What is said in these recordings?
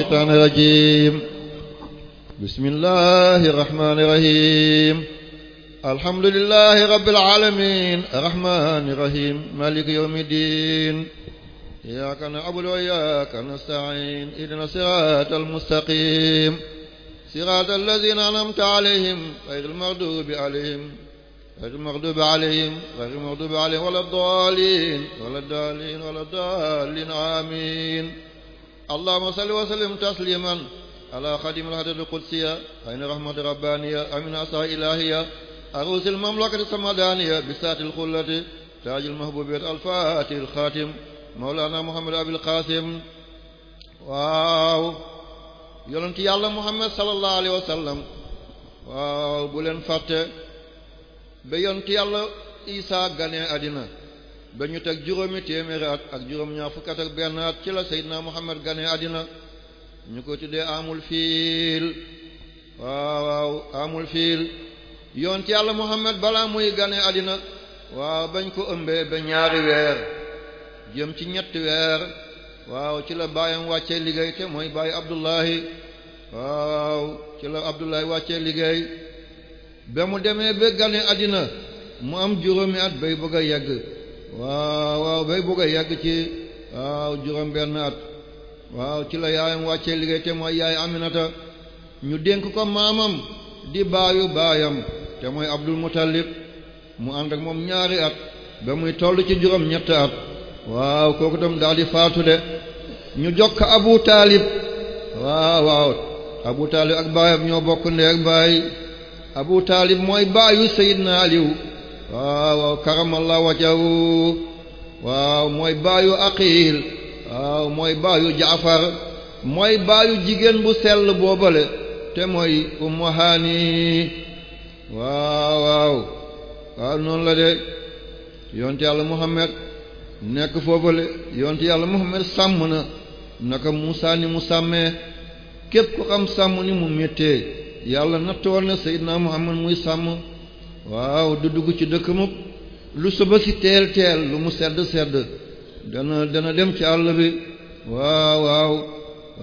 الشيطان الرجيم بسم الله الرحمن الرحيم الحمد لله رب العالمين الرحمن الرحيم مالك يوم الدين إياك نعبد وإياك نستعين إذن صراط المستقيم صراط الذين أنعمت عليهم غير المغضوب عليهم غير المغضوب عليهم غير المغضوب عليهم ولا الضالين ولا الضالين ولا الضالين آمين allahumma salli wa sallim tasliman ala xadim alhadati alqudsiya ayna rahmat rabbaniya amin asa ilahiya arusi almamlakati samadaniya bisaati alxullati taaj almahbubiyat alfati alxatim mawlana muhammad abil qasim waaw yonent yàlla muhammad sallallahu alayhi wa sallam waaw bu leen fàtte ba yonent yàlla isa gane àddina ba ñu teg juróomi téeméeri ak juróom ñaar fukk ak benn at ci la Seydina Muhammad gane àddina ñu ko tuddee amul fiil waaw amul fiil yoon ci yàlla Muhammad balaa muy gane àddina waaw bañ ko ëmbee ba ñaari weer jëm ci ñetti weer waaw ci la baayam wàccee liggéey te mooy baay Abdullahi waaw ci la Abdullahi wàccee liggéey ba mu demee ba gane àddina mu am juróomi at bay bëgg yegg waaw waaw bay bëgg a yàgg ci waaw juróom benn at waaw ci la yaayam wàccee liggéey te mooy yaay Aminata ñu dénk ko maamam di baayu baayam te mooy Abdul Muttalib mu ànd ak moom ñaari at ba muy toll ci juróom ñett at waaw kooku tam daal di faatu de ñu jokk Abu Taalib waaw waaw Abu Taalib ak baayam ñoo bokk ndee ak baay Abu Taalib mooy baayu Seydina Aliou waaw waaw karamallahu wajhahu waaw mooy baayu aqiil waaw mooy baayu jaafar mooy baayu jigéen bu sell boobale te mooy ummu haani waaw waaw waaw noonu la de yonte yàlla muhammad nekk foofale yonte yàlla muhammad sàmm na naka muusa mu sàmmee képp ku xam sàmm ni mu méttee yàlla nattoon na seydina muhammad muy sàmm waaw du dugg ci dëkk mu lu suba si teel teel lu mu sedd sedd dana dana dem ci àll bi waaw waaw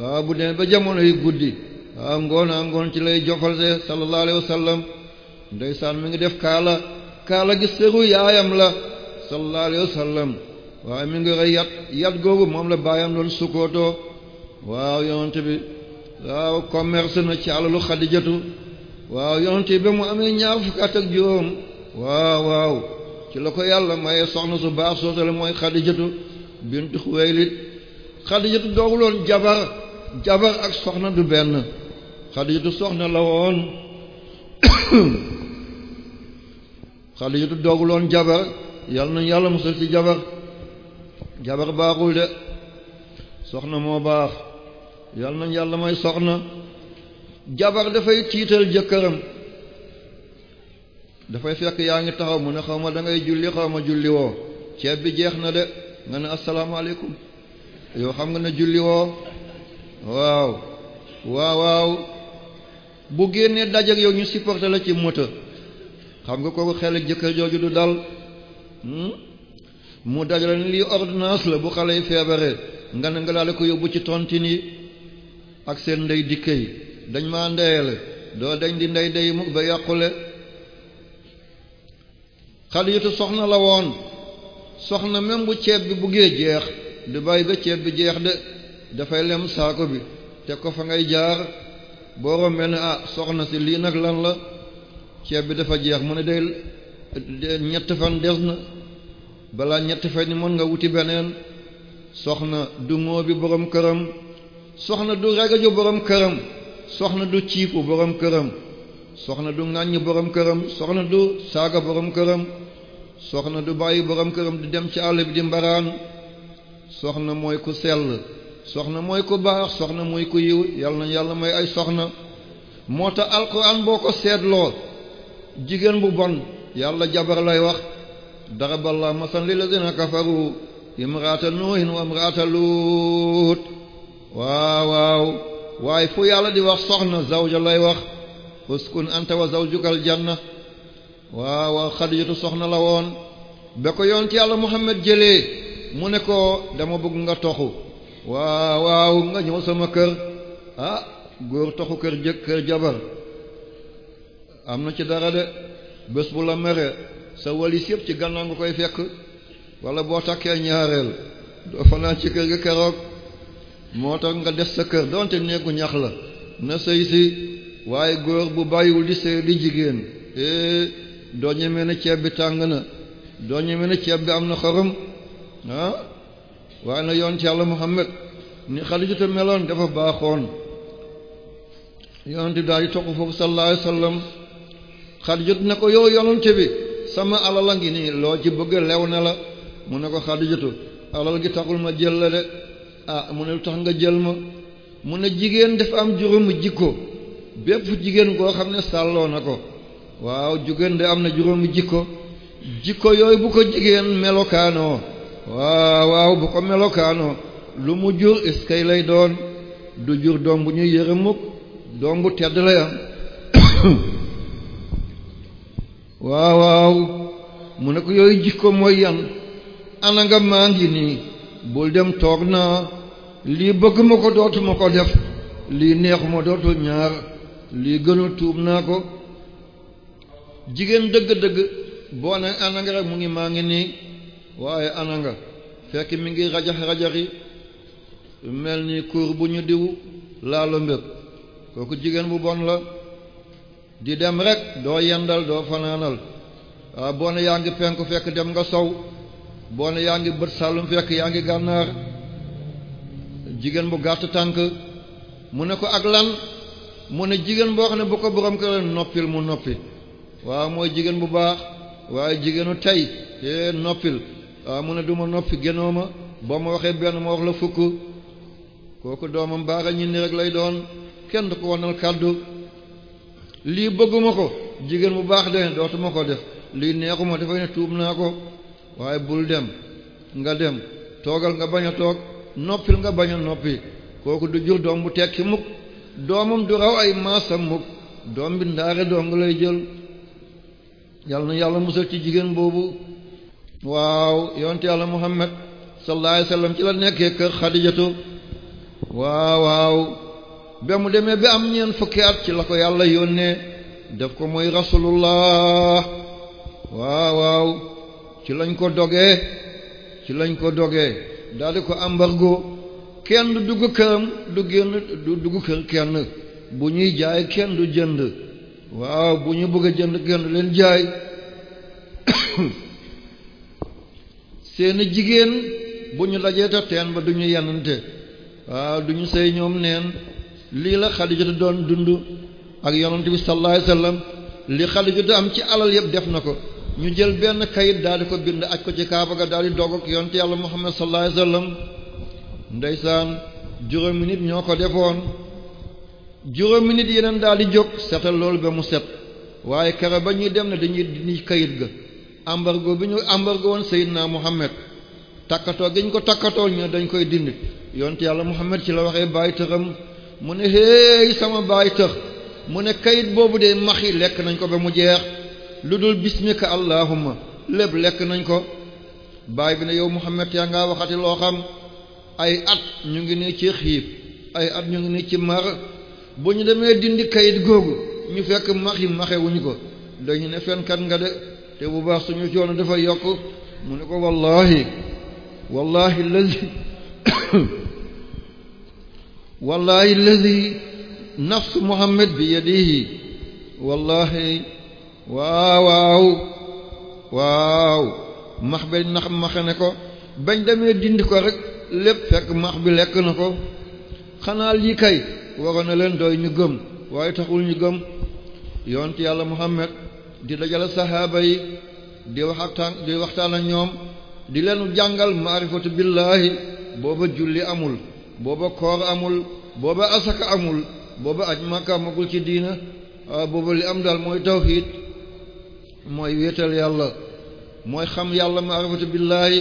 waaw bu demee ba jamono yi guddi waaw ngoon a ngoon ci lay jofalte sallallahu alayhi wa sallam ndeysaan mi ngi def kaala kaala gi seru yaayam la sallallahu alayhi wa sallam ngi rey yat yat googu moom la baayam doon sukkootoo waaw yonent bi waaw commerce na ci alalu xadijatu waaw yonent bi mu amee ñaar fukk ak juróom waaw waaw ci la ko yàlla maye soxna su baax soosale mooy xadijatu bintu xuwaylid xadijatu dooguloon jabar jabar ak soxna du benn xadijatu soxna la woon xadijatu dooguloon jabar yàlla nañ yàlla musal ci jabar jabar baaxul de soxna moo baax yàlla nañ yàlla may soxna jabar dafay tiital jëkkëram dafay fekk yaa ngi taxaw mu ne xaw ma dangay ngay julli xaw ma julli woo ceeb bi jeex na de nga ne asalaamaaleykum yow xam nga ne julli woo waaw waaw waaw bu génnee dajak yow ñu supporté la ci moto xam nga kooku xel jëkkër jooju du dal hmm? mu dajale ni lii ordonnance la bu xale yi feebaree nga ne nga daal ko yóbbu ci tontine yi ak seen ndey dikk yi dañ maa ndeyale doo dañ di ndey day mukk ba yàqule xadiitu soxna la woon soxna même bu ceeb bi buggee jeex du bàyyi ba ceeb bi jeex de dafay lem saako bi te ko fa ngay jaar boo rombee ne ah soxna si lii nag lan la ceeb bi dafa jeex mu ne day ñett fan des na balaa ñetti fan mën nga wuti beneen soxna du ŋoo bi borom këram soxna du ragajo borom këram soxna du ciiku borom këram soxna du ŋàññ borom këram soxna du saaga borom këram soxna du bàyyi borom këram du dem ci àll bi di mbaraan soxna mooy ku sell soxna mooy ku baax soxna mooy ku yiw yàlla na yàlla may ay soxna moo tax alquran boo ko seetloo jigéen bu bon yàlla jabar lay wax daraballah masan lilladina kafaru imraata nuuhin wa imraata luut waaw waaw waaye fu yàlla di wax soxna zawja lay wax uskun anta wa zawjukal janna waaw xadijatu soxna la woon ba ko yoon ci yàlla muhammad jëlee mu ne ko dama bëgg nga toxu waaw waaw nga ñëw sama kër ah góor toxu kër jëkk kër jabar am na ci dara de bés bu la mere sa walis yëpp ci gannaaw nga koy fekk walla boo takkee ñaareel doo fanaan ci kër gi keroog moo tax nga def sa kër doonte néegu ñax la na sëy si waaye góor bu bàyyiwul di sëy di jigéen eh, doo ñemee na ceeb bi tàng na doo ñemee na ceeb bi am na xorom ah? waaye na yoon ci yàlla Muhammad ni Xadijatu meloon dafa baaxoon yonente bi daal di toq foofu sallallahu alayhi wasallam Xadijatu na ko yow yonente bi sama alal a ngi nii loo ci bëgg lew na la mu ne ko Xadijatu alal gi taxul ma jël la de ah mu ne lu tax nga jël ma mu ne jigéen dafa am juróomi jikko bépp jigéen goo xam ne sàlloo na ko waaw jigéen de am na juróomi jikko jikko yooyu bu ko jigéen melokaanoo waaw waaw bu ko melokaanoo lu mu jur iskay lay doon du jur doom bu ñuy yërëm mukk doom bu tedd lay am waaw waaw mu ne ko yooyu jikko mooy yan ana nga maa ngi nii bul dem toog naa lii bëgg ma ko dootuma ko def lii neexuma dootul ñaar lii gën tuub naa ko jigéen dëgg-dëgg boo ne ananga rek mu ngi maa ngi nii waaye ananga fekk mi ngi rajax-rajaxi mel ni kuur bu ñu diw laalo mbéb kooku jigéen bu bon la di dem rek doo yendal doo fanaanal waaw boo ne yaa ngi penku fekk dem nga sow boo ne yaa ngi bët sàllum fekk yaa ngi gànnaar jigéen bu gàtt tànk mu ne ko ak lan mu ne jigéen boo xam ne bu ko borom kër noppil mu noppi waaw mooy jigéen bu baax waaye jigéenu tey te noppil waaw mu ne du ma noppi génnoo ma boo ma waxee benn ma wax la fukk kooku doomam baax a ñi rek lay doon kenn du ko wanal kàddu lii bëgguma ko jigéen bu baax de dootuma ko def lii neexuma dafay ne tuub naa ko waaye bul dem nga dem toogal nga bañ a toog noppil nga bañ a noppi kooku du jur doom bu tekki mukk doomam du raw ay maasam mukk doom bi ndaare dong lay jël yal na yàlla musal ci jigéen boobu waaw yonte yàlla Muhammad sallallahu alayhi la nekkee kër Xadijatu waaw waaw ba mu demee ba am ñeen fukki at ci la ko yàlla yónnee def ko mooy rasulullah waaw waaw ci lañ ko dogee ci lañ ko dogee daldi ko ambargo kenn du dugg këram du génn du dugg kër kenn bu ñuy jaay kenn du jënd waaw bu ñu bëgg jënd kenn du leen jaay seeni jigéen bu ñu dajee teen ba du ñu yenante waaw du ñu sëy ñoom neen lii la Xadijatu doon dund ak yonent bi sallallahu alayhi wasallam li Xadijatu am ci alal yëpp def na ko ñu jël benn kayit daal di ko bind aj ko ci kaaba ga daal di dogg ak yonte yàlla muhammad sallallahu alayhi wasallam ndeysaan juróomi nit ñoo ko defoon juróomi nit yeneen daal di jóg setal loolu ba mu set waaye kere ba ñuy dem ne dañuy dindi kayit ga embargo bi ñu embargo woon Seydina Muhammad takkatoo gi ñu ko takkatoo ñu dañ koy dind yonte yàlla Muhammad ci la waxee bàyyi tëxam mu ne héey sama bàyyi tëx mu ne kayit boobu de max yi lekk nañ ko ba mu jeex lu dul bismika allahumma lépp lekk nañ ko baay bi ne yow Muhammad yaa ngaa waxati loo xam ay at ñu ngi nii ci xiif ay at ñu ngi nii ci mar bu ñu demee dindi kayit googu ñu fekk maxi maxewuñu ko dañu ne fenkat nga de te bu baax suñu coono dafa yokk mu ne ko wallahi wallahi lazi wallahi lazi nafsu Muhammad bi yadihi wallahi waaw waaw waaw Maxbel nax maxe ne ko bañ demee dindi ko rek lépp fekk max bi lekk na ko xanaa lii kay waroon na leen doy ñu gëm waaye taxul ñu gëm yonent yàlla Muhammad di dajale saxaaba yi di waxtaan di waxtaan ak ñoom di leen jàngal maarifatu billaahi booba julli amul booba koor amul booba asaka amul booba aj Makka amagul ci diina ah, booba li am daal mooy tawxiid mooy wéetal yàlla mooy xam yàlla maarifatu billaahi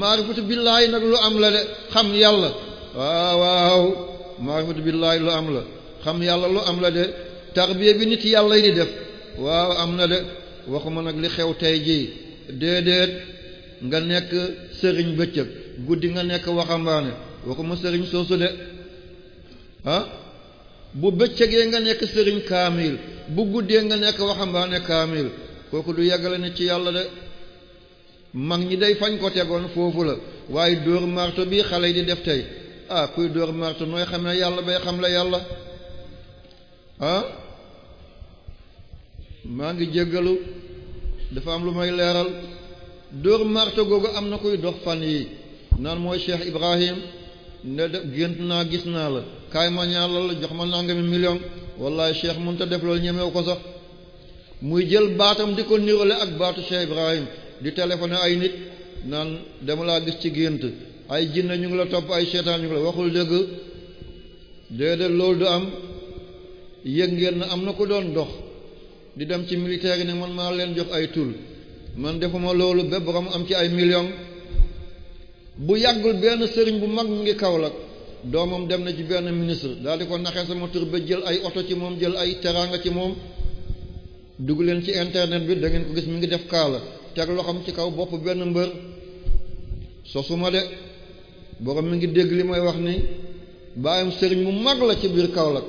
maarifatu billaahi nag lu am la de xam yàlla waaw waaw maarifatu billaahi lu am la xam yàlla lu am la de tarbiya bi nit yàlla yi di def waaw am na de waxuma nag li xew tey jii déedéet nga nekk sëriñ bëccëg guddi nga nekk waxambaane waxuma sëriñ soosu de ah bu bëccëgee nga nekk sëriñ kaamil bu guddee nga nekk waxambaane kaamil kooku du yeggale nit ci yàlla de mag ñi day fañ ko tegoon foofu la waaye dóor marto bi xale yi di def tey ah kuy dóor marto nooy xam yàlla bay xam la yàlla ah maa ngi jéggalu dafa am lu may leeral dóor marto googu am na kuy dox fan yi naan mooy Cheikh Ibrahim ne de gént naa gis naa la kaay ma ñaanal la jox ma nangami million wallahi Cheikh mënut a def loolu ñemewu ko sax muy jël baatam di ko nirole ak baatu Cheikh Ibrahim di téléphoné ay nit naan dama laa gis ci gént ay jinne ñu ngi la topp ay seetaan ñu ngi la waxul dëgg déedéet lool du am yëg ngeen na am na ko doon dox di dem ci militaire yi ne man maa leen jox ay tul man defuma loolu ba borom am ci ay million bu yàggul benn sëriñ bu mag mu ngi Kaolack doomam dem na ci benn ministre daal di ko naxee sama tur ba jël ay oto ci moom jël ay teraanga ci moom dugg leen ci internet bi da ngeen ko gis mu ngi def kaala teg loxoom ci kaw bopp benn mbër sosuma de borom mi ngi dégg li may wax ni bàyyam sëriñ mu mag la ci biir Kaolack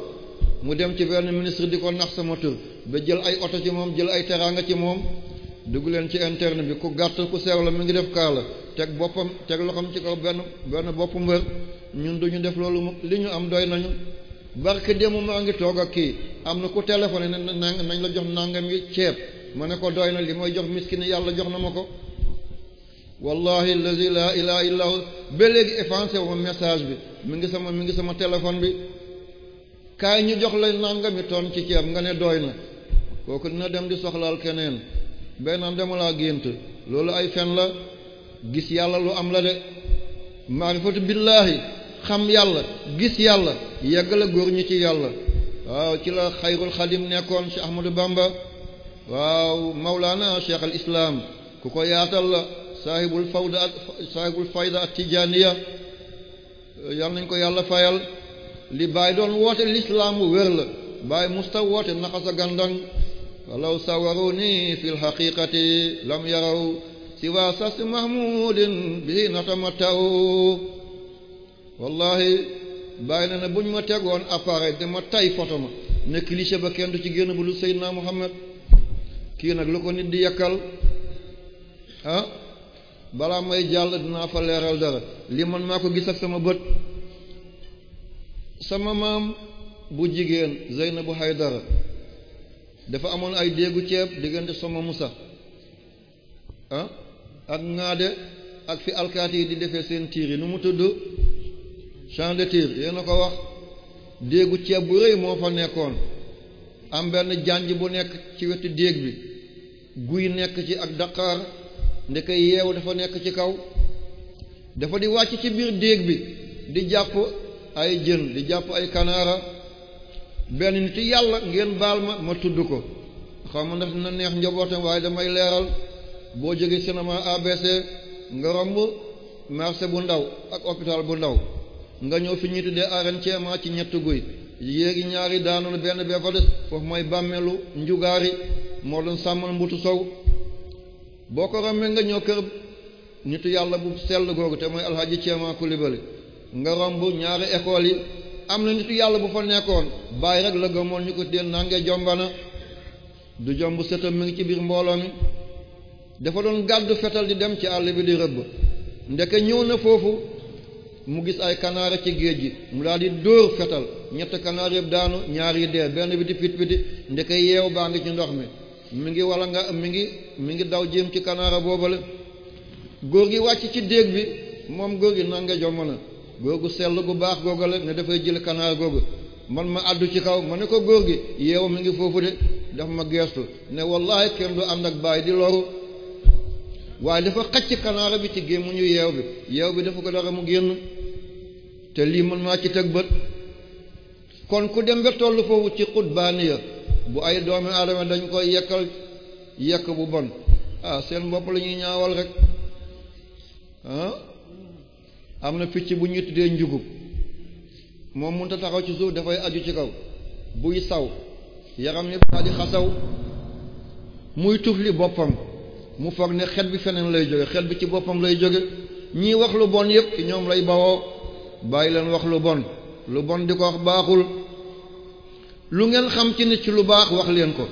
mu dem ci benn ministre di ko nax sama tur ba jël ay oto ci moom jël ay teraanga ci moom dugg leen ci internet bi ku gàtt ku seew la mi ngi def kaala teg boppam teg loxoom ci kaw benn benn bopp mbër ñun duñu def loolu li ñu am doy nañu barke démb maa ngi toog ak kii am na ku téléphoné ne nañ la jox nangam yi ceeb ma ne ko doy na li mooy jox miskin yàlla jox na ma ko wallahi la ilaha illa ba léegi effacé wu ma message bi mu ngi sama mi ngi sama téléphone bi kaay ñu jox la nangami ton ci ceeb nga ne doy na kooku dina dem di soxlaal keneen benn naan dama laa gént loolu ay fen la gis yàlla lu am la de maarifatu billaahi xam yàlla gis yàlla yeggale góor ñi ci ci la xayrul xadim nekkoon ci Ahmadu Bamba waaw Mawlana Cheikh al ku ko yaatal la saahibul fawda saahibul fayda yal nañ ko yàlla fayal li baay doon woote lislaam wér la baay musta woote naxasa gandan walaw sawaruni fi lxaqiqati lam yaraw siwa sas mahmudin bi natamattaw wallahi bàyyi na ne bu ñu ma tegoon appareil dama tay photo ma ne cliché ba du ci génn bu dul Seydina Muhammad kii nag lu ko nit di yekkal ah balaa may jàll dinaa fa leeral dara li man maa ko gis ak sama bët sama maam bu jigéen Zeynabu Haydara dafa amoon ay déegu ceeb diggante sama Musa ah ak ŋaade ak fi alkaati yi di defee seen tiir yi nu mu tudd champ de tir ko wax déegu ceeb bu rëy moo fa nekkoon am benn jànj bu nekk ci wetu déeg bi guy nekk ci ak daqaar ndeke yeewu dafa nekk ci kaw dafa di wàcc ci biir déeg bi di jàpp ay jën di jàpp ay kanaara benn nit yàlla ngeen baal ma ma tudd ko xam ma ndax dina neex njabootam waaye damay leeral boo jógee cinéma ABC nga romb marché bu ndaw ak hôpital bu ndaw nga ñëw fi ñuy tuddee aren ceema ci ñetti guy yéegi ñaari daanul benn bee fa des foofu mooy bàmmeelu njugaari moo doon sàmmal mbutu sow boo ko rombee nga ñëw kër nitu yàlla bu sell googu te mooy alxaaji ceema Coulibaly nga romb ñaari école yi am na nitu yàlla bu fa nekkoon bàyyi rek la gëmoon ñu ko téen nange jombana du jomb setam mi ngi ci biir mbooloo mi dafa doon gàddu fetal di dem ci àll bi di rëbb ndeke ñëw na foofu mu gis ay kanaara ci géej gi mu daal di dóor fetal ñett kanaar yëpp daanu ñaari yi dee benn bi di pit piti ndeke yeew baa ngi ci ndox mi mi ngi wala nga mi ngi mi ngi daw jéem ci kanaara boobale góor gi wàcc ci déeg bi moom góor gi nan nga jomm na góor gu sell gu baax googale ne dafay jël kanaar googu man ma àddu ci kaw ma ne ko góor gi yeew mi ngi foofu de daf ma geestu ne wallahi kenn du ànd ak bàyyi di loru waaye dafa xacc kanaara bi ci gémmuñu yeew bi yeew bi dafa ko dara mu génn te lii mën maa ci teg bët kon ku dem ba toll foofu ci ya bu ay doomi aadama dañu koy yekkal yekk bu bon ah seen bopp la ñuy ñaawal rek ah? am na picc bu ñu tuddee njugub moom mënta taxaw ci suuf dafay aju ci kaw buy saw yaram ni daal di xasaw muy tufli boppam mu foog ne xel bi feneen lay jóge xel bi ci boppam lay jóge ñii wax lu bon yëpp ci ñoom lay bawoo bàyyi leen wax lu bon lu bon di ko wax baaxul lu ngeen xam ci nit ci lu baax wax leen ko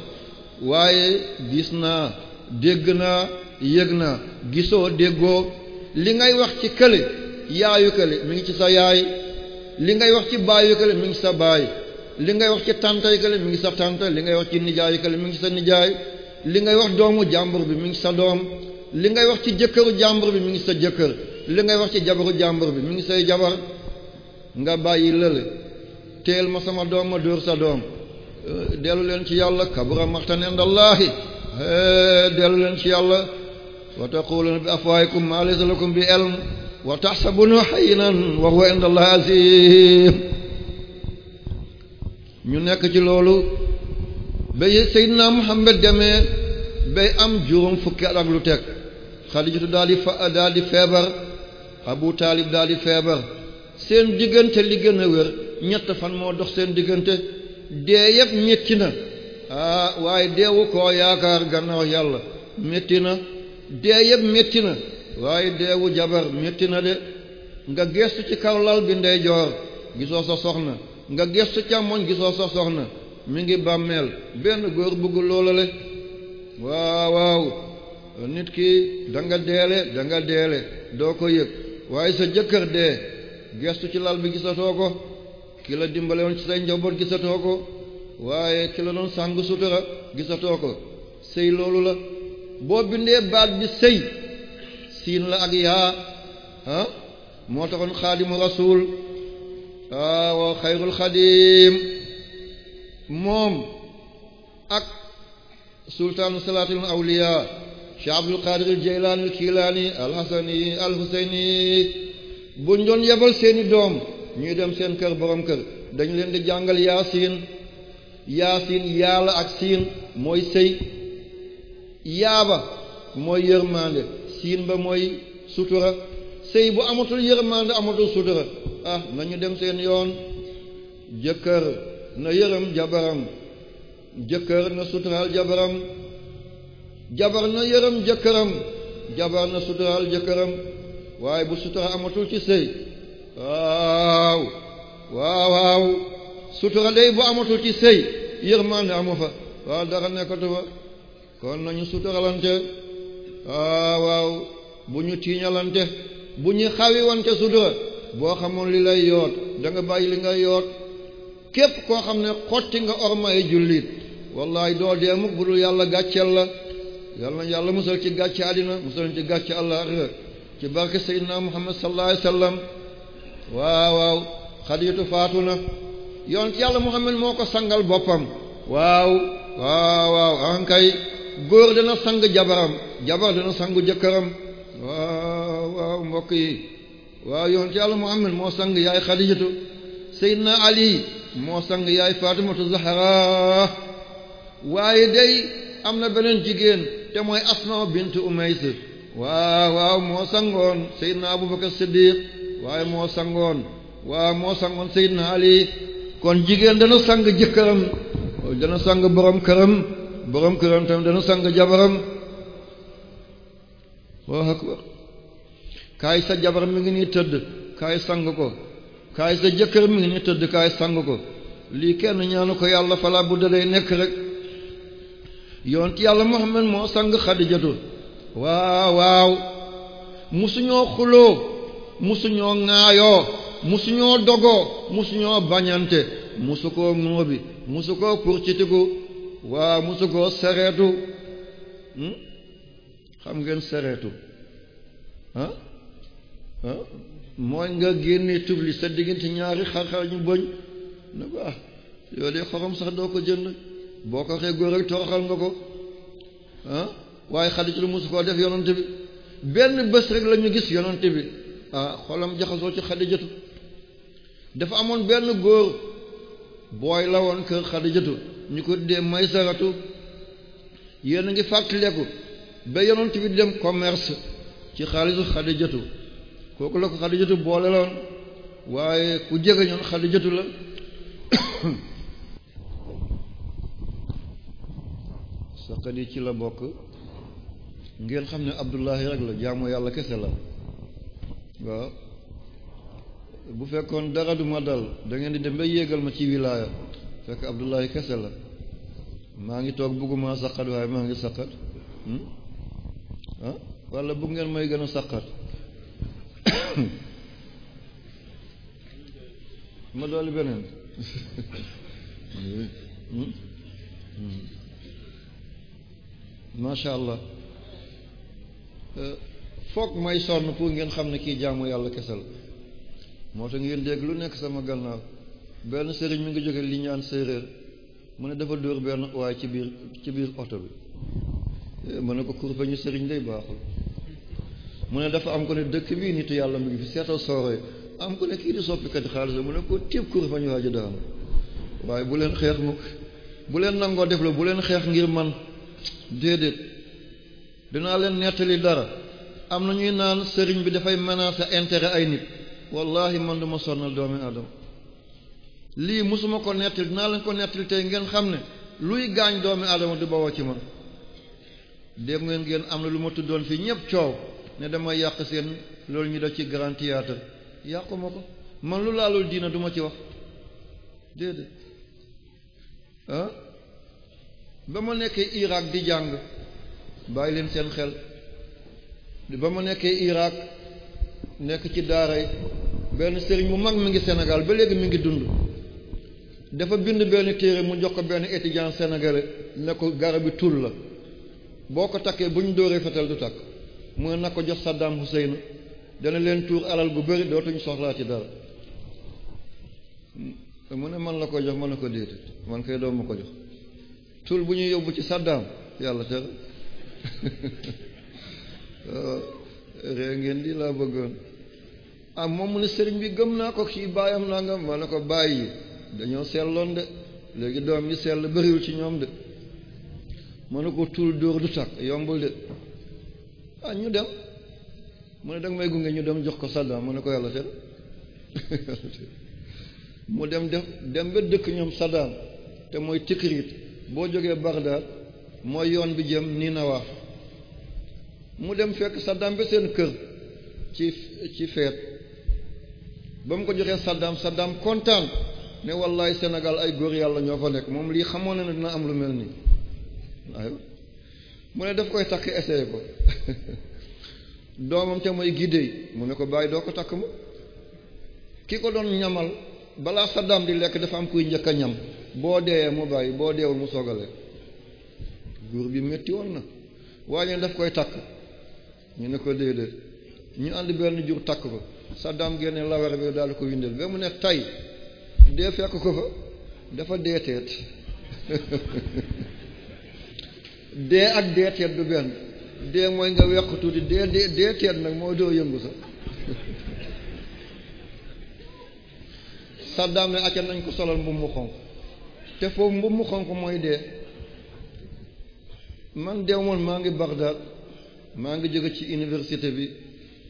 waaye gis naa dégg naa yëg naa gisoo déggoo li ngay wax ci kële yaayu kële mi ngi ci sa yaay li ngay wax ci baayu kële mi ngi sa baay li ngay wax ci tàntay kële mi ngi sa tànta li ngay wax ci nijaayu kële mi ngi sa nijaay li ngay wax doomu jàmbur bi mi ngi sa doom li ngay wax ci jëkkëru jàmbur bi mi ngi sa jëkkër li ngay wax ci jabaru jàmbur bi mi ngi say jabar nga bàyyi lële teel ma sama doom ma dóor sa doom eh, dellu leen ci yàlla kabura maxtan indallaahi eh, dellu leen ci yàlla wa taquluuna bi afwaayikum maa laysa lakum bi ilm wa taxsabunahu hayyinan wa huwa indallaahi aziim ñu nekk ci loolu ba Seydina Muhammad demee bay am juróom fukki at ak lu teg Xadijatu daal di fa daldi di feebar Abu Taalib daal di feebar seen diggante li gën a wér ñett fan moo dox seen diggante dee yëpp métti na ah, waaye deewu ko yaakaar gannaaw yàlla métti na dee yëpp métti na waaye deewu jabar métti na de nga gestu ci kaw lal bi ndeyjoor gisoo sa soxna nga gestu càmmooñ gisoo sa soxna mi ngi bàmmeel benn góor bëggul loolale waaw waaw nit ki da nga deele da deele doo ko yëg waaye sa jëkkër dee gestu ci lal bi gisatoo ko ki la dimbale ci say njaboot gisatoo ko waaye ki la doon sàng sutura gisatoo ko sëy loolu la boo bindee baat bi sëy siin la ak yaa ah moo taxoon xaadimu rasuul waaw xayrul xadim moom ak sultaanu salaatul awliyaa Cheikh Abdul Qadir al-Jaylaani al-Kiilaani al-Hasani al-Husayni bu ñu doon yebal seeni doom ñuy dem seen kër borom kër dañu leen di jàngal yaasin yaasin yaala ak siin mooy sëy yaaba mooy yërmande siin ba mooy sutura sëy bu amatul yërmande amatul sutura ah, nañu dem seen yoon jëkkër na yërëm jabaram jëkkër na suturaal jabaram jabar na yërëm jëkkëram jabar na suturaal jëkkëram waaye bu sutura amatul ci sëy waaw waaw waaw sutura day bu amatul ci sëy yërmande amu fa waaw dara nekkatu fa kon nañu suturalante waaw waaw bu ñu tiiñalante bu ñu xawi wante sutura boo xamoon li lay yoot da bàyyi li ngay yoot képp koo xam ne xotti nga ormay jullit wallaay doo dee mukk bu dul yàlla gàcceel la yàlla na yàlla musal ci gàcce àddina musal ci gàcce àllaaxira ci barke seydina muhammad sallallahu alayhi wasallam waaw waaw xadiitu faatu na yoon yàlla muhammad moo ko sangal boppam waaw waaw waaw ankay ah góor dana sang jabaram jabar dana sangu jëkkëram waaw waaw mbokk yi waaw yoon ci yàlla muhammad moo sang yaay xadiitu seydina ali moo sang yaay Faatimatu Zahra waaye day am na beneen jigéen te mooy Asma bint Umays waaw waaw moo sangoon Seydina Abubakar Siddiq waaye moo sangoon waaw moo sangoon Seydina Ali kon jigéen dana sang jëkkëram dana sang borom këram borom këram tam dana sang jabaram waaw kaay sa jabar mi ngi nii tëdd kaay sang ko kaay sa jëkkër mi ngi ni tëdd kaay sang ko lii kenn ñaanu ko yàlla falaa bu dalay nekk rek yonent yàlla Muhammad moo sang Xadijatu waaw waaw musuñoo xuloo musuñoo ŋaayoo musuñoo dogoo musuñoo bañante musu koo ŋóobi musu koo kurcitiku waaw musu koo sereetu hmm? xam ngeen sereetu ah mooy nga génne tufli sa diggante ñaari xar-xar ñu bëñ ne ko ah de xorom sax doo ko jënd boo ko waxee góor ak toroxal nga ko ah, waaye xaddi ci lu musu koo def yonante bi benn bés rek la ñu gis yonante bi ah xolam jaxasoo ci xadijatu dafa amoon benn góor booy lawoon woon kër xadijatu ñu ko dee may saratu yéen a ngi fàttaleku ba yonante bi dem commerce ci xaalisu xadijatu kooku la ko Xadijatu boole loon waaye ku jege ñoon Xadijatu la saqat yi ci la bokk ngeen xam ne Abdullahi rek la jaamu yàlla kese la waaw bu fekkoon dara du ma dal da ngeen di dem bay yéegal ma ci wilaaya fekk Abdullahi kese la maa ngi toog bugguma saqat waaye maa ngi saqat hmm? ah? walla bu ngeen may gën a saqat ma dolli beneen macha allah eh, foog may sonn pour ngeen xam ne kii jaamu yàlla kese la moo tax ngeen dégg lu nekk sama gannaaw benn sëriñ mi ngi jóge li ñaan séeréer mu ne dafa dóor benn waaye ci biir ci biir oto bi eh, mën na ko kurpeñu sëriñ day baaxul mu ne dafa am ko ne dëkk bii nit yàlla mu ngi fi seetal sooroy am ko ne kii di soppikati xaalis la mu ne ko tiib kur fa ñu waaj a daanu waaye bu leen xeex mu bu leen nangoo def la bu leen xeex ngir man déedéet dinaa leen nettali dara am na ñuy naan sëriñ bi dafay menacer intérêt ay nit wallahi man duma sonnal doomi adama lii musuma ko nettali dinaa leen ko nettali tey ngeen xam ne luy gaañ doomi adama du bawoo ci man dégg ngeen ngeen am na lu ma tuddoon fii ñëpp coow ne damay yàq seen loolu ñu def ci grand théâtre yàqu ko man lu laalul diina du ma ci wax déedéet ah ba ma nekkee Irak di jàng bàyyi leen seen xel ba ma nekkee Irak nekk ci daara yi benn sëriñ bu mag mi ngi Sénégal ba léegi mi ngi dund dafa bind benn téere mu jox ko benn étudiant sénégalais ne ko garab bi tul la boo ko takkee bu ñu dóoree fetal du tàkk mu ne na ko jox Saddam Hussein dana leen tuur alal gu bëri dootuñ soxlaa ci dara mu ne man la ko jox man na ko déete man koy doom ma ko jox tul bu ñuy yóbbu ci Saddam yàlla tere oh, ree ngeen di laa bëggoon ah moom mu ne sëriñ bi gëm naa ko kii baayam naa nga ma ne ko bàyyi dañoo selloon de léegi doom yi sell bëriwul ci ñoom de ma ne ko tul dóor du takk yombul de ah ñu dem mu ne danga may gunge ñu dem jox ko Saddam mu ne ko yàlla seen mu dem def dem ba dëkk ñoom Saddam te mooy Tikrit boo jógee Bagdad mooy yoon bi jëm Ninawa mu dem fekk Saddam ba seen kër ci ci feet ba mu ko joxee Saddam Saddam kontaan ne wallaay Sénégal ay góor yàlla ñoo fa nekk moom lii xamoon na ne dina am lu mel nii aywa mu ne daf koy takk essayé ko doomam te mooy giddey mu ne ko bàyyi doo ko takk ma ki ko doon ñamal balaa sa damm di lekk dafa am kuy njëkk a ñam boo deeyee mu bàyyi boo deewul mu sogalee guur bi métti woon na waaye ñu daf koy takk ñu ne ko déedéet ñu ànd benn jur takk ko Saddam génne lawar bi daal ko windeel ba mu ne tay dee fekk ko fa dafa deeteet dee ak dee teet du benn dee mooy nga weq tuuti dee dee dee teet nag moo doo yëngu sax Saddam ne acca nañ ko solal mbubb mu xonq te foofu mbubb mu xonq mooy dee man dew moon maa ngi Bagdad maa ngi jóge ci université bi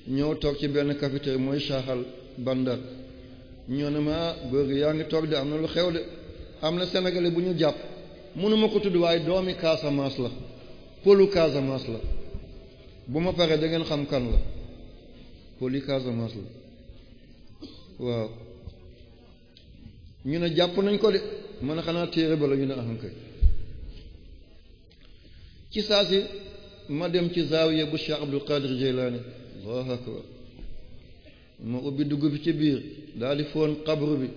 ñëw toog ci benn cafetière mooy Shahal Bandar ñoo ne ma bëgg yaa ngi toog de am na lu xew de am na sénégalais bu ñu jàpp mënuma ko tudd waaye doomi Casamance la pëlu Casamance la bu ma paree da ngeen xam kan la pëli Casamance la waaw ñu ne jàpp nañ ko de man xanaa téere ba la ñu ne ahankay ci saa si ma dem ci zaawiya bu Cheikh Abdul Qadir Jeylaani allahu akbar ma ubbi dugg bi ci biir daal di foon xabru bi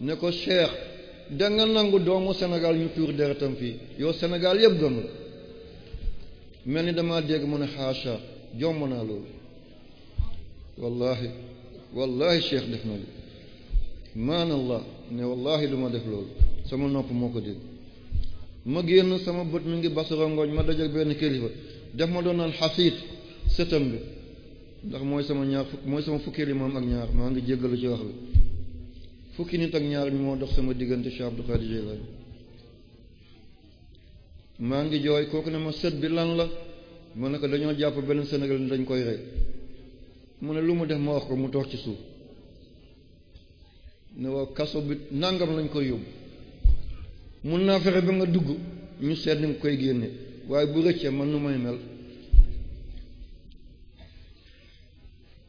ne ko Cheikh da nangu doomu Sénégal ñu tuur deretam fii yow Sénégal yëpp gënul mel ni dama dégg mu ne xaasha jomm naa loolu wallahi wallahi cheikh def na lu maanallah ne wallahi du ma def loolu sama nopp moo ko dégg ma génn sama bët mu ngi bas rongoñ ma dajal benn kilifa def ma doon naan xasiit sëtam bi ndax mooy sama ñaar mooy sama fukki li moom ak ñaar maa ngi jéggalu ci wax bi fukki nit ak ñaar bi moo dox sama diggante Cheikh Abdou Khadir la maa ngi jooy kooku ne ma sët bi lan la ma na ko dañoo jàpp benn Sénégal ni dañ koy rey mu ne lu mu def ma wax ko mu toog ci suuf ne kaso bi nangam lañ koy yóbbu mun naa fexe ba nga dugg ñu seet ni nga koy génne waaye bu rëccee man nu may mel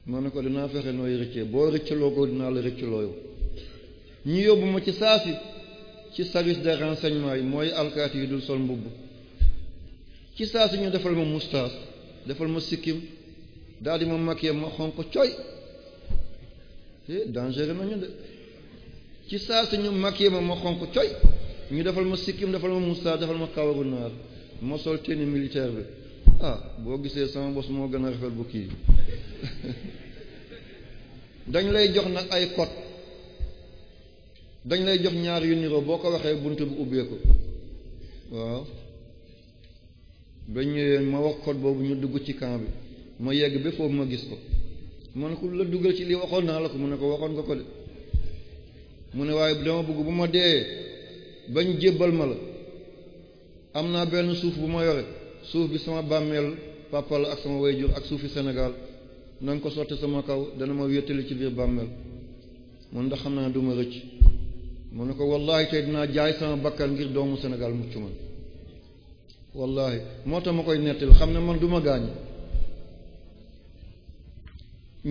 ma ne ko dinaa fexe nooy rëccee boo rëccaloo ko dinaa la rëccaloo yow ñu yóbbu ma ci si ci service de renseignement yi mooy alkaati yi dul sol mbubb ci si ñu defal ma moustache defal ma sikkim daal di ma maquillé ma xonq coy eh, dangereux na ñu de ci saasi ñu ma ma xonq coy ñu defal ma sikkim defal ma moustache defal ma kawaru naar ma sol tenue militaire bi ah boo gisee sama bos moo gën a rafet bu kii dañ lay jox nag ay kot dañ lay jox ñaar yu niroo boo ko waxee bunt bu ubbeeku waaw ba ñëwee ma wax code boobu ñu dugg ci camp bi ma yegg ba foofu ma gis ko ma ne ko la dugal ci li waxoon naa la ko mu ne ko waxoon nga ko de mu ne waaye dama bugg bu ma dee bañ jébbal ma la am naa benn suuf bu ma yore suuf bi sama bàmmeel papa la ak sama wayjur ak suufi senegal na ko sotti sama kaw dana ma wéttali ci biir bàmmeel man ndax xam naa duma rëcc mu ne ko wallaahi tey dinaa jaay sama bakkan ngir doomu senegal mucc ma wallaahi moo tax ma koy nettali xam ne man du ma gaañ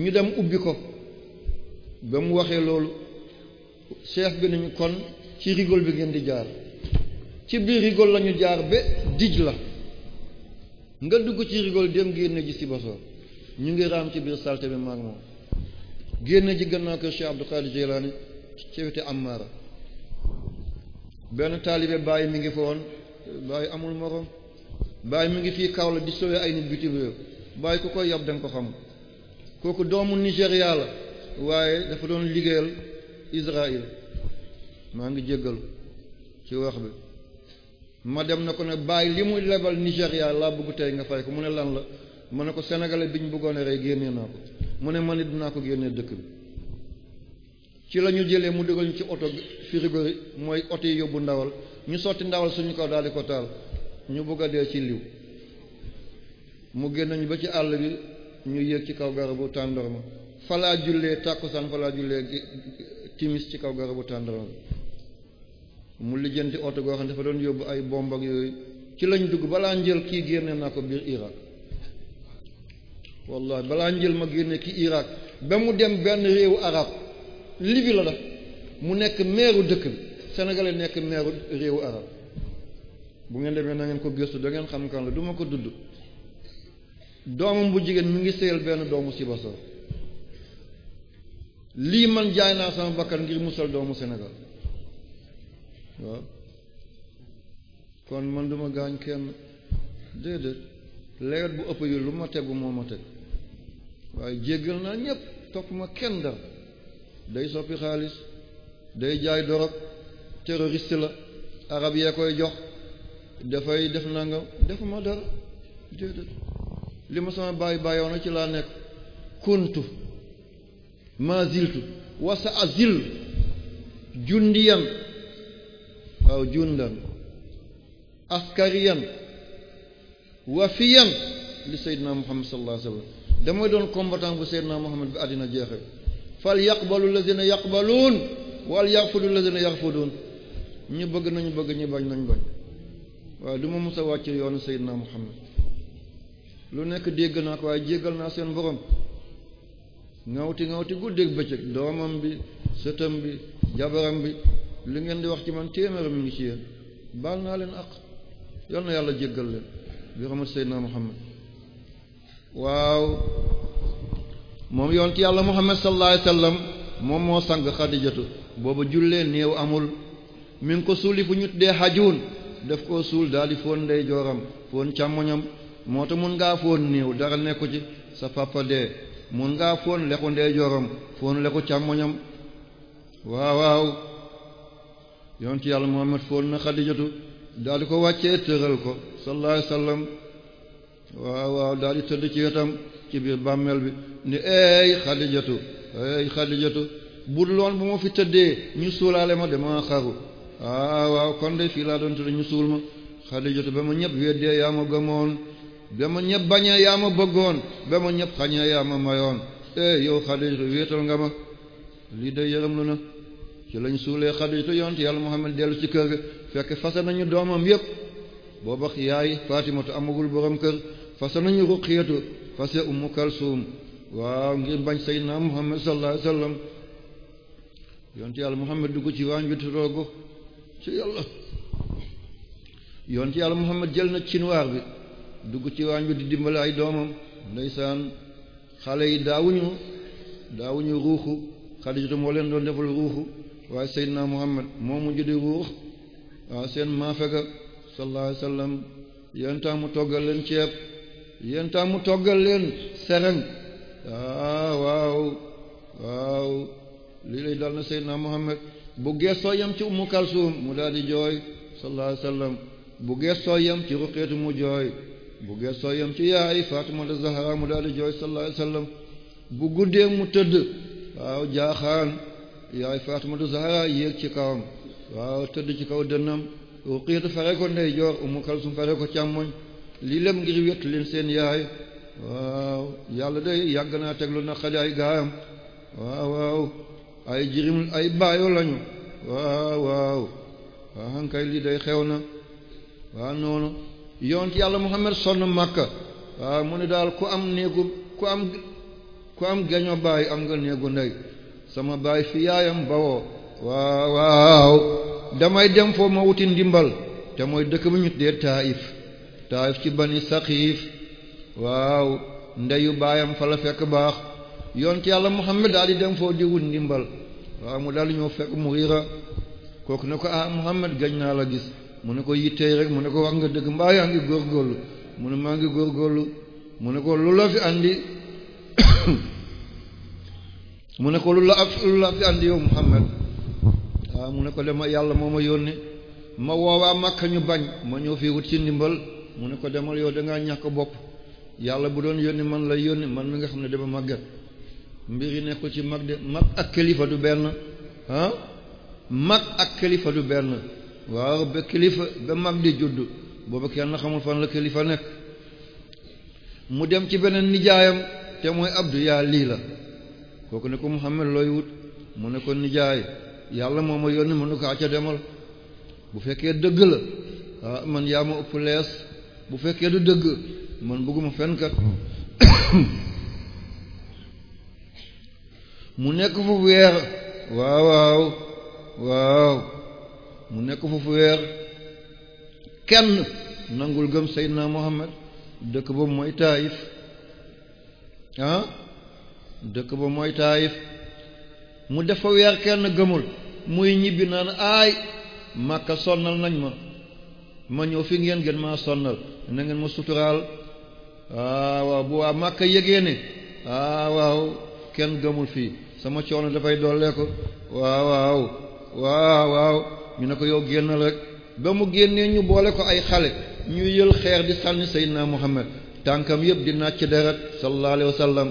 ñu dem ubbi ko ba mu waxee loolu chef bi nañu kon ci rigole bi ngeen di jaar ci biir rigole lañu jaar ba dij la nga dugg ci rigole dem génne ji ci basoo ñu ngi raam ci biir salte bi maag moom génne ji gannaaw kër Cheikh Abdou Qadir Jilani ci wete Amara benn taalibe bàyyi mi ngi fa woon bàyyi amul morom bàyyi mi ngi fii kaw la di sowee ay nit bitim réew bàyyi ku koy yab da ko xam kooku doomu Nigéria la waaye dafa doon liggéeyal Israël maa ngi jéggal ci wax bi ma dem na ko ne bàyyi li mu lebal Nigéria laa bëgg tey nga fay ko mu ne lan la ma ne ko sénégalais bi ñu bëggoon rey génnee naa ko mu ne man it dinaa ko génnee dëkk bi ci la ñu jëlee mu dugal ñu ci oto frigo mooy oto yi yóbbu ndawal ñu sotti ndawal suñu kaw daldi di ko taal ñu bëgg a dee ci liw mu génn ñu ba ci àll bi ñu yéeg ci kaw garabu tàndorma falaa jullee tàkkusaan falaa jullee timis ci kaw garabu tàndorma bi mu lijjanti oto goo xam ne dafa doon yóbbu ay bomb yooyu ci lañ dugg balaa njël kii génne naa ko biir Irak wallahi balaa njël ma génne kii Irak ba mu dem benn réewu arab Libye la def mu nekk meeru dëkk bi sénégalais nekk meeru réewu arab bu ngeen demee na ngeen ko gëstu da ngeen xam la du ma ko dudd doomam bu jigéen mu ngi sëyal benn doomu Sibassor lii man jaay naa sama bakkan ngir musal doomu Sénégal waaw kon man duma gaañ kenn déedéet lewet bu ëpp yi lu ma tegu moo ma teg waaye jéggal naa ñépp topp ma kenn dara day soppi xaalis day jaay dorog terroriste la arab yee koy jox dafay def nangam defuma dara déedéet li ma sama bàyyi bàyyoon na ci laa nekk kuntu ma ziltu wasa azil jundiyan waaw jundan askariyan wafiyan li seydina muhammad sallallahu alayhi wasallam damay doon combattant bu seydina muhammad bi àddina jeexee fal yaqbalu lazina yaqbaluun wal yaqfudu lazina yaqfuduun ñi bëgg nañu bëgg ñi bañ nañu bañ waaye du ma mës a wàcc yoonu Seydina Muhammad lu nekk dégg naa ko waaye jéggal naa seen borom ngawti ngawti guddeeg bëccëg doomam bi sëtam bi jabaram bi li ngeen di wax ci man téeméeram mi ngi ci yéen baal naa leen aq yon na yàlla jéggal leen bi rahmat Seydina Muhammad waaw moom ci yàlla Muhammad sallallahu alayhi wasallam moom moo sang xadijatu booba jullee néew amul mi ngi ko suuli fu ñu dee xajuun daf koo suul daal di foon ndey jooram foon càmmoñam moo tax mun ngaa foon néew dara nekku ci sa papa dee mun ngaa foon leku ndey jooram foon càmmoñam waaw waaw yonent yàlla Muhammad foon na xadijatu daal ko wàccee tëral ko sallallahu alayhi waaw waaw daal tëdd ci wetam ci biir bàmmeel bi ni eey xadijatu eey xadijatu bul loon bu ma fi tëddee ñu suulaale ma dama xaru ah waaw kon de fii laa doon tëdd ñu suul ma xadijatu ba ma ñëpp weddee yaa ma gëmoon ba ma ñëpp bañee yaa ma bëggoon ba ma ñëpp xañee yaa ma mayoon eey yow xadijatu wéetal nga ma lii de yërëm lu na ci lañ suulee xadijatu yonte yàlla mu Muhammad dellu ci kër ga fekk fase nañu doomam yëpp booba yaay Faatimatu amagul borom kër fase nañu Ruqiyatu fas ya ummu kalsuum waaw ngir bañ sayyidina muhammad sallallahu alayhi wasallam yonte yàlla muhammad dugg ci waañ bi toogu ci yàlla yonte yàlla muhammad jël na cinwaar bi dugg ci waañ bi di dimbale ay doomam ndeysaan xale yi daawuñu daawuñu ruuxu xadijatu moo leen doon defal ruuxu waaye sayyidina muhammad moo mujj di ruux waaw seen maafeka sallallahu alayhi wasallam yontaa mu toggal leen ceeb yéen tam mu toggal leen sereng ah waaw waaw lii lay dal na Seydina Muhammad bu geesoo yem ci Ummu Kalsum mu daal di jooy sallallahu alayhi bu geesoo yem ci Ruqaytu bu geesoo yem ci yaay Faatimata Zahra mu daal di jooy sallallahu alayhi wa sallam bu guddee mu tëdd waaw jaaxaan yaay Faatimata Zahra yéeg ci kawam waaw tëdd ci kaw dënnam Ruqaytu fare ko ndeyjoor Ummu Kalsum fare ko càmmoñ lii lem ngir wet leen seen yaay waaw yàlla day yàgg naa teglu na xadi ay gaayam waaw waaw ay jirim ay baayo lañu waaw waaw xew na waaw noonu yonent yàlla Muhammad sonn Makka mu ne daal ku am néegu ku am ku am geño baay am nga néegu ndey sama baay fi yaayam bawoo waaw waaw damay dem foo ma wuti ndimbal te mooy dëkk bu ñu dee Taayif taayif ci bani saqiif waaw ndeyu baayam fa la fekk baax yoon ci yàlla Muhammad daal di dem foo di ndimbal waaw mu daal di ñëw fekk Mughira kooku ne ko ah Muhammad gañ naa la gis mu ne ko yittey rek mu ne ko wax nga dëgg mbaa yaa ngi góorgóorlu mu ne maa ngi góorgóorlu mu ne ko lu la fi andi mu ne ko lu la fi andi yow Muhammad waaw mu ne ko dama yàlla moo ma yónni ma woowaa Makka ñu bañ ma ñëw fii wut ci ndimbal mu ne ko demal yow da ñàkk bopp yàlla bu doon yónni man la yónni man mi nga xam ne dama màgget mbir yi nekkul ci mag de mag ak kilifa du benn ah mag ak kilifa du benn waaw ba kilifa ba mag di judd booba kenn xamul fan la kilifa nekk mu dem ci beneen nijaayam te mooy Abdou yaa lii la kooku ne ko Muhammad looy wut mu ne ko nijaay yàlla moo ma yónni mënu ko ca demal bu fekkee dëgg la ah man yaa ma ëpp lees bu fekkee du dëgg man bëgguma fenkat hmm. mu nekk foofu weer waaw waaw waaw mu nekk foofu weer kenn nangul gëm Seydina Muhammad dëkk ba mooy Taayif ah dëkk ba mooy Taayif mu def fa weer kenn gëmul muy ñibbi naan aay Makka sonnal nañ ma ma ñëw fi ngeen gën maa sonnal na ngeen ma suturaal ah waaw bu waa màkk yëgee ne ah waaw kenn gëmul fii sama coono dafay dollee ko waaw waaw waaw ñu ne ko yow génnal rek ba mu génnee ñu boole ko ay xale ñu yël xeer di sànni Seydina Muhammad tànkam yëpp di nàcc deret sallallahu alayhi wa sallam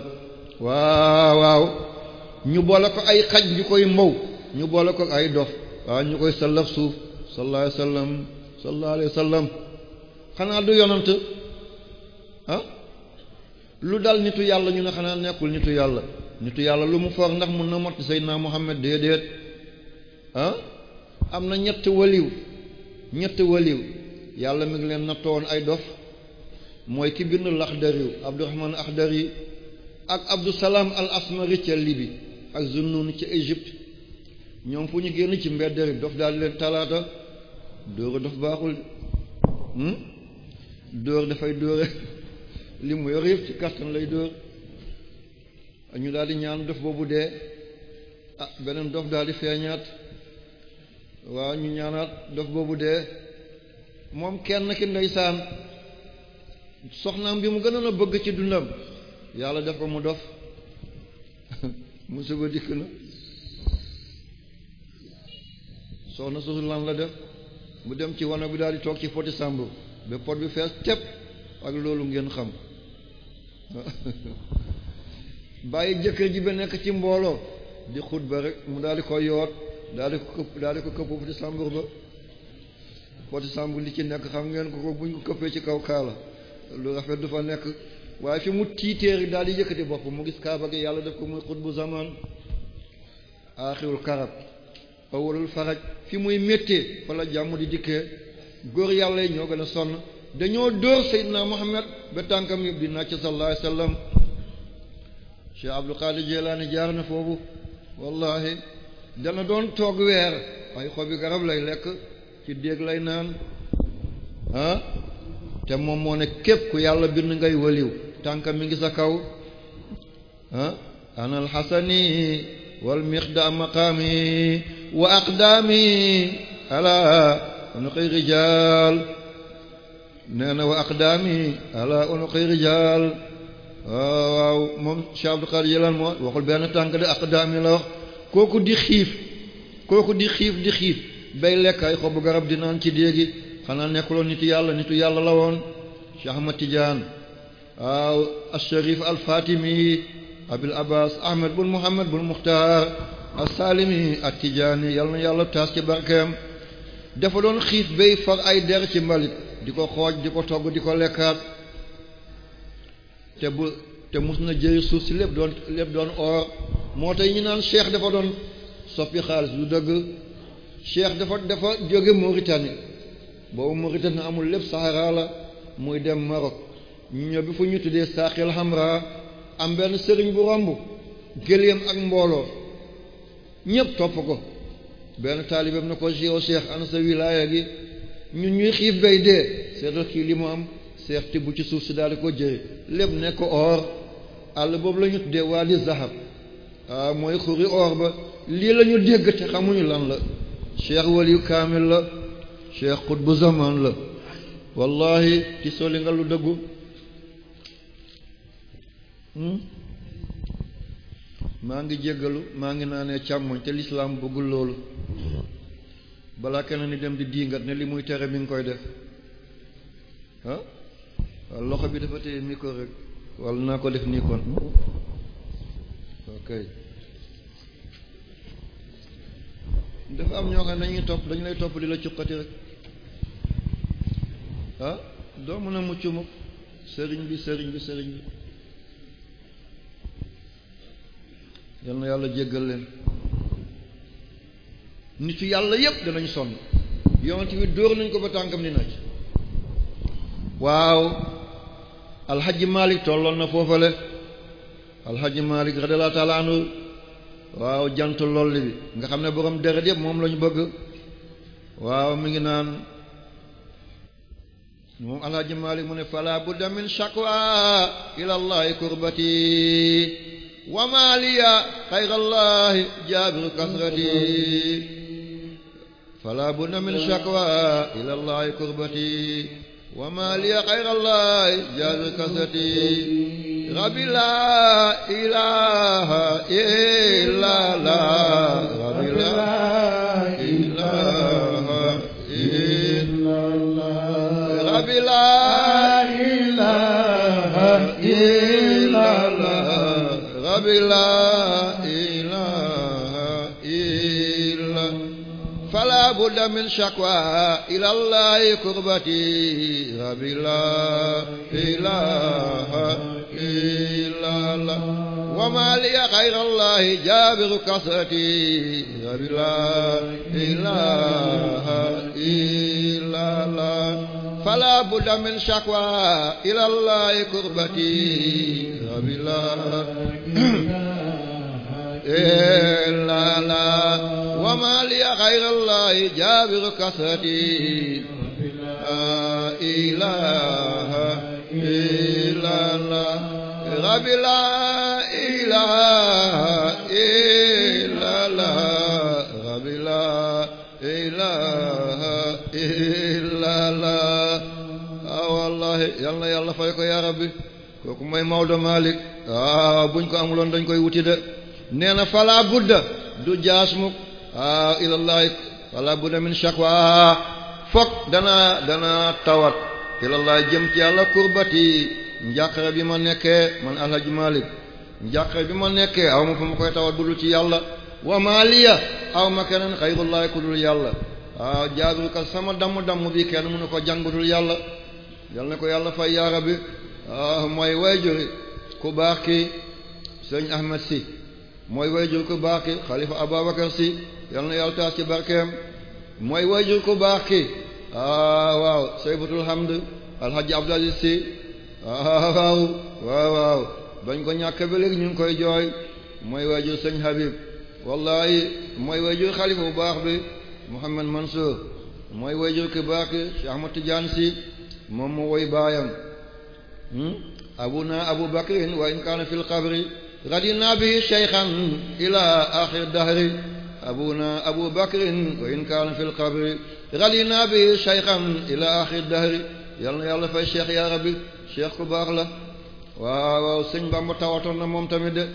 ñu boole ay xaj ñu koy mbow ñu boole ko ay dof waaw ñu koy sallaf suuf sallallahu alayhi sallallahu alayhi wa xanaa du yonant ah? lu dal nitu yàlla ñu ne xanaa nekkul nitu yàlla nitu yàlla lu mu foog ndax mun na mot Seydina Muhammad déedéet ah am na ñett waliw ñett waliw yàlla mi ngi leen nattoon ay dof mooy ki bind laxdariw Abdurahmaan Axdari ak Abdusalaam al Asmari ca Libi ak Zunnun ca Égypte ñoom fu ñu génn ci mbedd rek dof daal leen talaata dóora dof baaxul hmm? dóor dafay dóore li mu yor yëpp ci kàttan lay dóor ñu daldi ñaan dof boobu dee ah beneen dof daal di feeñaat waaw ñu ñaanaat dof boobu dee moom kenn ki ndeysaan soxnaam bi mu gënoon a bëgg ci dundam yàlla def ko mu dof musiba dikk na soxna susu lan la def mu dem ci wana bi daal di toog ci poti sàmb ba pot bi fees tepp ak loolu ngeen xam bàyyi jëkkër ji ba nekk ci mbooloo di xutba rek mu daal di ko yoot daal di ko këpp daal di ko këpp poti sàmbur ba poti sàmbur li ci nekk xam ngeen ko ko buñ ko këppee ci kaw kaala lu rafet du fa nekk waaye fi mu tiiteeri daal di yëkkati bopp mu gis kaaba gi yàlla def ko muy bu zaman aaxirul karab awalul faraj fi muy méttee fa la jàmm di dikkee góor yàlla yi ñoo gën a sonn dañoo dóor Seydina Muhammad ba tànkam yëpp di nàcc sallallahu alayhi wasallam Cheikh Abdul Qadir Jilani jaar na foofu wallahi dana doon toog weer ay xobi garab lay lekk ci déeg lay naan ah, te moom moo ne képp ku yàlla bind ngay waliw tànkam mi ngi sa kaw ah, anal xasani wal miqda maqami وأقدامي على عنق رجال nee wa aqdaami ala unuqi rijaal waaw waaw moom Cheikh Abdou Khadre Jilani moo waxul benn aqdaami la wax di xiif kooku di xiif di xiif bay lekk ay xobu garab di naan ci déegi xanaa nekkuloon nitu yàlla nitu yàlla la woon Cheikh Ahmad al Sharif al Fatimi Abil Ahmed bun Muhammad bun Mukhtar asaalimi at tijaani yal na yàlla taas ci barkeem dafa doon xiif bay far ay der ci mbalit di ko xooj di ko togg di ko lekkaat te bu te mus na jëri suuf si lépp doon lépp doon or moo tey ñu naan cheikh dafa doon soppi xaalis du dëgg cheikh dafa dafa jóge Mauritanie boobu Mauritanie amul lépp Sahara la muy dem Maroc ñoo bi fu ñu tuddee Saaxil Hamra am benn sëriñ bu romb gëléem ak mbooloo ñëpp topp ko benn taalibeem na ko yow Cheikh ana sa wilaaya gi ñun ñuy xiif bay dee seetal kii li mu am Cheikh tibb ci suuf si daal di ko jëri lépp nekk or àll boobu lañu ñu tuddee waa di zahab ah mooy xuri or ba lii lañu ñu dégg te xamuñu lan la Cheikh waliyu kaamil la Cheikh bu zaman la wallahi ci soli nga lu dëggu hmm? maa ngi jéggalu maa ngi naa ne càmmoñ te lislaam bëggul loolu balaa keneen ni dem di diingat ne li muy tere bi ngi koy def loxo bi dafa téye micro rek wala naa ko def nii kon ok dafa am ñoo xam ne dañuy topp dañu lay topp di la cuqati rek ah doo mën mucc mukk sëriñ bi sëriñ bi sëriñ bi yal yàlla jéggal leen nitu yàlla yépp danañ sonn yonent bi dóor nañ ko ba tànkam ni naaj waaw alxaji malik tolloon na foofale alxaji malik radiyallahu ta'ala waaw jant lolli bi nga xam ne borom deret yépp moom lañu bëgg waaw mi ngi naan moom alxaji malik mu ne fala budda min shakwa ila allahi wa maa liya xayrallaahi jaabiru kasrati falaa budda min shakwa ilallaahi kurbati wa maa liya xayrallaahi jaabiru kasrati rabbi laa ilaaha illaa laa rabbi laa ilaaha illaa laa rabbi laa لا إله إلا فلا بد من شكوى إلى الله كربتي رب لا إله إلا الله وما لي غير الله جابر كسرتي رب لا إله إلا الله فلا بد من شكوى إلى الله كربتي بالله إلا لا وما لي غير الله جابر كثرتي لا إله إلا الله رب لا إله إلا الله رب لا إله إلا الله wallaahi yal na yàlla fay ko yaa rabbi kooku mooy Maodo Malick ah buñ ko amuloon dañ koy wuti de nee na fala budda du jaasmuk ah ilallahi fala budda min shakwa fokk danaa danaa tawat ilallahi jëm ci yàlla kurbati njàqare bi ma nekkee man alhaji Malick njàqare bi ma nekkee aw ma fu ma koy tawat bu dul ci yàlla wa maliya aw ma keneen xayrullahi ku dul yàlla ah jaabiruka sama damm damm bi kenn mënu ko jàngutul yàlla yal na ko yàlla fay yaa bi ah, mooy wayjuri ku baax ki sëñ Ahmed si mooy wayjur ku baax ki xalifa Ababakar si yal na yàlla taas ci barkeem mooy wayjur ku baax ki ah waaw alhaji Abdul Aziz si ah waaw waaw bañ ko ñàkk ba léegi ñu ngi koy jooy mooy wayjur sëñ Habib wallahi mooy wayjur xalifa bu baax bi Mouhamed Mansour mooy wayjur ku baax ki Cheikh Ahmed Tidiane si moom mu woy baayam abuna hmm? abu bakrin wa in kaana fil qabri radina bihi shaykhan ila akhir dahri abuna abu bakrin wa in kaana fil qabri radina bihi shaykhan ila akhir dahri yal na yàlla fay cheikh ya rabbi cheikh ku baax la waaw waaw sëñ Bamba tawatoon na moom tamit de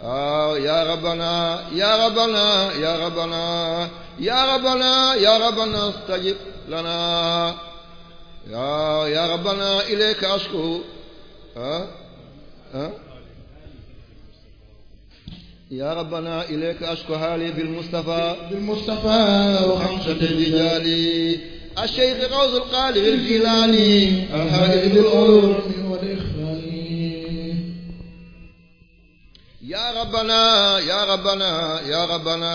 waaw ya rabbana ya rabbana ya rabbana ya rabbana ya rabbana stajib lana waaw yaa rabbana ilayka asku ah ah yaa rabbana ilayka asku haali bil mustafa bil mustafa wa xamsati rijaali الشيخ غوث القادر الجيلاني الهادي بالعلوم والإخوان يا ربنا يا ربنا يا ربنا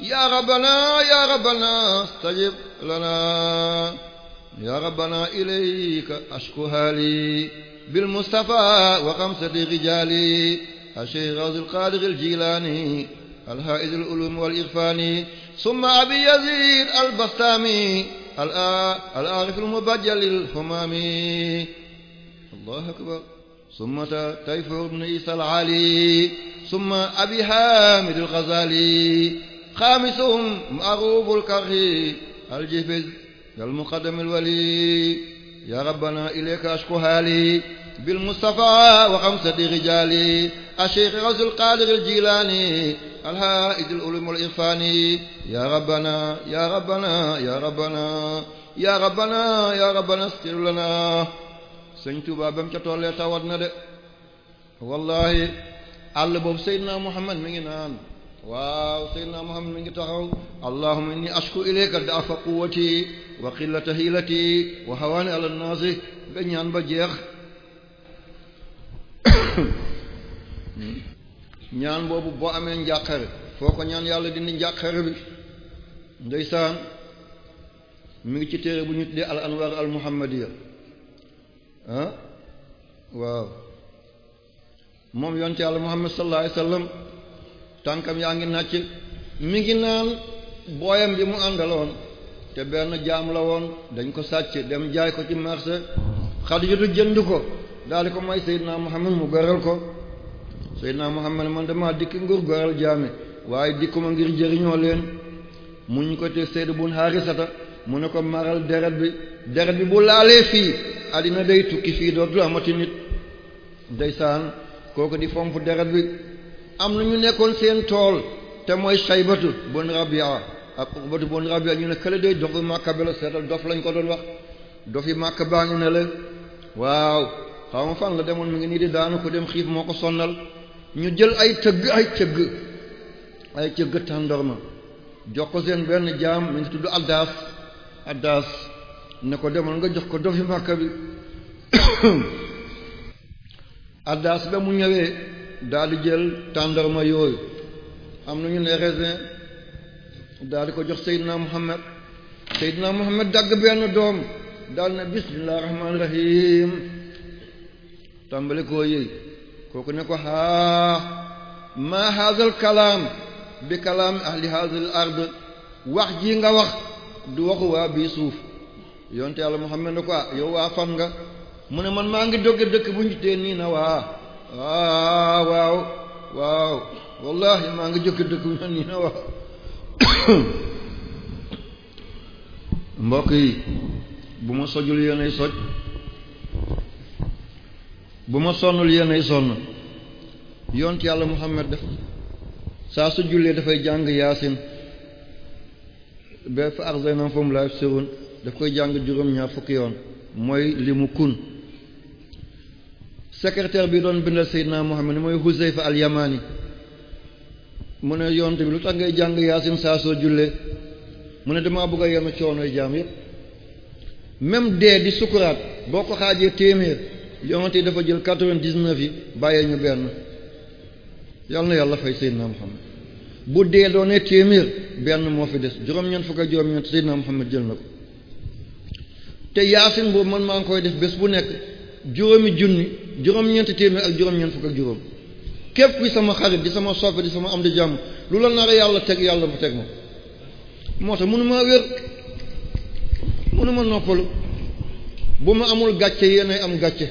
يا ربنا يا ربنا استجب لنا يا ربنا إليك أشكو هالي بالمصطفى وخمسة رجالي الشيخ غوث القادر الجيلاني الهائز العلوم والإغفاني ثم أبي يزيد البستامي الآغف المبجل الحمامي الله أكبر ثم تيفور بن عيسى العالي ثم أبي حامد الغزالي خامسهم معروف الكرهي الجفز كالمقدم الولي يا ربنا إليك أشكو حالي بالمصطفى وخمسة رجالي الشيخ غوث القادر الجيلاني الهائد العلوم الإرفاني يا ربنا يا ربنا يا ربنا يا ربنا يا ربنا استر لنا Sëñ Tuubaa bam ca tollee tawat na de wallahi àll boobu Seydina Muhammad mi ngi naan waaw Seydina Muhammad mi ngi taxaw allahumma inni ashku ilayka da'fa quwwati wa qillata hilati wa hawani ala an-nasi ñaan ba jeex ñaan boobu boo amee njàqare foo ko ñaan yàlla dindi njàqare bi ndeysaan mu ngi ci téere bu ñu tuddee al anwar al muhammadiya ah waaw moom yonte yàlla Muhammad sallallahu alayhi wasallam tànkam yaa ngi nàcc mi ngi naan booyam bi mu àndaloon te benn jaam la woon dañ ko sàcc dem jaay ko ci marché Xadijatu jënd ko daal di ko may Seydina Muhammad mu goreel ko Seydina Muhammad man dama dikk nguur goreel waaye dikkuma ngir jëriñoo leen mu ko te Seyd bun Harisata mu ne ko maral deret bi deret bi bu laalee fii àddina day tukki fii dootul amati nit ndeysaan kooku di fomp deret bi am na ñu nekkoon seen tool te mooy saybatu bon rabia ak uqbatu bon rabia ñu ne kële day dofi màkka bi la seetal dof lañ ko doon wax dofi màkka baa ngi ne la waaw xaw ma fan la demoon mi ngi nii di daanu ko dem xiif moo ko sonnal ñu jël ay tëgg ay tëgg ay tëgg tàndorma jox ko seen benn jaam mi ngi tudd addaas addaas ne ko demoon nga jox ko dofi màkka bi addaas ba mu ñëwee daal di jël tàndarma yooyu am nañu ne raisin daal ko jox Seydina Muhammad Seydina Muhammad dagg benn doom daal na bismillah rahmaan rahim tàmbali koo yëy kooku ne ko haa ma haazal kalaam bi kalaam ahli haazal ard wax ji nga wax du waxu waa bii suuf yonte yàlla Muhammad ne ko ah, yow waa fan nga mu ne man maa ngi dogge dëkk bu ñu tee na waa ah waaw waaw wallahi maa ngi jëkk dëkk bi nii na waaw mbokk yi bu ma sojul yéenay soj bu ma sonnul yéenay sonn yont yàlla Muhammad def saa su jullee dafay jàng yaasin ba fa arzanam fam laaf sirun daf koy jàng juróom ñaar fukki yoon mooy li mu kun secrétaire bii doon bindal Seydina Muhammad mooy Huzayfa al-Yamani mu ne yonte bi lu tax ngay jàng yaasin saa soo jullee mu ne damaa bëgg a yenu coonoy jaam yépp même dee di sukuraat boo ko xaajee téeméer yonte yi dafa jël quatre vingt dix yi bàyyee ñu benn yàlla na yàlla fay Seydina Muhammad bu dee doonee téeméer benn moo fi des juróom-ñeent fukk ak juróom-ñeent Seydina Muhammad jël na ko te yaasin boobu man maa ngi koy def bés bu nekk juróomi junni juróom-ñeenti téeméer ak juróom-ñeent fukk ak juróom képp kuy sama xarit di sama soppe di sama am di jàmm lu la nar yàlla teg yàlla mu teg ma moo tax mënu maa wér mënu ma noppalu bu ma amul gàcce yéen ay am gàcce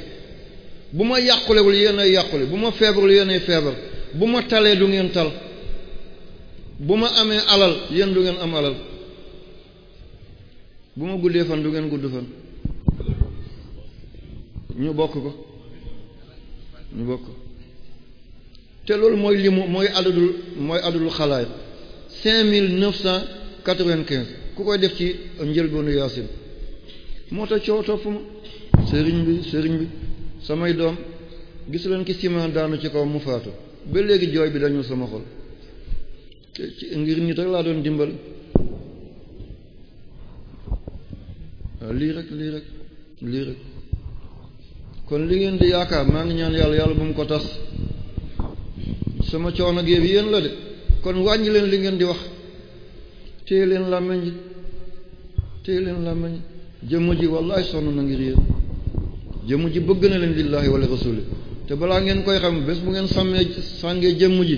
bu ma yàqulewul yéen ay yàqule bu ma feebarul yéen feebar bu ma talee du ngeen tal bu ma amee alal yéen du ngeen am alal bu ma guddee fan du ngeen gudd fan ñu bokk ko ñu bokk ko te loolu mooy limu mooy adadul mooy adadul xalaay ku koy def ci njëlbeenu yaasin moo tax coow topp ma sëriñ bi sëriñ bi samay doom gis leen ki siman daanu ci kaw mu faatu ba léegi jooy bi dañu sama xol ci ngir nit rek laa doon dimbal lii rek lii rek lii rek kon li ngeen di yaakaar maa ngi ñaan yàlla yàlla bu mu ko tas sama coono gi yéen la de kon wàññi leen li ngeen di wax téye leen làmmiñ ji téye leen làmmiñ jëmm ji wallaay sonn na ngir yéen jëmm ji bëgg na leen lillaahi wala rasuli te balaa ngeen koy xam bés bu ngeen sàmmee sàngee jëmm ji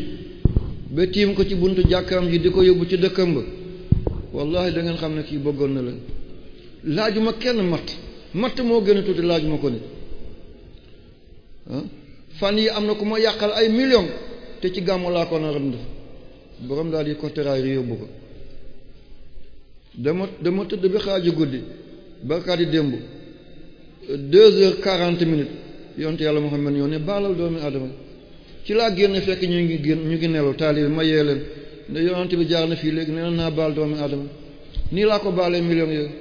ba tiim ko ci buntu jàkkaram ji di ko yóbbu ci dëkkam ba wallahi da ngeen xam ne kii bëggoon na leen laajuma kenn matt matt moo gën tuuti laajuma ko ni Hmm? fan yi am na ku ma yàqal ay million te ci gàmmu laa ko na rënd borom daal di ko teraay ri yóbbu ko dama dama tëdd bi xaaju guddi barkaat yi démb deux heures quarante minutes yonte yàlla Muhammad yoon ne baalal doomi adama ci laa génn fekk ñu ngi génn ñu ngi nelu taalibi ma yee leen ne yonante bi jaar na fii léegi nee naa baal doomi adama nii laa ko baalee million yooyu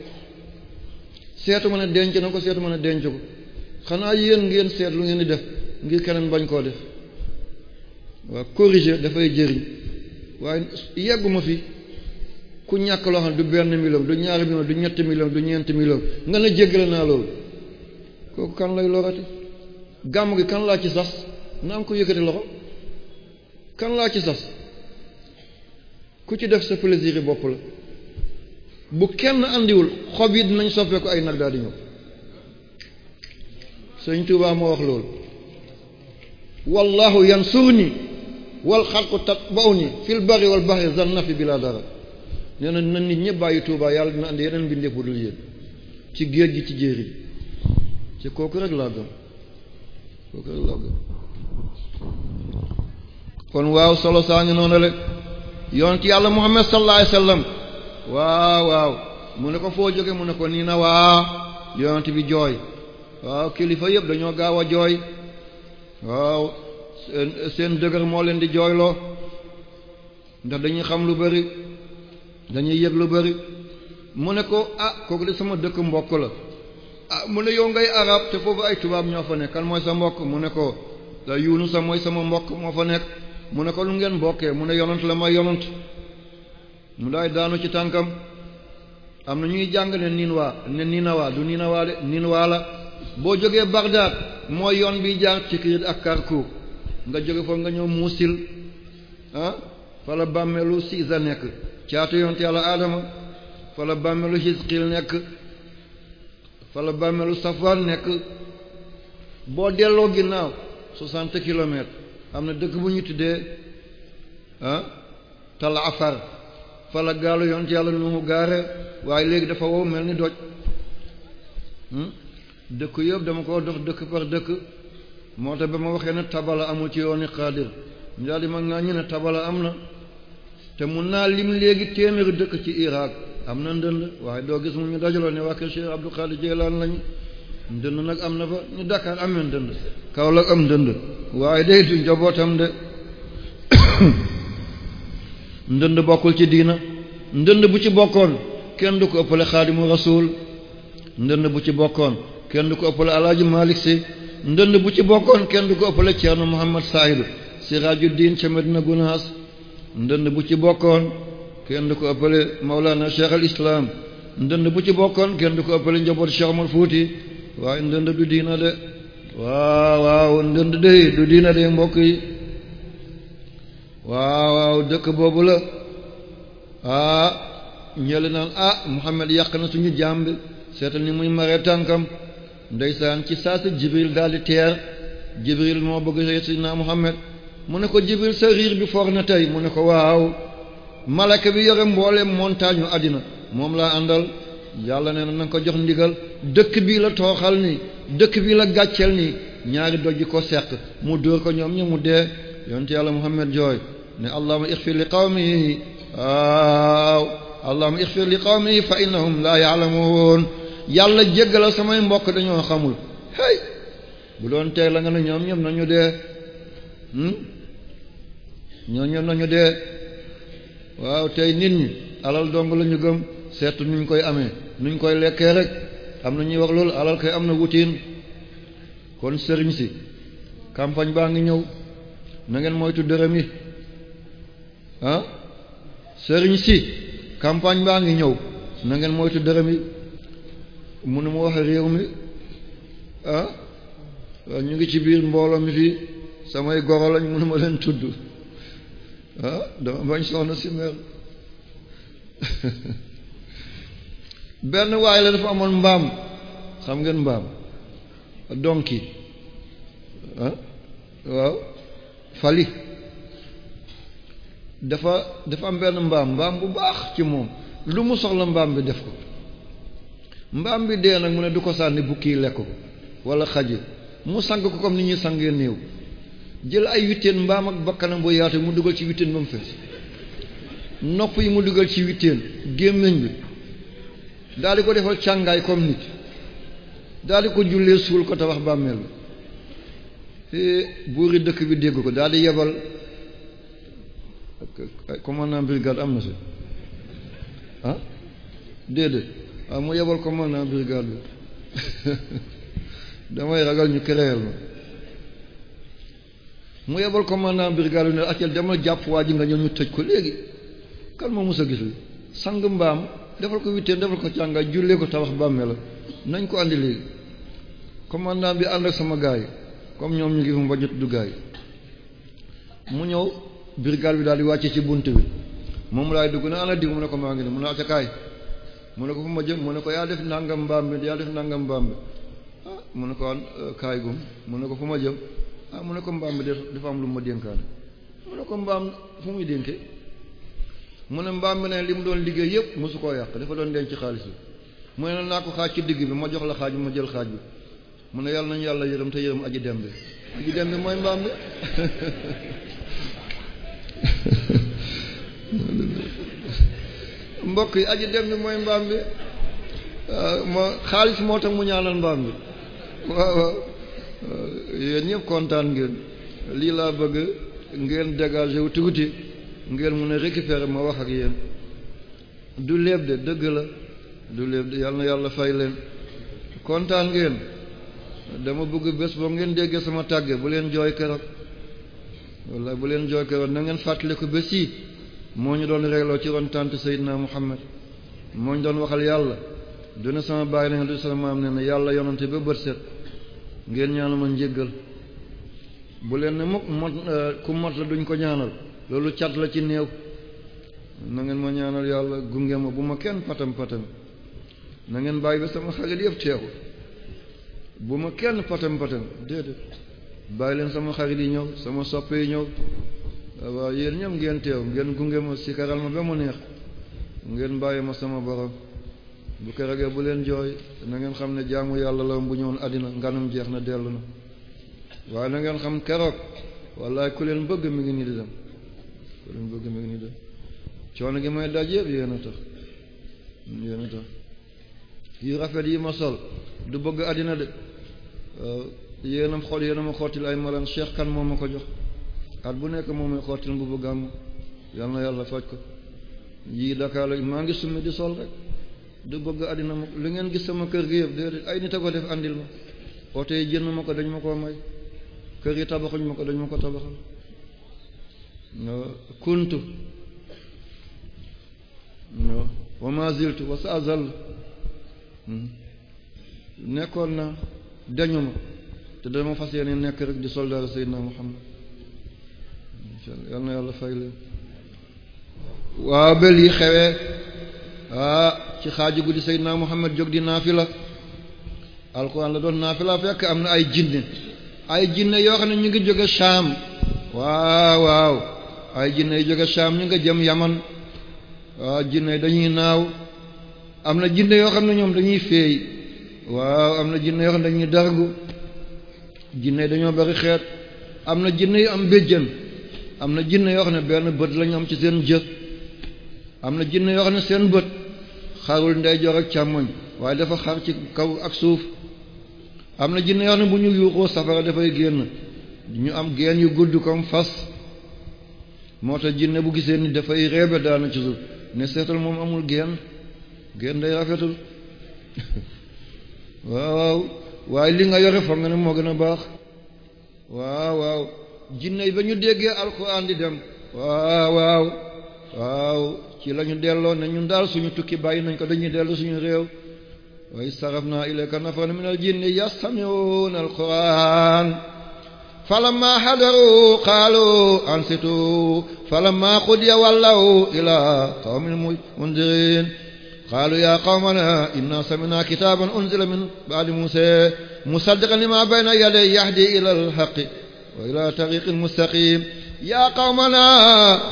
seetu ma ne denc na ko seetu ma ne denc ko xanaa yéen ngeen seet lu ngeen di def ngir keneen bañ koo def waaw corriger dafay jëriñ waaye yegguma fi ku ñàkk loo xam ne du benn million du ñaari million du ñetti million du ñeenti million nga ne jéggale naa loolu kooku kan lay lorati gàmm gi kan laa ci sax na am ko yëkkati loxo kan laa ci sax ku ci def sa plaisir yi bopp la bu kenn indiwul xob yi dinañ soppeeku ay nag daal sëñ Tuubaa moo wax loolu wallahu yansurni wal xalqu tatba'uni fil barri wal bahri zan bi bila dara nee na na nit ñëpp bàyyi Tuubaa yàlla dina andi yeneen mbindeef bu dul yéen ci géej gi ci jéeri ci kooku rek laa gëm kon waaw solo saa ngi noonu rek yonent yàlla Muhammad sallallahu alayhi wasallam waaw waaw mu ne ko foo jóge mu ne ko nii na waa yonent bi jooy waaw kilifa yëpp dañoo gaaw a jooy waaw seen dëgër moo leen di jooyloo ndax dañuy xam lu bari dañuy yëg lu bari mu ne ko ah kooku de sama dëkk mbokk la ah mu ne yow ngay arab te foofu ay tubaab ñoo fa nekk mooy sa mbokk mu ne ko Yuunus sa mooy sama mbokk moo fa nekk mu ne ko lu ngeen bokkee mu ne yonant la may yonant mu daay daanu ci tànkam am na ñuy jàng ne niinwaa ne niinawaa du niinawaa de niinwaa la boo jógee Bagdad mooy yoon bi jaar Tikrit ak Karkour nga jóge foofu nga ñëw Muusil ah fala bàmmeelu Siisa nekk caatu yonte yàlla aadama fala bàmmeelu Hisqil nekk fala bàmmeelu Safwan nekk boo delloo ginnaaw soixante kilomètres am na dëkk bu ñu tuddee ah Tal Afar fala gaalu yonte yàlla nu mu gaare waaye léegi dafa wow mel ni doj hmm? dëkk yëpp dama ko dox dëkk par dëkk moo tax ba ma waxee ne tabala amul ci yooni xaadir ñu daal di ma ŋàññi ne tabala am na te mun naa lim léegi téeméeri dëkk ci Irak am na ndënd waaye doo gis mu ñu dajaloo ne waa kër Cheikh Abdou Khadir Jeylaan lañu ndënd nag am na fa ñu Dakar am na ndënd Kaolack am ndënd waaye day du njabootam de ndënd bokkul ci diina ndënd bu ci bokkoon kenn du ko ëppale Xaadimu Rasuul ndënd bu ci bokkoon kenn du ko ëppale alaaji Malick si ndënd bu ci bokkoon kenn du ko ëppale Thierno Mohamed Saïd Sirajuddin ca Medina Gunaas ndënd bu ci bokkoon kenn ko ëppale Maulana Cheikh al ndënd bu ci bokkoon kenn du ko ëppale njaboot Cheikh Omar Fouti waaye ndënd du diina de waaw waaw ndënd de du diina de mbokk yi waaw waaw dëkk boobu la ah ñële naan ah Muhammad yàq na suñu jaam seetal ni muy maree tànkam ndeysaan ci saa si jibril daal di teer jibril moo bëgg Seydina Muhammad mu ne ko jibril sa bi foog na tey mu ne ko waaw malaka bi yore mboole montagne u àddina moom laa àndal yàlla nee na nanga ko jox ndigal dëkk bii la tooxal ni dëkk bii la gàcceel ni ñaari doj ko seq mu dóor ko ñoom ñu mu dee yonte yàlla Muhammad jooy ne allahumma ighfir li qawmihi waaw allahumma ighfir li qawmihi fa innahum laa ya'lamuun yàlla jéggalal samay mbokk dañoo xamul hey bu doon tey la nga ne ñoom ñëpp nañu dee hmm? ñoo ñëpp nañu dee waaw tey nit ñi alal dong la ñu gëm seetu nuñ koy amee nuñ koy lekkee rek am na ñuy wax loolu alal kay am na wutiin kon sëriñ si campagne baa ngi ñëw na ngeen moytu dërëm yi ah sëriñ si campagne baa ngi ñëw na ngeen moytu dërëm yi mënu ma waxe réew mi ah ñu ngi ci biir mbooloo mi fii samay goro lañ mënu ma leen tudd ah dama bañ soxna si mer benn waaye la dafa amoon mbaam xam ngeen mbaam donki ah waaw fali dafa dafa am benn mbaam mbaam bu baax ci moom lu mu soxla mbaam bi def ko mbaam bi dee nag mu ne du ko sànni bukki lekk ko wala xaji mu sang ko comme ni ñuy sangee néew jël ay witteen mbaam ak bakkanam boo yaatu mu dugal ci witteen ba mu fees nopp yi mu dugal ci witteen gémmiñ bi daal di ko defal càngaay comme nit daal di ko jullee suul ko wax bàmmeel bi buuri dëkk bi dégg ko daal di yebal commandant brigade am na si ah déedéet waaw ah, mu yebal commandant brigade bi damay ragal ñu créer ma mu yebal commandant brigade bi ne acel demal jàpp waa ji nga ñëw ñu tëj ko léegi kan moo mos a gis li sang mbaam defal ko witteen defal ko càngaay jullee ko tabax bàmmee la nañ ko àndi léegi commandant bi ànd ak sama gaay comme ñoom ñu ngi mu bañu tudd gaay mu ñëw brigade bi daal di wàcce ci bunt bi moom laay dugg na ana diw mu ne ko maa ngi ne mu ne acca kaay mu ne ko fu ma jëm mu ne ko yaa def nangam mbaam bi yaa def nangam mbaam bi ah, mu ne ko an euh, kaay gum mu ne ko fu ma jëm ah mu ne ko mbaam bi am lu ma dénkaane ne ko mbaam fu muy dénke mu mbaam bi li mu doon liggéey yëpp mosu koo yàq dafa doon denc xaalis bi mu ne naa ko xaaj ci digg bi ma jox la xaaj bi ma jël xaaj bi mu ne yàlla nañu yàlla yërëm te yërëm aji dem bi aji dem bi mooy mbaam bi mbokk yi aji dem bi mooy mbaam bi ah, ma xaalis moo tax mu ñaanal mbaam bi waaw waaw yéen ñëpp kontaan ngeen lii laa bëgg ngeen dégagé wu tuuti ngeen mun a récupérer ma wax ak yéen du léeb de dëgg la du léeb de yàlla na yàlla fay leen kontaan ngeen dama bëgg bés boo ngeen déggee sama tàggee bu leen jooy keroog walla bu leen jooy keroog na ngeen ko bés yi moo ñu doon regloo ci ron tànt Seydina Muhammad moo ñu doon waxal yàlla du duna sama bàyyi neen du sama maam nee yàlla yonante ba bët set ngeen ñaanal ma njéggal bu leen ne mukk mot euh, ku mot la duñ ko ñaanal loolu cat la ci neew na ngeen ma ñaanal yàlla gunge ma bu ma kenn patam patam na ngeen bàyyi ba sama xarit yëpp teew bu ma kenn patam patam déedéet bàyyi leen sama xarit yi ñëw sama soppee yi ñëw waaw yéen ñëpp ngeen teew ngeen gunge ma si karal ma ba mu neex ngeen bàyyi ma sama borom bu kerogee bu leen jooy na ngeen xam ne jaamu yàlla la bu ñëwoon àddina nganam jeex na dellu na waaye na ngeen xam keroog wallaay ku leen bëgg mi ngi nii di dem mi ngi nii di dem coono gi may daj yëpp yéen a tax yu rafet yi ma sol du bëgg àddina de yéen a xool yéen a ma xottil ay malaan cheikh kan moom ma ko jox at bu nekk moom mooy xottil mbubu gàmm yal na yàlla faj ko yii Dakar maa ngi summi di sol rek du bëgg àddina ma lu ngeen gis sama kër gi yëpp déedéet ay nit a ko def andil ma oto yi jënd ma ko dañ ma koo may kër yi tabaxuñ ma ko dañ ma ko tabaxal kuntu ma ziltu wa sa zal hmm. nekkoon na dañu ma te dama fas yéene nekk rek di soldaar Seydina Muhammad yal waaw ba lii xewee ah ci xaaju guddi Seydina Muhammad jóg di naafila alquran la doon naafila fekk am na ay jinne ay jinne yoo xam ne ñu ngi jóge Shaam waaw waaw ay jinne yu jóge Shaam ñu nga jëm Yaman waaw ah, jinne dañuy naaw am na jinne yoo xam ne ñoom dañuy feey waaw am na jinne yoo xam ne dañuy dargu jinne dañoo bari xeet am na jinne yu am béjjën am na jinne yoo xam ne benn bët la am ci seen jë am na jinne yoo xam ne seen bët xarul ndeyjoor ak càmmoñ waaye dafa xar ci kaw ak suuf am na jinne yoo ne bu ñu yuuxoo safara dafay génn ñu am geen yu gudd comme fas moo tax jinne bu gisee ni dafay reebe daana ci suuf ne seetal moom amul génn geen day rafetul waaw waaye li nga yore foog nga moo gën a baax waaw waaw jinne yi ba ñu déggee alquran di dem waaw waaw waaw ci la ñu delloo ne ñun daal suñu tukki bàyyi nañ ko dañuy dellu suñu réew wa istarafna ilayka nafaran min aljinni yastami'una alquran falamma hadaru qalu ansitu falamma qudiya wallaw ila qawmil mundirin qaalu yaa qawmana inna sami'na kitaaban unzila min ba'di musa musaddiqan lima bayna yadayhi yahdi ila alhaqqi وإلى طريق مستقيم يا قومنا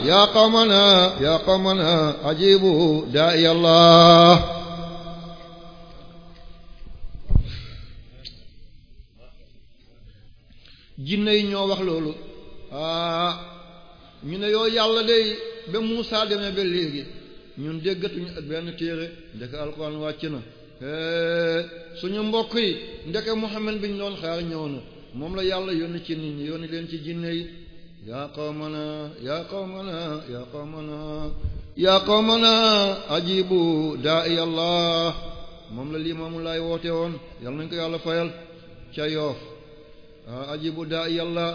يا قومنا يا قومنا أجيبوا داعي الله jinne yi ñoo wax loolu ah ñu ne yow yàlla day ba Muusaa demee ba léegi ñun déggatuñu ak benn téere ndeke alxuraan wàcc na eh, suñu mbokk yi ndeke Muhammad bi ñu doon xaar ñëw na moom la yàlla yoon ci nit ñi yónni leen ci jinne yi yaa qawmana yaa qawmana yaa qawmana yaa qawmana ajibu daa'i allah moom la lii maamu laay woote woon yàlla nañ ko yàlla fayal ca yoof ah, ajibu daa'i allah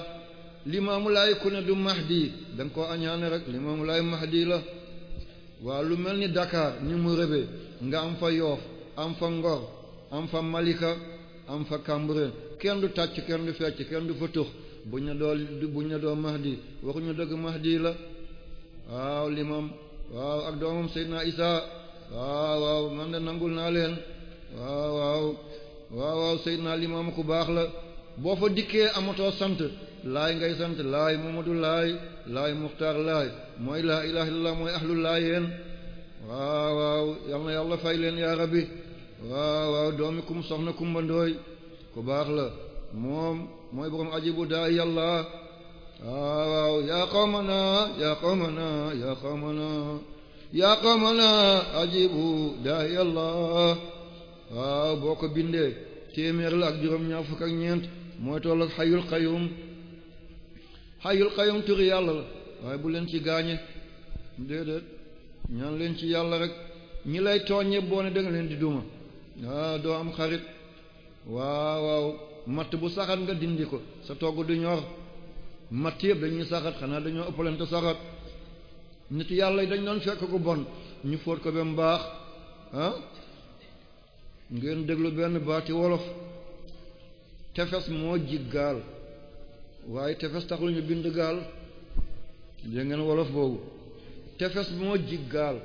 limaamu laay ku ne du mahdi da nga koo añaane rek limaamu laay mahdi la waa lu mel ni Dakar ni mu rëbe nga am fa yoof am fa ngor am fa malika am fa cambre kenn du tàcc kenn du fecc kenn du fa tux buñ ne doo buñ ne doo mahdi waxuñu dëgg mahdi la waaw limam waaw ak doomam na Isa waaw waaw man de nangul naa leen waaw waaw waaw waaw Seydina limam ku baax la boo fa dikkee amatoo sant laay ngay sant laay Muhammadu laay laay Muxtaar laay mooy laa ilaha illallah mooy ahlu laayeen waaw waaw yal yàlla fay leen yaa rabbi waaw waaw doomi kum soxna kumba ku baax la moom mooy boroom ajibu daa yàlla waaw waaw yaa qawmana yaa qawmana yaa qawmana ajibu daa yàlla waaw boo ko bindee téeméer la ak juróom-ñaar fukk ak ñeent mooy toll xayul xayum xayul xayum turi yàlla la waaye bu leen ci gaañe déedéet ñaan leen ci yàlla rek ñi lay tooñe boo ne leen di duma Ah, doo am xarit waaw waaw matt bu saxat nga dindi ko sa togg du ñor matt yëpp dañuy saxat xanaa dañoo ëppalante saxat nit yàlla yi dañ doon fekk ko bon ñu fóot ko ba mu baax ah ngeen déglu benn baati wolof tefes moo jig gaal waaye tefes ñu bind gaal dégg ngeen wolof boobu tefes moo jig gaal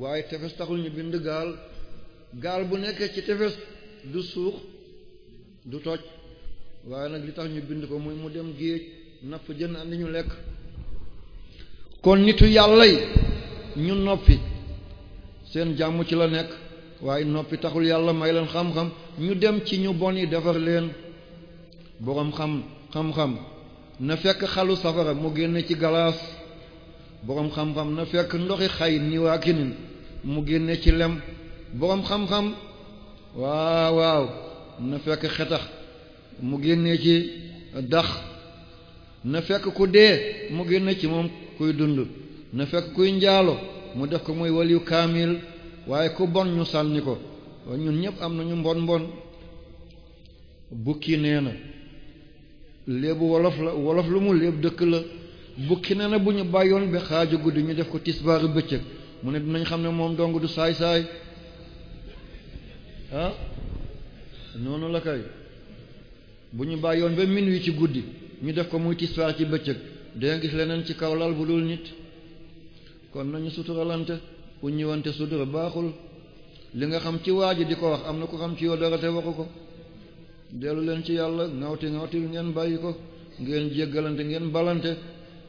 waaye tefes taxul ñu bind gaal gaal bu nekkee ci tefes du suux du toj waaye nag li tax ñu bind ko muy mu dem géej napp jën andi ñu lekk kon nitu yàlla yi ñu noppi seen jàmm ci la nekk waaye noppi taxul yàlla may leen xam-xam ñu dem ci ñu bon yi defar leen boroom xam xam-xam na fekk xalu safara mu génne ci galaas boroom xam-xam na fekk ndoxi xay niwaakinin mu génne ci lem boroom xam-xam waaw waaw na fekk xetax mu génnee ci dax na fekk ku dee mu génne ci moom kuy dund na fekk kuy njaalo mu def ko muy waliyu kaamil waaye ku bon ñu sànni ko ñun ñëpp am nañu mbon mbon bukki nee na léebu wolof la wolof lu mu léeb dëkk la bukki nee na bu ñu bàyyoon ba xaaju guddi ñu def ko tisbaaru bëccëg mu ne dinañ xam ne moom dong du saay saay ah noonu la kay bu ñu bàyyi yoon ba minuit ci guddi ñu def ko muy tisbaar ci bëccëg danga gis leneen ci kaw lal bu dul nit kon nañu suturalante u ñëwante sutura baaxul li nga xam ci waa ji di ko wax am na ku xam ci yow dara te waxu ko dellu leen ci yàlla ngawti ngawti ngeen bàyyi ko ngeen jéggalante ngeen balante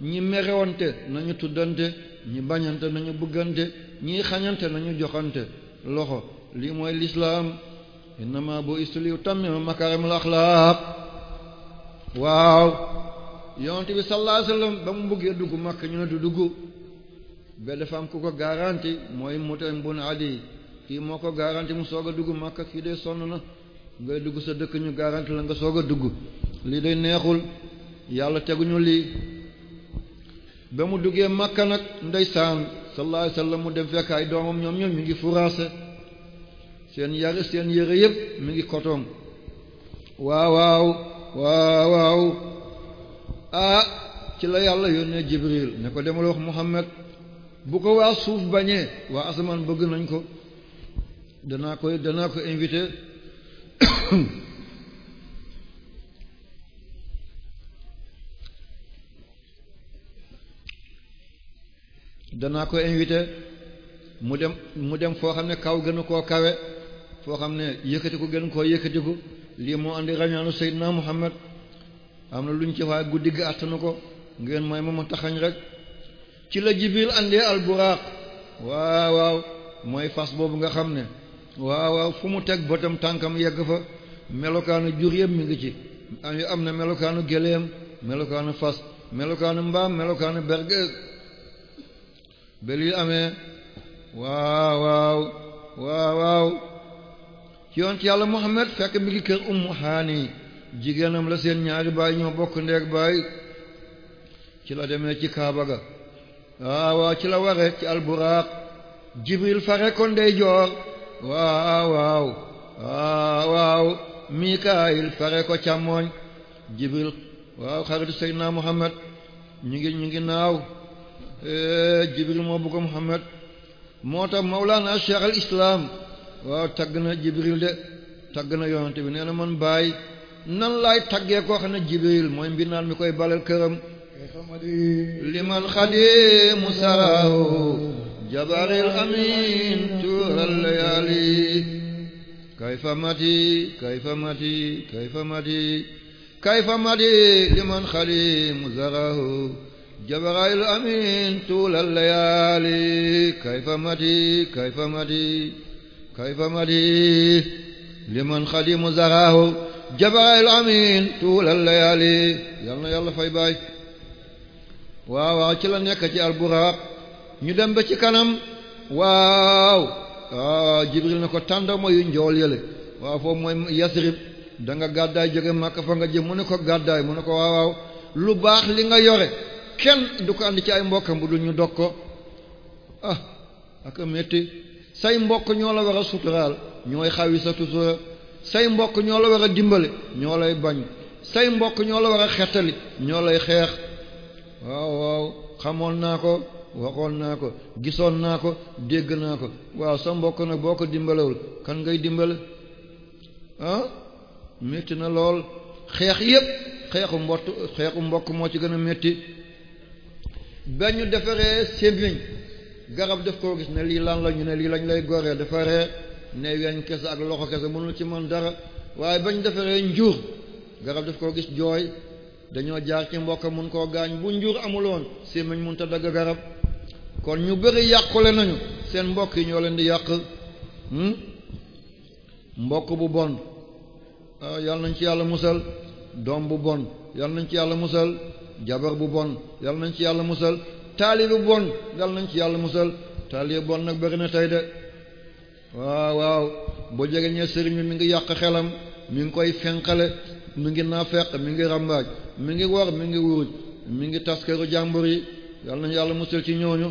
ñi merewante nañu tuddante ñi bañante nañu bëggante ñi xañante nañu joxante loxo lii mooy lislaam innama bu istuliu tammima makarimul axlaaq waaw yonent bi sallallahu alayhi wasallam ba mu bëggee dugg Makka ñu ne du dugg ba dafa am ku ko garanti mooy Mutaim bun Adi kii moo ko garanti mu soog a dugg Makka kii dee sonn na ngay dugg sa dëkk ñu garanti la nga soog a dugg lii day neexul yàlla teguñu lii ba mu duggee Makka nag ndeysaan sallallahu alayhi wasallam mu dem fekk ay doomam ñoom ñoom ñu ngi furaase seen yari seen yére yëpp mi ngi kotoŋ waaw waaw waaw waaw ah ci la yàlla yónnee Jibril ne ko demal wax Muhammad bu ko waa suuf bañee waa asamaan bëgg nañ ko danaa koy danaa ko invité danaa ko invité mu dem mu dem foo xam ne kaw gënu koo kawe foo xam ne yëkkatiku gën koo yëkkatiku lii moo àndi rañaanu Seydina Muhammad am na luñ ci waa guddi gi attanu ko ngeen mooy mooma taxañ rek ci la Jibril andee alburaaq waaw waaw mooy fas boobu nga xam ne waaw waaw fu mu teg bëtam tànkam yegg fa melokaanu jur yëpp mi ngi ci am na melokaanu géléem melokaanu fas melokaanu mbaam melokaanu bergees ba lii amee waaw waaw waaw ci yonent yàlla Muhammad fekk mi ngi kër Ummu Haani jigéenam la seen ñaari baay ñoo bokk ndeeg baay ci la demee ci Kaaba ga waawaaw ci la waree ci alburaaq Jibril fare ko ndeyjoor waaw waaw waaw Mikaayil fare ko càmmooñ Jibril waaw xaritu Seydina Muhammad ñu ngi ñu ngi naaw eh, Jibril moo bëgg Muhammad moo tax Mawlana Cheikh al Islam waaw tagg na jibril de tagg na yonante bi nee na man baay nan laay taggee koo jibril mooy mbinaan mi koy balal këram liman xadimu saraw jabaril amin tuural layaali kayfa mati kayfa mati kayfa mati kayfa mati liman xadimu saraw jabaril amin tuural layaali kayfa mati kayfa mati kayfa mali liman xadimu zaraahu jabarayil amin tuulal layaali yal yàlla fay baay waaw ci la nekk ci alburaq ñu dem ba ci kanam waaw jibril na ko tàndarma yu njool yële waaw foofu mooy yasrib da nga gàddaay jóge màkk fa nga jëm mu ne ko gàddaay mu ne ko waaw waaw lu baax li nga yore kenn du ko ànd ci ay mbokkam bu dul ñu dog ko aka metti say mbokk ñoo la war a suturaal ñooy xawi sa tutura say mbokk ñoo la war a dimbali ñoo lay bañ say mbokk ñoo la war a xettali ñoo lay xeex waaw waaw xamoon naa ko waxoon naa ko gisoon naa ko dégg naa ko waaw sa mbokk nag boo ko dimbalewul kan ngay dimbale ah, metti na lool xeex yépp xeexu mbokk moo ci gën a metti ba ñu defaree sémmiñ garab def koo gis ne lii lan la ñu ne lii lañ lay goree defaree ne weñ kese ak loxo kese mënul ci mën dara waaye bañ defaree njur garab def koo gis jooy dañoo jaar ci mbokk mun koo gaañ bu njur amuloon sémmiñ mun ta dagg garab kon ñu bëri yàqule nañu seen mbokk yi ñoo leen di yàq hmm? mbokk bu bon yal nañ ci yàlla musal doom bu bon yal nañ ci yàlla musal jabar bu bon yal nañ ci yàlla musal taalibi bon dal nañ ci yàlla musal taalibi bon nag bëri na tey de waaw waaw boo jege ñee sëriñ bi mi ngi yàq xelam mi ngi koy fenqale mi ngi naafeq mi ngi ràmbaaj mi ngi war mi ngi wuruj mi ngi tas këru jàmbur yi yal nañ yàlla musal ci ñooñu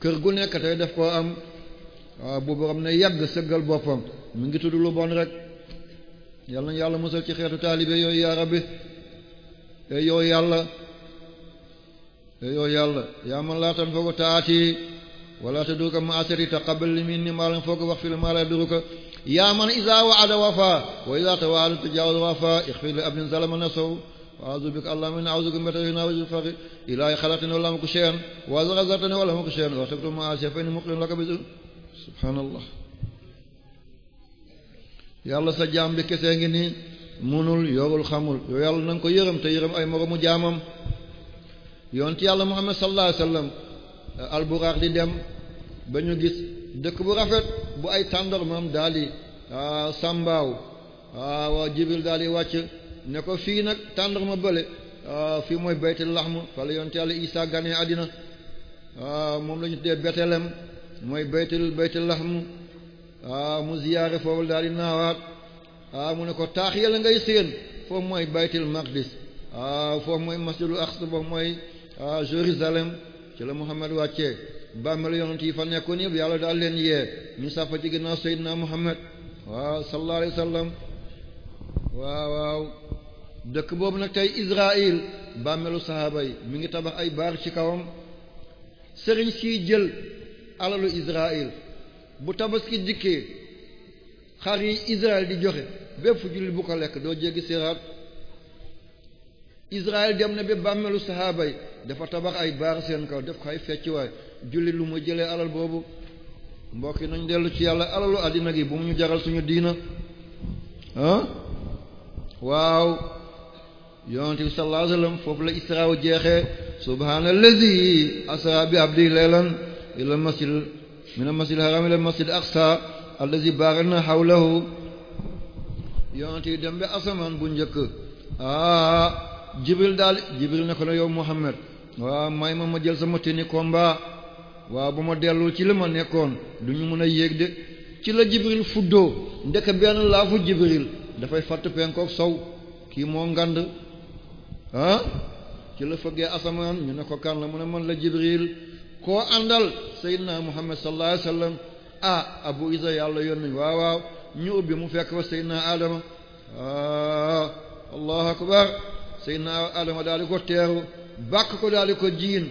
kër gu nekk tey def koo am waaw bu borom ne yàgg sëggal boppam mu ngi tudd lu bon rek yal nañ yàlla musal ci xeetu taalibe yooyu yaa rabbi yooyu yàlla yow yàlla yaa man laa tan foog taati wala taduka ma asari taqabbal minni ma lan foog wax fil ma la yaduruka yaa man iza wa'ada wafa wa iza tawa'ada tajawaza wafa ighfir li abdin zalama nafsahu a'udhu bika allahumma a'udhu bika min sharri ma wajhaka ilahi khalaqtani wa lam akun shay'an wa razaqtani wa lam akun shay'an wa taktum ma asya fa inni muqrin laka bi subhanallah yàlla sa jaam bi kese ngi ni munul yorul xamul yow yàlla na nga ko yërëm te yërëm ay moromu jaamam yonent yàlla Muhammad sallallahu alayhi wasallam eh, alburaax di dem ba ñu gis dëkk bu rafet bu ay tàndarmam daal di ah, sàmbaaw ah, waaw Jibril daal wàcc ne ko fii nag ma bële ah, fii mooy baytul laxm fa la yonent yàlla Isaa ganee àddina moom la ñu tuddee mooy baytul baytul laxm mu ziyaare foofu daal di naawaat mu ne ko taax yàlla ngay séen foofu mooy baytul maqdis foofu mooy masjidul aqsa boobu mooy ah Jérusalem ci la Muhammad wàccee bàmmeel yonent yi fa nekkoon yëpp yàlla daal leen yee ñu sàppa ci ginnaaw Seydina Muhammad waaw sallallahu alayhi waaw dëkk boobu nag tey Israël bàmmeelu saxaaba yi mi ngi tabax ay baar ci kawam sëriñ siy jël alalu Israël bu tabaski dikkee xar yi Israël di joxe bépp jullit bu ko lekk doo jéggi siraat Israël dem na bi bàmmeelu saxaaba dafa tabax ay baar seen kaw def ko ay feccuwaay julli lu mu jëlee alal boobu mbokk yi nañ dellu ci yàlla alalu àddina gi bu mu ñu jaral suñu diina ah waaw yonent bi sallallahu alayhi wasallam foofu la isra jeexee subhaanallazi asra bi abdi laylan ila masjid min masjid haram ila masjid aqsa allazi barakna hawlahu yonent yi dem bi asamaan bu njëkk jibril daal jibril ne ko ne yow muhammad waaw may ma ma jël sama teni combat waaw ba ma dellu ci li ma nekkoon du ñu mën a yéeg de ci la jibril fuddoo ndek benn laafu jibril dafay fàtt penkook sow kii moo ngand ah ci la fëggee asamaan ñu ne ko kan la mu ne man la jibril koo àndal seydina muhammad sallallahu alayhi wasallam ah abu isa yàlla yónni waaw waaw ñu ubbi mu fekk fa seydina adama ah, allahu akbar Seydina Adama daal di ko teeru bàkk ko daal di ko jiin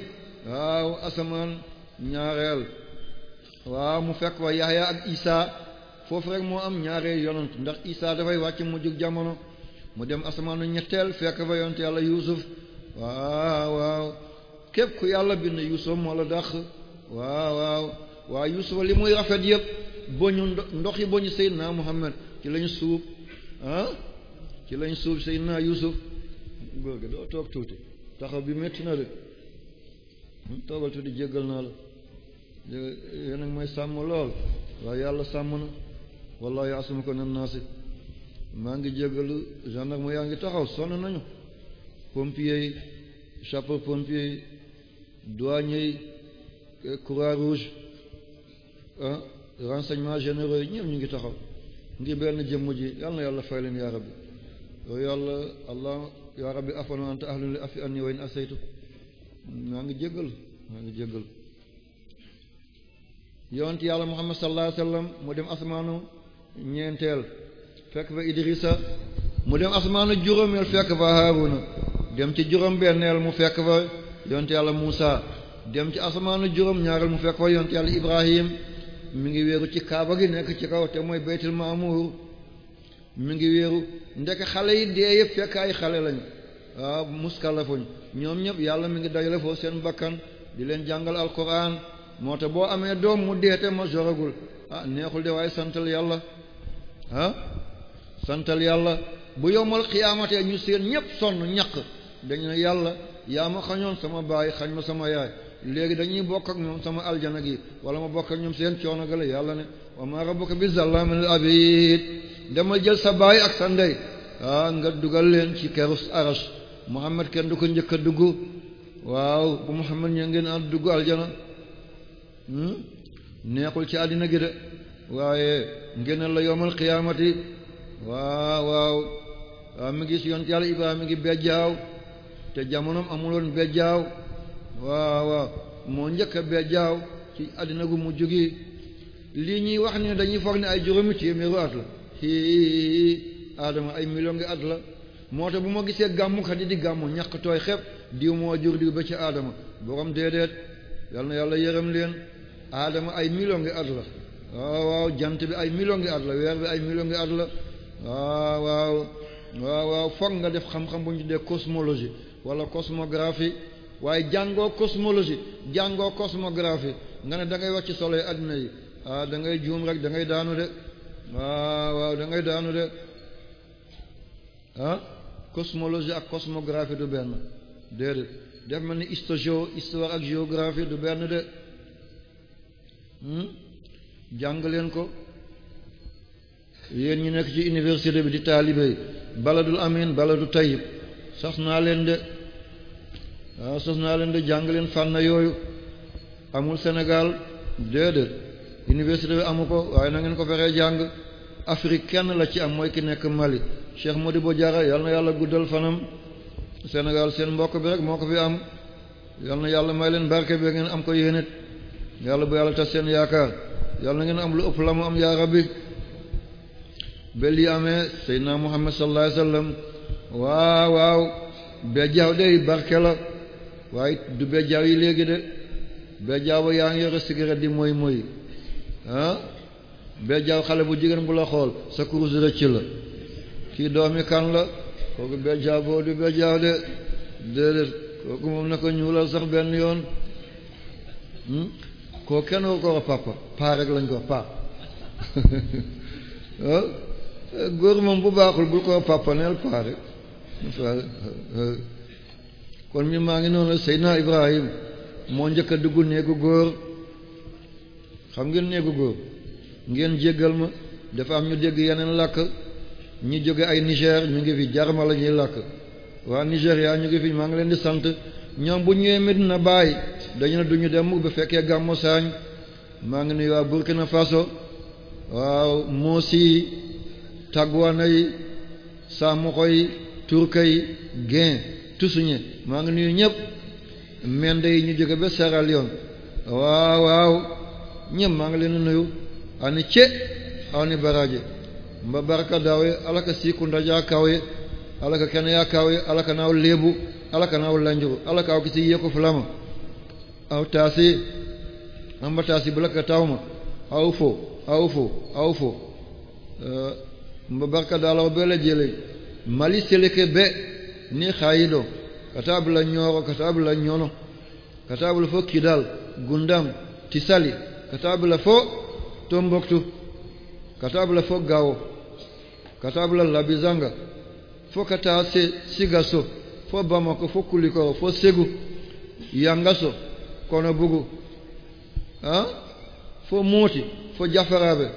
waaw asamaan ñaareel waaw mu fekk wa Yahya ak Isa foofu rek moo am ñaareel yonent ndax Isa dafay wàcc mu jug jamono mu dem asamaanu ñetteel fekk fa yonent yàlla Yuusuf waaw waaw képp ku yàlla bind Yuusuf moo la dàq waaw waaw waaw Yuusuf li muy rafet yëpp boñu ndox yi boñu Seydina Muhammad ci lañu suub ah ci lañ suub Seydina Yuusuf góor gi doo toog tuuti taxaw bi metti na de hmm, toogal tuuti jéggal naa la yéen a may sàmm lool waaye yàlla sàmm na wallaahi yaasuma ko nen si maa ngi jéggalu gendarme yaa ngi taxaw sonn nañu pompiers yi sapeurs pompiers yi douaniers yi eh, croix rouge ah renseignements généraux yi ñëpp ñu ngi taxaw ngir benn jëmm ji yàlla yàlla fay leen yaa rabbi yàlla allah yaa rabbi afwan anta ahlun li afi anni wa ngi jéggal maa yàlla Muhammad sallallahu alayhi mu dem asmaanu ñeenteel fekk fa Idrisa mu dem asmaanu juróomeel fekk fa Haaruna dem ci juróom benneel mu fekk fa yonent yàlla Muusa dem ci asmaanu juróom ñaareel mu fekk fa yonent yàlla Ibrahim mi ngi wéeru ci kaaba gi nekk ci kaw te mooy Baytul Ma'mur mi ngi wéeru ndek xale yi dee yëpp fekk ay xale lañu waaw muskalafuñ ñoom ñëpp yàlla mi ngi dajale foofu seen bakkan di leen jàngal alquran moo tax boo amee doom mu deete ma joragul ah neexul de waaye santal yàlla ah santal yàlla bu yomal xiyaamatee ñu seen ñëpp sonn ñaq dañu ne yàlla yaa ma xañoon sama baay xañ ma sama yaay léegi dañuy bokk ak ñoom sama aljana gi wala ma bokk ñoom seen coono gële yàlla ne wa ma rabbuka bi zallamin lil abid jël sa baay ak sa ndey ah, nga dugal leen ci kerus aras Muhammad kenn du ko njëkk a dugg waaw bu Muhammad ña ngeen ànd aljana hmm? neexul ci àddina gi de waaye ngeenal la yowmal qiyaamati waaw waaw waaw ah, ngi si yoon yàlla Ibrahima mi ngi bejjaaw te jamonom amuloon bejjaaw waaw waaw moo njëkk a bee jaaw ci àddina gu mujj gi lii ñuy wax ne dañuy foog ne ay juróomi téeméeru at la aadama ay million ngi at la moo tax bu ma gisee gàmmukat yi di gàmmu ñàkk tooy xepp diw moo jur diw ba ci aadama borom déedéet yal na yàlla yërëm leen aadama ay million ngi at la waaw waaw jant bi ay million ngi at la weer bi ay million ngi at la waaw waaw waaw waaw foog nga def xam-xam bu ñu tuddee cosmologie wala cosmographie waaye jàngoo cosmologie jàngoo cosmographie nga ne dangay ngay wax ci solo yi adduna yi ah da ngay juum rek dangay daanu de waaw waaw da daanu de ah cosmologie ak cosmographie du benn déedéet def mel ni histogéo histoire ak géographie du benn de hmm, jàng leen ko yéen ñu nekk ci université bi di taalibe yi baladul amin baladu tayyib sax naa leen de waaw sos naa leen di jàng leen fànn yooyu amul Sénégal déedéet université bi amu ko waaye na ngeen ko feree jàng Afrique kenn la ci am mooy ki nekk Mali Cheikh Modibo Diarra yal na yàlla guddal fanam Sénégal seen mbokk bi rek moo ko fi am yal yàlla may leen barke bi ngeen am ko yéenit yàlla bu yàlla tas seen yaakaar yàlla na ngeen am lu ëpp la mu am yaa bi ba lii amee Seydina Muhammad sallallahu alayhi waaw waaw ba jaw dey barke la waaye du bejaaw yi léegi de bejaaw ba yaa ngi yore cigarette di mooy mooy ah bejaaw xale bu jigéen bu la xool sa kurus rëcc la kii doomi kan la kooku bejaaw boo du bejaaw de déedéet kooku moom na ko ñuulal sax benn yoon hmm, koo kenn ko ko papa paa rek lañ ko paa ah, góor moom bu baaxul bul ko papa neel paa rek kon mi maa ngi noonu Seydina Ibrahim moo njëkk a dugg néegu góor xam ngeen néegu góor ngeen jéggal ma dafa am ñu dégg yeneen làkk ñu jóge ay Niger ñu ngi fi jarma la ñuy làkk waa Nigeria ñu ngi fi maa ngi leen di sant ñoom bu ñëwee Medina Baye dañu ne duñu dem bu fekkee gàmmu saañ maa ngi nuyu waa Burkina Faso waaw Mossi Tagwana yi Samoxo yi Turka yi Guinée tusuñe maa ngi nuyu ñëpp mende yi ñu jóge ba Sierra Leone waaw waaw ñëpp maa ngi leen nuyu ani ce ani baraje mba baraka dawe alaka siku ndaja kawe alaka kene ya kawe alaka naw lebu alaka naw lanjuru alaka aw kisi yeko fulama aw tasi amba tasi bulaka tawma aw fo aw fo aw fo mba baraka dalaw bele jele mali seleke be ni xayido katabula ñooro katabula ñono katabula fo kidal gundam tisali katabula fo tomboktu katabula fo gawo katabula labizanga fo katase sigaso fo bamako fo kulikoro fo segu yangaso konobugu ah fo muti fo jafarabe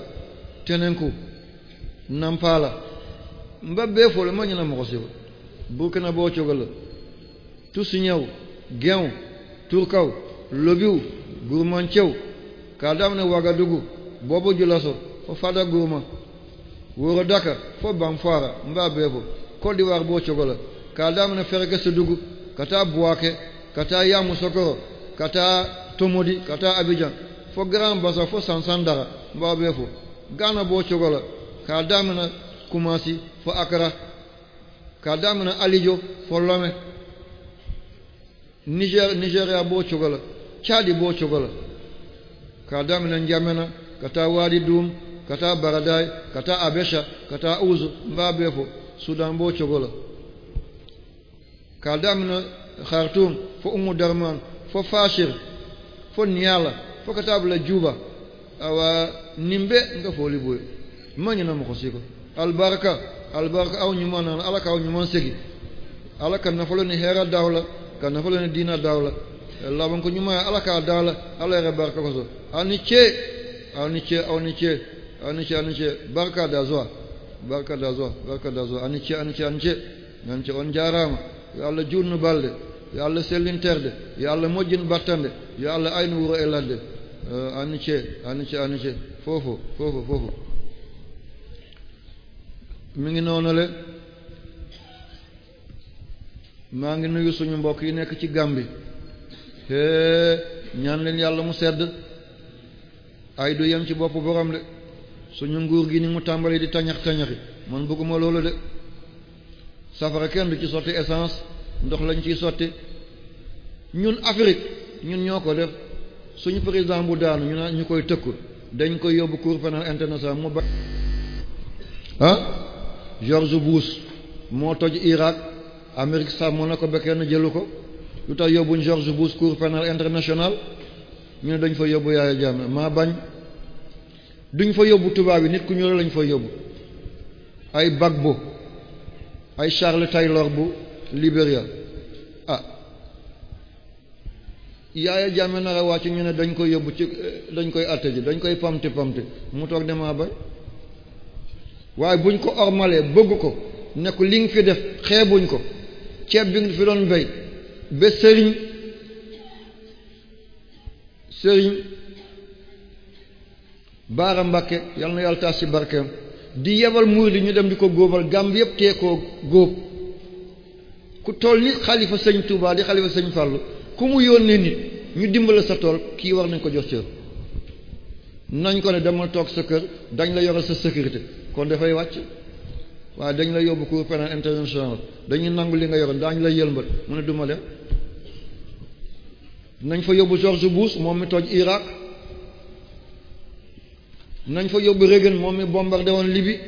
tenenku nampala mba bee fo ma ñana moxo Burkina boo cogala tusiñew gew turkaw lobiw gurmancew ka dam Wagadugu bobo julaso fo fada gurma wuro fo Bamfara mba beefo Côte d'Ivoire boo cogala ka dam ne Fẹrẹkẹsẹdugu ka taa Bouaké ka taa Yamoussoukro ka taa Tomodi ka taa Abidjan fo Grand Bassam fo Sansandara mba beefo Ghana boo cogala ka dam ne fo Accra kaldamina alijo follome niger nigeria bo cogola cadi bo cogola kaldamina jamena kata wadi dum kata baradai kata abesha kata uzu mbabe fo sudan bo cogola kaldamina khartoum fo umu darman fo fashir fo niyala fo katabla juba awa nimbe nga foli boy manyina mo ko siko albaraka albarka aw ñu man alaka aw ñu man segi ala kan nafolo ni hera dawla kan nafolo ni dina ñuma alaka dawla ala re barka barka da zuwa barka da zuwa barka da zuwa ani ce ani ce ani ce nan ce on jaarama yo Allah jurnu balde yo Allah Allah mojjin battande wuro e ladde ani ce ani fofo fofo mi ngi noonale maa ngi nuyu suñu mbokk yi nekk ci Gàmbi ñaan leen yàlla mu sedd ay du yem ci bopp borom de suñu nguur gi ni mu tàmbali di tañax tañaxi man bëgguma loolu de safara kenn du ci sotti essence ndox lañ ciy sotti ñun Afrique ñun ñoo ko def suñu président bu daanu ñu naan ñu koy tëkku dañ koy yóbbu cour pénal international mu ba ah George Bush moo toj Irak Amérique sax moo na ko ba kenn jëlu ko lu tax yóbbuñ George Bush Cour pénale internationale ñu ne dañ fa yóbbu Yaya Jammeh maa bañ duñ fa yóbbu tubaab yi nit ku ñuul lañ fa yóbbu ay Gbagbo ay Charles Taylor bu Libéria ah Yaya Jammeh nar a wàcc ñu ne dañ koy yóbbu ci dañ koy atte ji dañ koy pamti pamti mu toog ne maa bañ waaye buñ ko ormalee bëgg ko ne li nga fi def xeebuñ ko ceeb bi nga fi doon béy ba sëriñ sëriñ baara Mbàkke yal na yàlla taas ci barkeem di yebal muur di ñu dem di ko góobal gàmb yëpp tee koo góob ku toll ni xalifa sëñ Touba di xalifa sëñ Fàllu ku mu yónnee nit ñu dimbale sa tool kii war nañ ko jox cër nañ ko ne dama toog sa kër dañ la yoral sa sécurité kon dafay wàcc waaye dañ la yóbbu cour pénal international dañuy nangu li nga yoroon daañu la yëlmbat mu ne duma ma dem nañ fa yóbbu George buus moom mi toj Irak nañ fa yóbbu Reagan moom mi bombardé woon Libye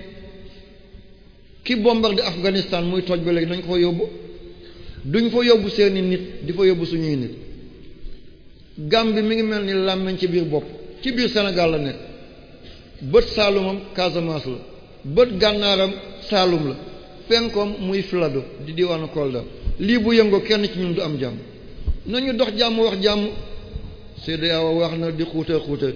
ki bombardé Afghanistan muy toj ba léegi nañ ko fa yóbbu duñ fa yóbbu seeni nit di fa yóbbu suñuy nit Gambie mi ngi mel ni làmmiñ ci biir bopp ci biir Sénégal la nekk bët saalumam Casamance la bët gànnaaram saalum la penkoom muy flado di di diwaanu Kolda lii bu yëngoo kenn ci ñun du am jàmm nañu dox jàmm wax jàmm CEDEAO wax na di xuuta xuuta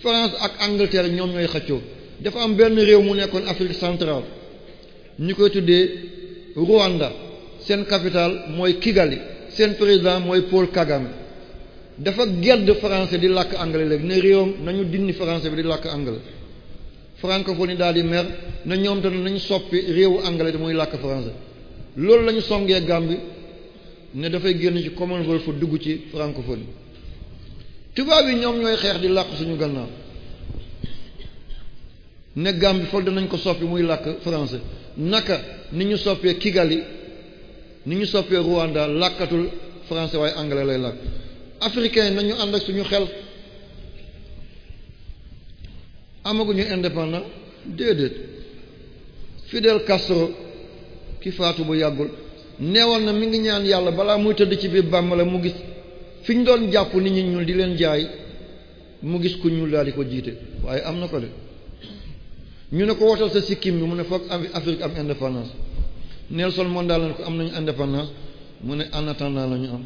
France ak Angleterre ñoom ñooy xëccoo dafa am benn réew mu nekkoon Afrique centrale ñu koy tuddee Rwanda seen capitale mooy Kigali seen président mooy Paul Kagame dafa gedd français di làkk anglais léegi ne réewam nañu dindi français bi di làkk anglais francophonie daal di mer na ñoom te nañu soppi réewu anglais bi muy làkk français loolu lañu ñu songee Gambie ne dafay génn ci Commonwealth dugg ci francophonie tubaab yi ñoom ñooy xeex di làkk suñu gannaaw ne Gambie foog danañ ko soppi muy làkk français naka ni ñu soppee Kigali ni ñu soppee Rwanda làkkatul français waaye anglais lay làkk africain nañu ànd ak suñu xel amaguñu indépendant déedéet Fidel Castro ki faatu bu yàggul neewoon na mi ngi ñaan yàlla balaa muy tëdd ci biir bàmmala mu gis fi ñu doon jàpp ni ñu ñuul di leen jaay mu gis ku ñuul daal di ko jiite waaye am na ko de ñu ne ko wotal sa sikkim bi mu ne foog Afrique am indépendance Nelson Mandela ne ko am nañu indépendance mu ne en attendant la ñu am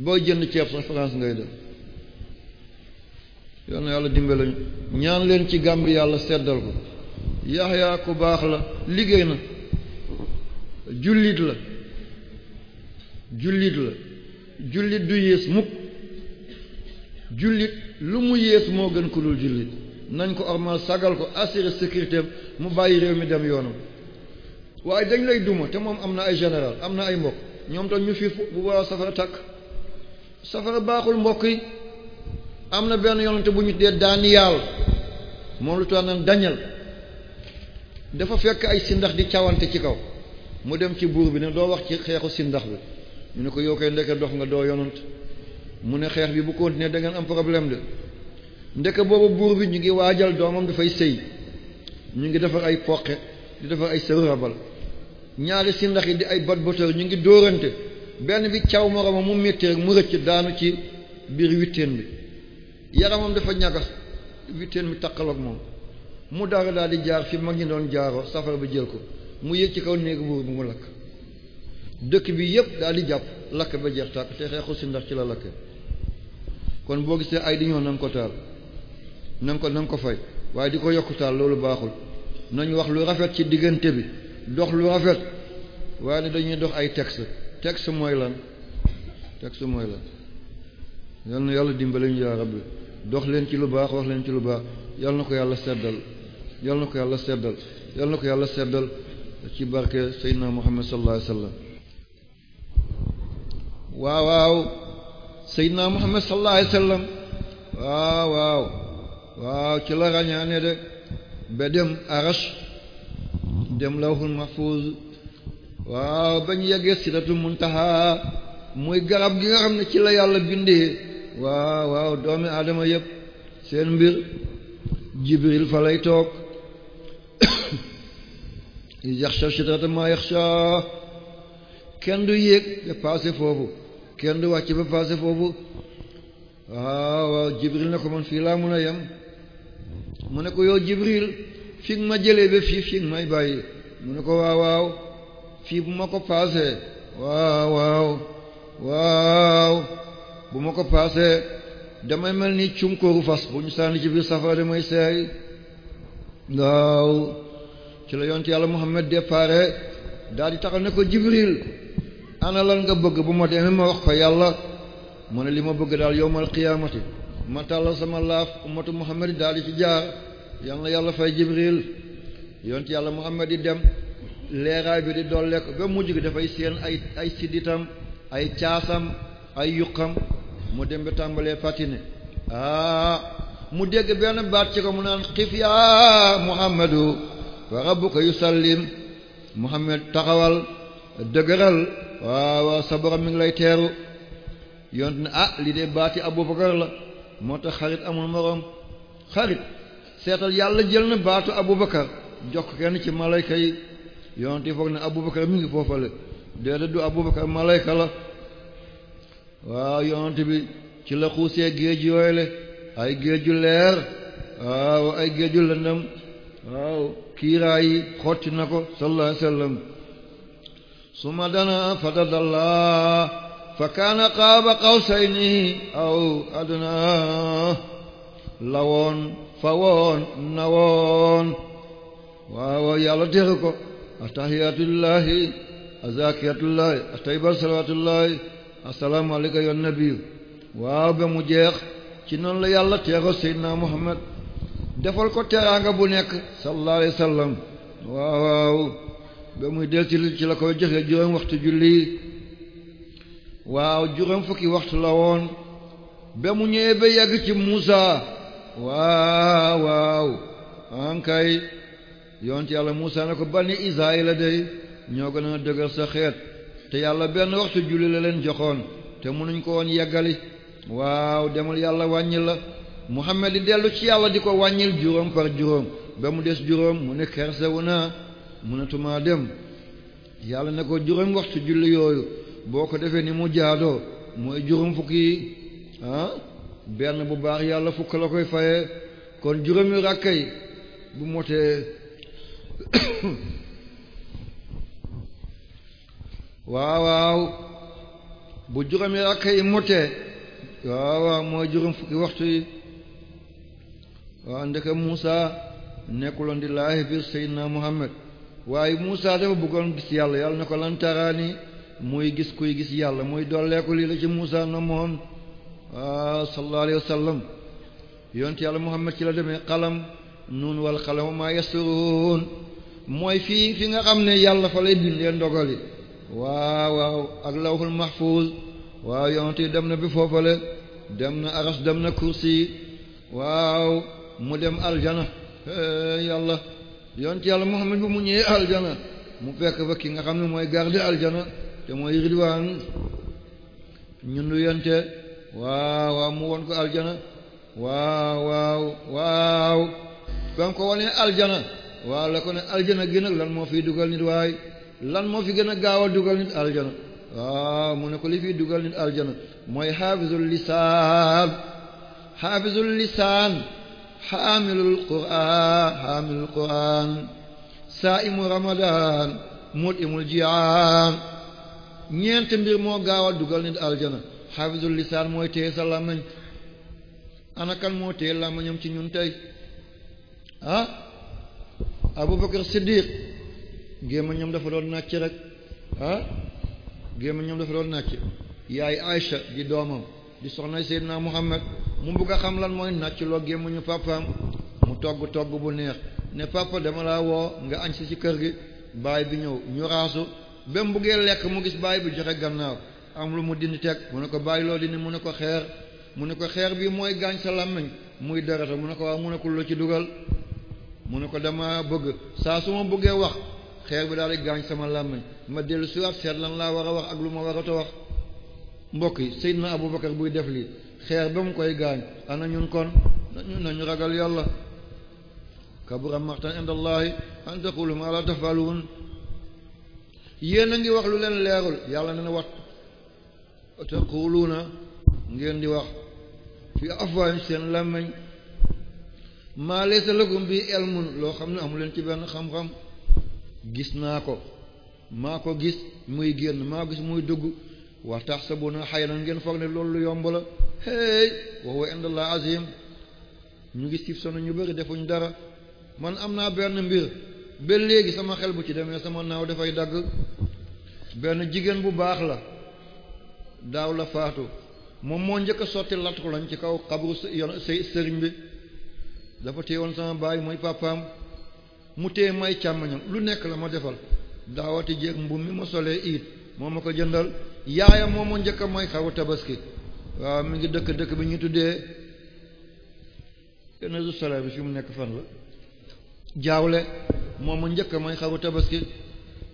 booy jënd ceeb sax France ngay def yal na yàlla dimbale ñu ñaan leen ci gàmbi yàlla seddal ko yaxyaa ku baax la liggéey na jullit la jullit la jullit du yées mukk jullit lu mu yées moo gën ku dul jullit nañ ko ormal sagal ko assurer sécurité mu bàyyi réew mi dem yoonam waaye dañ lay duma te moom am na ay général am na ay mbokk ñoom tam ñu fi bu war safara takk safara baaxul mbokk yi am na benn yonante bu ñu dee daaniyaal moom lu tax naan dañal dafa fekk ay sindax di cawante ci kaw mu dem ci buur bi ne doo wax ci xeexu sindax bi ñu ne ko yow koy ndeke dox nga doo yonant mu ne xeex bi bu continuer da ngeen am problème de ndeke boobu buur bi ñu ngi waajal doomam dafay sëy ñu ngi defar ay poqe di defar ay sëru rabal ñaari sindax yi di ay bat boteur ñu ngi dóorante benn bi caw moroma mu métti rek mu rëcc daanu ci biir witteen bi yaramam dafa ñagas witeen mi takkaloog moom mu dara daal di jaar fi mag ñi doon jaaroo safara bi jël ko mu yëg ci kaw néegu buur bi mu lakk dëkk bi yëpp daal di jàpp lakk ba jeex tàkk te xeexu si ndax ci la lakk kon boo gisee ay di ñëw na ko taal na nga ko na ko fay waaye di ko yokk taal loolu baaxul nañu wax lu rafet ci diggante bi dox lu rafet waaye ne dañuy dox ay texte texte mooy lan texte mooy lan yal yàlla dimbali ñu yaa rabbi dox leen ci lu baax wax leen ci lu baax yal na ko yàlla seddal yal na ko yàlla seddal yal na ko yàlla seddal ci barke Seydina Muhammad sallallahu alayhi wasallam waaw waaw Seydina Muhammad sallallahu alayhi waaw waaw waaw ci la ràññaane de ba dem arash dem lawhul mahfuz waaw bañ yeggee siratul muntaha muy garab gi nga xam ne ci la yàlla bindee waaw waaw doomi aadama yëpp seen mbir jibril fa lay toog yaxsha shidrata ma yaxsha kenn du yéeg ba passé foofu kenn du wàcc ba passé foofu waaw waaw jibril ne ko man fii laa mun a yem mu ne ko yow jibril fi ma jële ba fii fi may bàyyi mu ne ko waaw waaw fii bu ma ko passé waaw waaw waaw bu ma ko paasee damay mel ni cunkóoru fas bu ñu sànni ci biir safara damay seey waaw ci la yonte yàlla Muhammad dépare daal di taxaw ne ko Jibril ana lan nga bëgg bu ma demee yàlla mu ne li ma bëgg daal yowmal qiyaamati ma tàllal sama laaf ummatu Muhammad daal di ci jaar yal yàlla fay Jibril yonte yàlla Muhammad di dem leeraay bi di dolleeku ba mujj bi dafay seen ay ay sidditam ay caasam ay yuqam mu dem ba tàmbalee fatine aa ah, mu dégg benn baat ci ko mu naan xif yaa muhammadu wa rabbuka yusallim muhammad taxawal dëgëral waaw sa borom ngi lay teeru yonte na ah li dee baati abubakar la moo tax xarit amul moroom xarit seetal yàlla jël na baatu abu abubakar jox kenn ci malayka yi yonte foog ne abubakar mi ngi foofale déedéet du abubakar malayka la waaw yonent bi ci la xuusee géej yooyu le ay géeju leer waaw ay géeju lëndëm waaw kiiraay yi xotti na ko sallallahu alayhi wasallam suma dana fadadallaa fa kaana qaaba aw adnaa lawoon fa woon na woon waaw yàlla dégg ko atahiyatullahi azakiyatullahi ataybar salawatullahi assalaamu alayka ya nabiyu waaw ba mu jeex ci noonu la yàlla teero seydina muhammad defal ko teraanga bu nekk sallallahu alayhi wa sallam waaw waaw ba muy del ci la koy joxe juróom waxtu julli waaw juróom fukki waxtu la woon ba mu ñëwee ba yegg ci Muusa waaw waaw ankay yonte yàlla Muusa ne ko bani Israayila day ñoo gën a dëgër sa xeet te yàlla benn waxtu julli la leen joxoon te mënuñ ko woon yeggali waaw demal yàlla wàññil la mu Muhammad di dellu ci yàlla di ko wàññil juróom par juróom ba mu des juróom mu ne kersewu naa mënatumaa dem yàlla ne ko juróom waxtu julli yooyu boo ko defee ni mu jaadoo mooy juróom fukk ah, benn bu baax yàlla fukk la koy fayee kon juróomi ràkka yi bu motee waaw waaw bu juróomi rakk yi motee waaw waaw mooy juróom fukki waxtu yi waaw ndeke Muusa nekkuloon di laahi biir Seydina Muhammad waaye Muusa dafa bëggoon gis yàlla yàlla na ko lantaraani muy gis kuy gis yàlla muy dolleeku lii la ci Muusa na moon waaw sallallahu yoon ci sallam yonte yàlla Muhammad ci la demee xalam nuun wal xalam maa yasturuun mooy fii fi nga xam ne yàlla fa lay bindee ndogali waaw waaw ak lawhul mahfuz waaw yonent yi dem na bi foofale dem na aras dem na kursi waaw mu dem aljana yàlla yonent yàlla Muhammad bu mu ñëwee aljana mu fekk fa ki nga xam ne mooy garde aljana te mooy ridwaan ñun lu yente waaw waaw mu won ko aljana waaw waaw waaw ba ko wonee aljana waaw la ko ne aljana gi nag lan moo fiy dugal nit waay lan moo fi gën a gaaw a dugal nit aljana waaw mu ne ko li fi dugal nit aljana mooy xaafizul lisaan xaafizul lisaan xaamilul quraan xaamilul ramadaan mut imul jiyaan ñeent mbir moo gaaw a dugal nit aljana xaafizul lisaan mooy téye sa làmmiñ anakan moo téye làmmiñam ci ñun tey ah Abubakar Siddiq ñoom dafa doon nàcc rek ah gémmiñam dafa doon nàcc yaay Aïcha di doomam di soxna Seydina Muhammad mu bugg a xam lan mooy nàcc loo ñu papaam mu togg togg bu neex ne papa dama la woo nga añ si ci kër gi baay bi ñëw ñu raasu ba mu buggee lekk mu gis baay bi joxe gannaaw am lu mu dindi teg mu ne ko bàyyi loo dindi mu ne ko xeer mu ne ko xeer bi mooy gaañ sa làmmiñ muy derata mu ne ko waaw mu ne ko lu ci dugal mu ne ko dama bëgg saa su bëggee wax xeer bi daal di gaañ sama làmmiñ ma dellu siwaat seet lan laa war a wax ak lu ma war a wax mbokk yi Seydina Abubakar buy def lii xeer ba mu koy gaañ ana ñun kon nañu nañu ragal yàlla kabura maqtan indallahi an taqulu ma la a wax lu leen leerul yàlla na ne wax taquluuna ngeen di wax fi afwaahim seen làmmiñ maa laysa lakum bi ilmun loo xam ne amu leen ci benn xam-xam gis naa ko maa ko gis muy génn maa ko gis muy dugg wa tahsabuna hayyanan ngeen foog ne loolu yomb la hey wa huwa indallahi ñu ngi siif sonu ñu bëri defuñ dara man am naa benn mbir ba léegi sama xel bu ci demee sama naaw dafay dagg benn jigéen bu baax la daaw la faatu moom moo njëkk a sotti latku lañ ci kaw xabru sëriñ bi dafa téewoon sama baay mooy papaam mu téye may càmmoñam lu nekk la ma defal daawati jéeg mbubb mi ma solee iit moo ma ko jëndal yaayam moo ma njëkk a may xaru tabaski waaw mi ngi dëkk dëkk bi ñu tuddee Kénésu Salaam bi fi mu nekk fan la jaawle moo ma njëkk a may xaru tabaski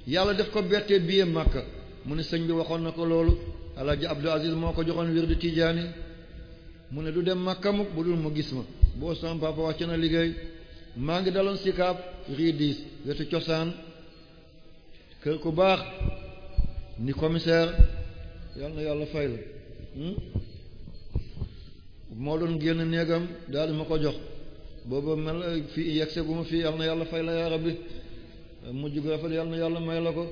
yàlla def ko bettee biye Makka mu ne sëñ bi waxoon na ko loolu Alaaji Abdou Aziz moo ko joxoon wirdu Tijaani mu ne du dem Makka mukk bu dul mu gis ma boo sama papa wàcc na liggéey maa ngi daloon sikaab ridis wetu cosaan kër ku baax ni commissaire yal na yàlla fay la hmm? moo doon génn néegam daal di ma ko jox booba mel fii yegse gu ma fii yal na yàlla fay la yaa rabbi mujj gu yàlla may la ko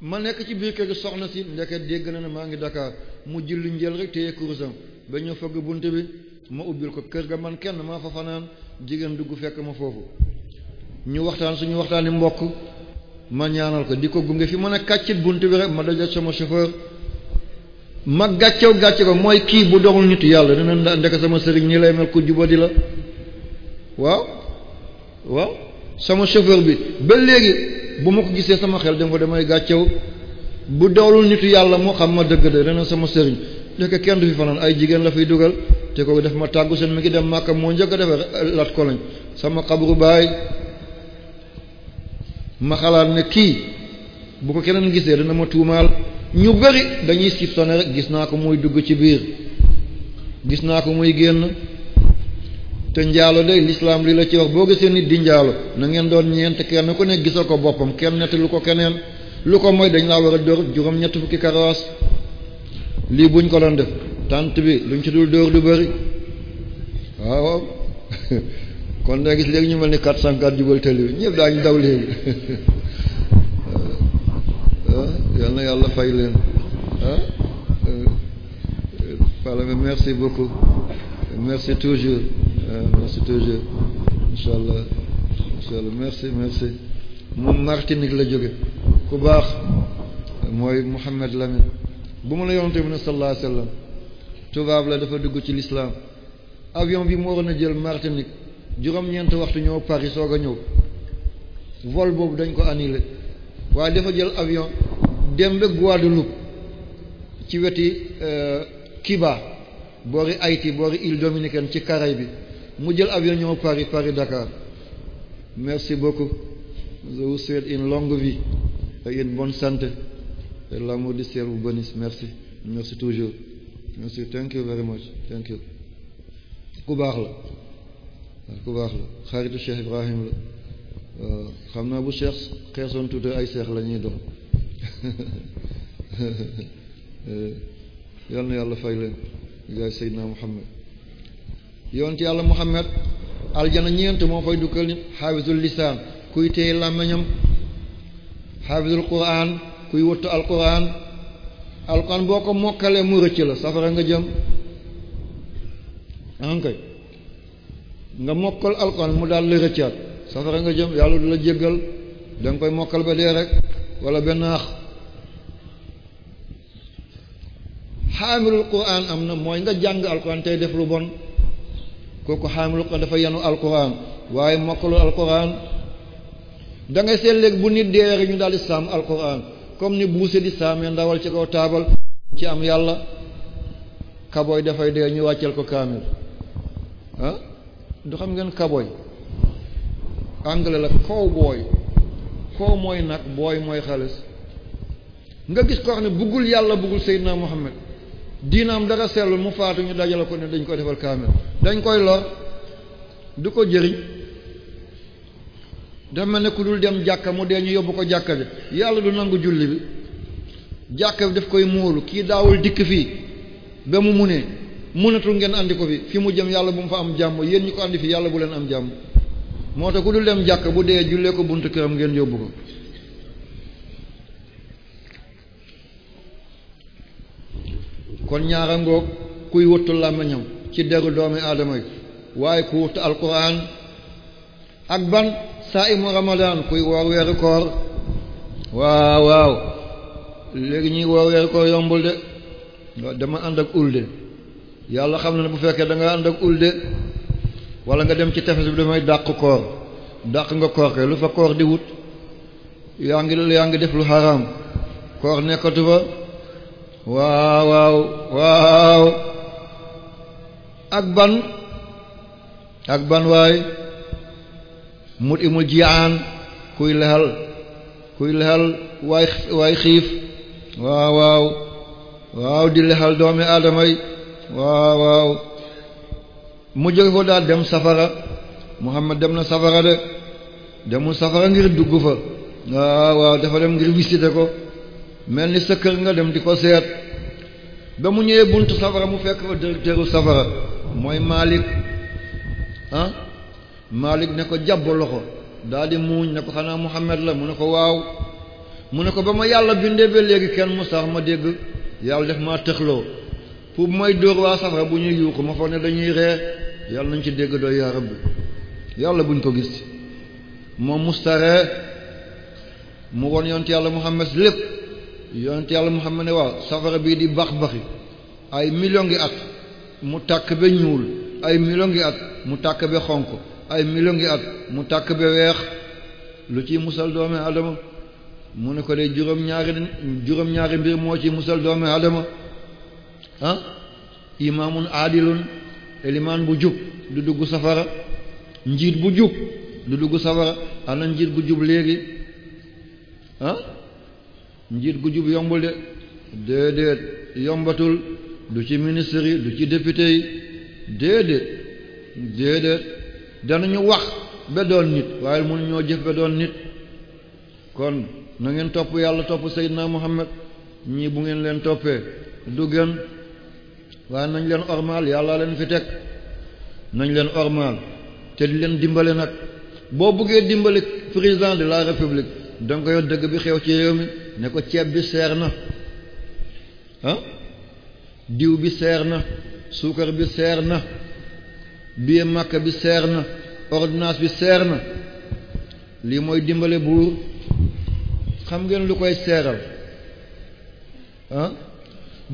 ma nekk ci biir kër gi soxna si ndeke dégg na ne maa ngi dakaar mu jilli njël rek téye kursam ba ñëw fëgg bunt bi ma ubbil ko kër ga man kenn maa fa fanaan jigéen dugg fekk ma foofu ñu waxtaan suñu waxtaan waxtaani mbokk ma ñaanal ko di ko gunge fi mën a kàccit bunt bi rek ma dajal sama chauffeur ma gàccew gàcce ko mooy kii bu doxul nit yàlla dina ndek sama sëriñ nii lay mel ku jubadi la waaw waaw sama chauffeur bi ba léegi bu ma ko gisee sama xel dem ko damay gàccew bu doxul nit yàlla moo xam ma dëgg de dana sama sëriñ lekk kenn du fi fanaan ay jigéen la fiy dugal te kooku def ma tàggu seen mi ngi dem Makka moo njëkk a defe lat koloñ sama xabru baay ma xalaat ne kii bu ko keneen gisee dana ma tuumaal ñu bari dañuy sif sone rek gis naa ko muy dugg ci biir gis naa ko muy génn te njaalo de l'islam lii la ci wax boo gisee nit di njaalo na ngeen doon ñeent kenn ku ne gisal ko boppam kenn nett lu ko keneen lu ko mooy dañ laa war a dóor juróom-ñett fukki karawaas lii buñ ko doon def tant bi luñ ci dul dóor du bëri waaw kon da gis léegi ñu mel ni 404 jubal tëli bi ñëpp daañu daw léegi ah, yal na yàlla fay leen ah parlement ah, merci beaucoup merci toujours ah, merci toujours incha allah incha allah merci merci moom Martinique la jóge ku baax mooy Mouhamed Lamine bu ma la yonte bi ne sallallahu alayhi wa tubaab la dafa dugg ci l'islam avion bi mu waroon a jël Martinique juróom-ñeent waxtu ñëw Paris soog a ñëw vol boobu dañ ko annulé waaye dafa jël avion dem ba Guadeloupe ci weti Kiba euh, boori Haïti boori île dominicaine ci Caraïbes bi mu jël avion ñëw Paris Paris Dakar merci beaucoup je vous souhaite une longue vie et une bonne santé et l'amour du ciel vous merci merci toujours merci thank you very much thank you ku baax la ku baax la xaritu Cheikh Ibrahim la xam naa bu Cheikh xeesoon tuuti ay Cheikh la ñuy doon yàlla fay leen yaay Seydina Muhammad ci yàlla Muhammad aljana ñeent moo fay dukkal nit xaafisul lisaan kuy téye làmmiñam xaafisul quraan kuy wëttu al quraan alxuraan boo ko mokkalee mu rëcc la safara nga jëm ankay nga mokkal alxuraan mu daal la rëccaat safara nga jëm yàlla du la jéggal danga koy mokkal ba dee rek wala benn ax xaamilul quran am na mooy nga jàng alquran tey def lu bon kooku xaamilul quran dafa yenu alquran waaye mokkalul alquran da ngay seet léegi bu nit dee rek ñu daal di sàmm alquran comme ni buuse di saamee ndawal ci kaw taabal ci am yàlla kaboy dafay dee ñu wàcceel ko kaamil ah? du xam ngeen kaboy anglais la kow booy kow mooy nag booy mooy xalis nga gis ko xam ne buggul yàlla buggul Seydina Muhammad diinaam dara sellul mu faatu ñu dajale ko ne dañ ko defal kaamil dañ koy lor du ko jëriñ dafa mel ne ku dul dem jàkka mu dee ñu yóbbu ko jàkka bi yàlla du nangu julli bi jàkka bi daf koy móolu kii daawul dikk fii ba mu munee munatul ngeen andi ko fi fi mu jëm yàlla bu mu fa am jàmm yéen ñi ko andi fi yàlla bu leen am jàmm moo tax ku dul dem jàkka bu dee jullee ko buntu këram ngeen yóbbu ko kon ñaara ngoog kuy wëttu làmmiñam ci deru doomi aadama yi waaye ku wëttu alquran ak ban saa saa'imu ramadaan kuy woor weeru koor waaw waaw léegi ñuy woor weeru koor yombul de dama ànd ak ulde yàlla xam na ne bu fekkee da nga ànd ak ulde wala nga dem ci tefes bi damay dàq koor dàq nga koor kay lu fa koor di wut yaa ngi yaa ngi def lu xaraam koor nekkatu fa waaw waaw waaw ak ban ak ban waay mut imul jiaan kuy lexal kuy lexal waay waay xiif waaw waaw di lexal doomi aadama yi waaw waaw mu jóge foofu daal dem safara Muhammad dem na safara de demul safara ngir dugg fa waaw waaw dafa dem ngir visiter ko mel ni sa kër nga dem di ko seet ba mu ñëwee bunt safara mu fekk fa directeuru safara mooy Malik ah Malik ne ko jàbb loxo daal muuñ ne ko xanaa Muhammad la mu ne ko waaw mu ne ko ba ma yàlla bindee ba léegi kenn mu sax ma dégg yàlla def ma tëxloo pour may dóor waa safara bu ñuy yuuxu ma foog ne dañuy ree yàlla nañu ci dégg doo yaa rabbi yàlla buñ ko gis moom mustaree mu won yonent yàlla Muhammad lépp yonent yàlla mu Muhammad ne waaw safara bii di bax baxi ay million ngi at mu tàkk ba ñuul ay million ngi at mu tàkk ba xonq ay million ngi at mu takk ba weex lu ci musal doomi adama mu ne ko de juróom ñaari juróom ñaari mbir moo ci musal doomi adama ah imaamun aadilun elimaan bu jub du dugg safara njiit bu jub du dugg safara ana njiit bu jub léegi ah? njiit gu jub yombul de déedéet yombatul du ci ministre yi du ci député yi déedéet déedéet ñu wax ba doon nit waaye mënuñoo jëf ba doon nit kon na ngeen topp yàlla topp Seydina Muhammad ñii bu ngeen leen toppee du gën waaye nañ leen ormaal yàlla leen fi teg nañ leen ormaal te di leen dimbale nag boo bëggee dimbali président de la république danga koy dëgg bi xew ci réew mi ne ko ceeb bi seer na ah diw bi seer na suukar bi seer na biir Makka bi seer na ordonnance bi seer na lii mooy dimbale buur xam ngeen lu koy seeral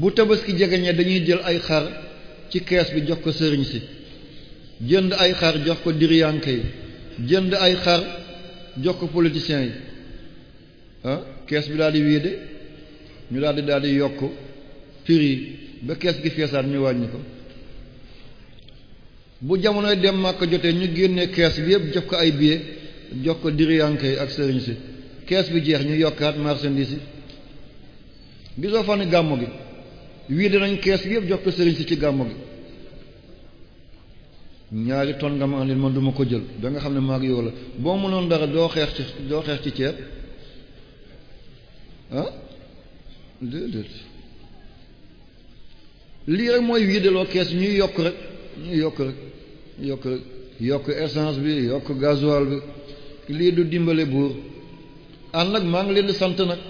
bu tabaski jegeñee dañuy jël ay xar ci kees bi jox ko sëriñ si jënd ay xar jox ko diriyanke yi jënd ay xar jox ko politiciens yi ah kees bi daal di wiide ñu daldi daldi yokk prix ba kees gi feesaat ñu wàññi ko bu jamonoy dem Makka jotee ñu génne kees bi yëpp jox ko ay billets jox ko diriyanke yi ak sëriñ si kees bi jeex ñu yokkaat marchandise yi gisoo fan gàmmu gi wii dinañ kees bi yëpp jox ko sëriñ si ci gàmmu gi ñaari ton nga ma andil man du ko jël ba nga xam ne maag yow la boo mënoon dara doo xeex ci doo xeex ci ceeb ah lii rek mooy wiideloo kees ñuy yokk rek ñu yokk rek yokk rek yokk essence bi yokk gasoil bi lii du dimbale buur ànd nag maa ngi leen di sant nag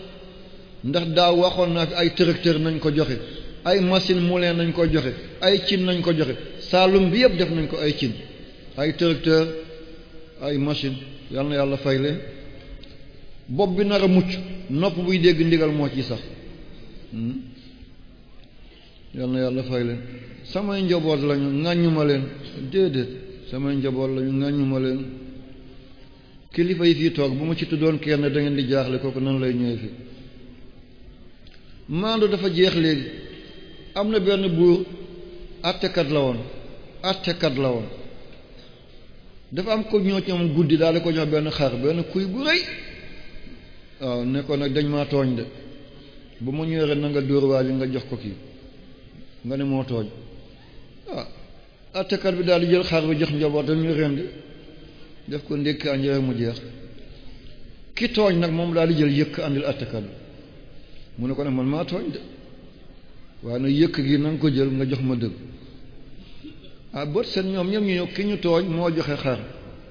ndax daa waxoon naa nag ay tracteur nañ ko joxe ay machine moulin nañ ko joxe ay cin nañ ko joxe saalum bi yëpp def nañ ko ay cin ay tracteur ay machine yal na yàlla fay leen bopp bi nar a mucc nopp buy dégg ndigal moo ci sax hmm? yal na yàlla fay leen samay njaboot lañu ŋàññu leen déedéet samay njaboot lañu ŋàññu ma leen kilifa yi fii toog bu ma ci tuddoon kenn da ngeen di jaaxle kooku nan lay ñëwee fi maandu dafa jeex léegi am na benn buur attekat la woon attekat la woon dafa am ko ñoo guddi daal di ko ñoo benn xar benn kuy bu rëy waaw nekkoon nag dañ maa tooñ de bu ma ñëwee na nga dóor waa nga jox ko kii nga ne moo tooñ ah bi daal di jël xar bi jox njabootam ñu rendi def ko ndékki añ reer mu jeex ki tooñ nag moom daal di jël yëkk andil attekat bi mu ne ko ne man maa tooñ de waaye nag yëkk gi na ko jël nga jox ma dëgg ah bët seen ñoom ñoom ñu ki ñu tooñ moo joxe xar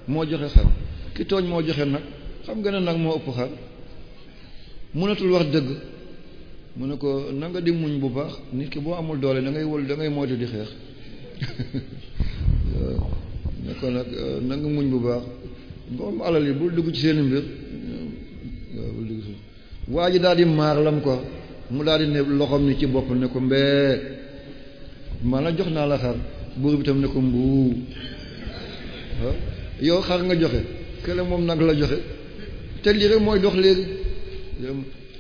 moo joxe xar ki tooñ moo joxe nag xam nga ne nag moo ëpp xar mënatul wax dëgg mu ne ko nanga di muñ bu baax nit ki boo amul doole da ngay wël da ngay moytu di xeex ne ko nag euh, na nga muñ bu baax borom alal yi bul dugg ci seen mbir waa ji daal di maar lam ko mu daal di ne loxoom ni ci bopp ne ko mbee maanaam jox naa la xar buur bi tam ne ko mbuu yow xar nga joxe kële moom nag la joxe te lii rek mooy dox léegi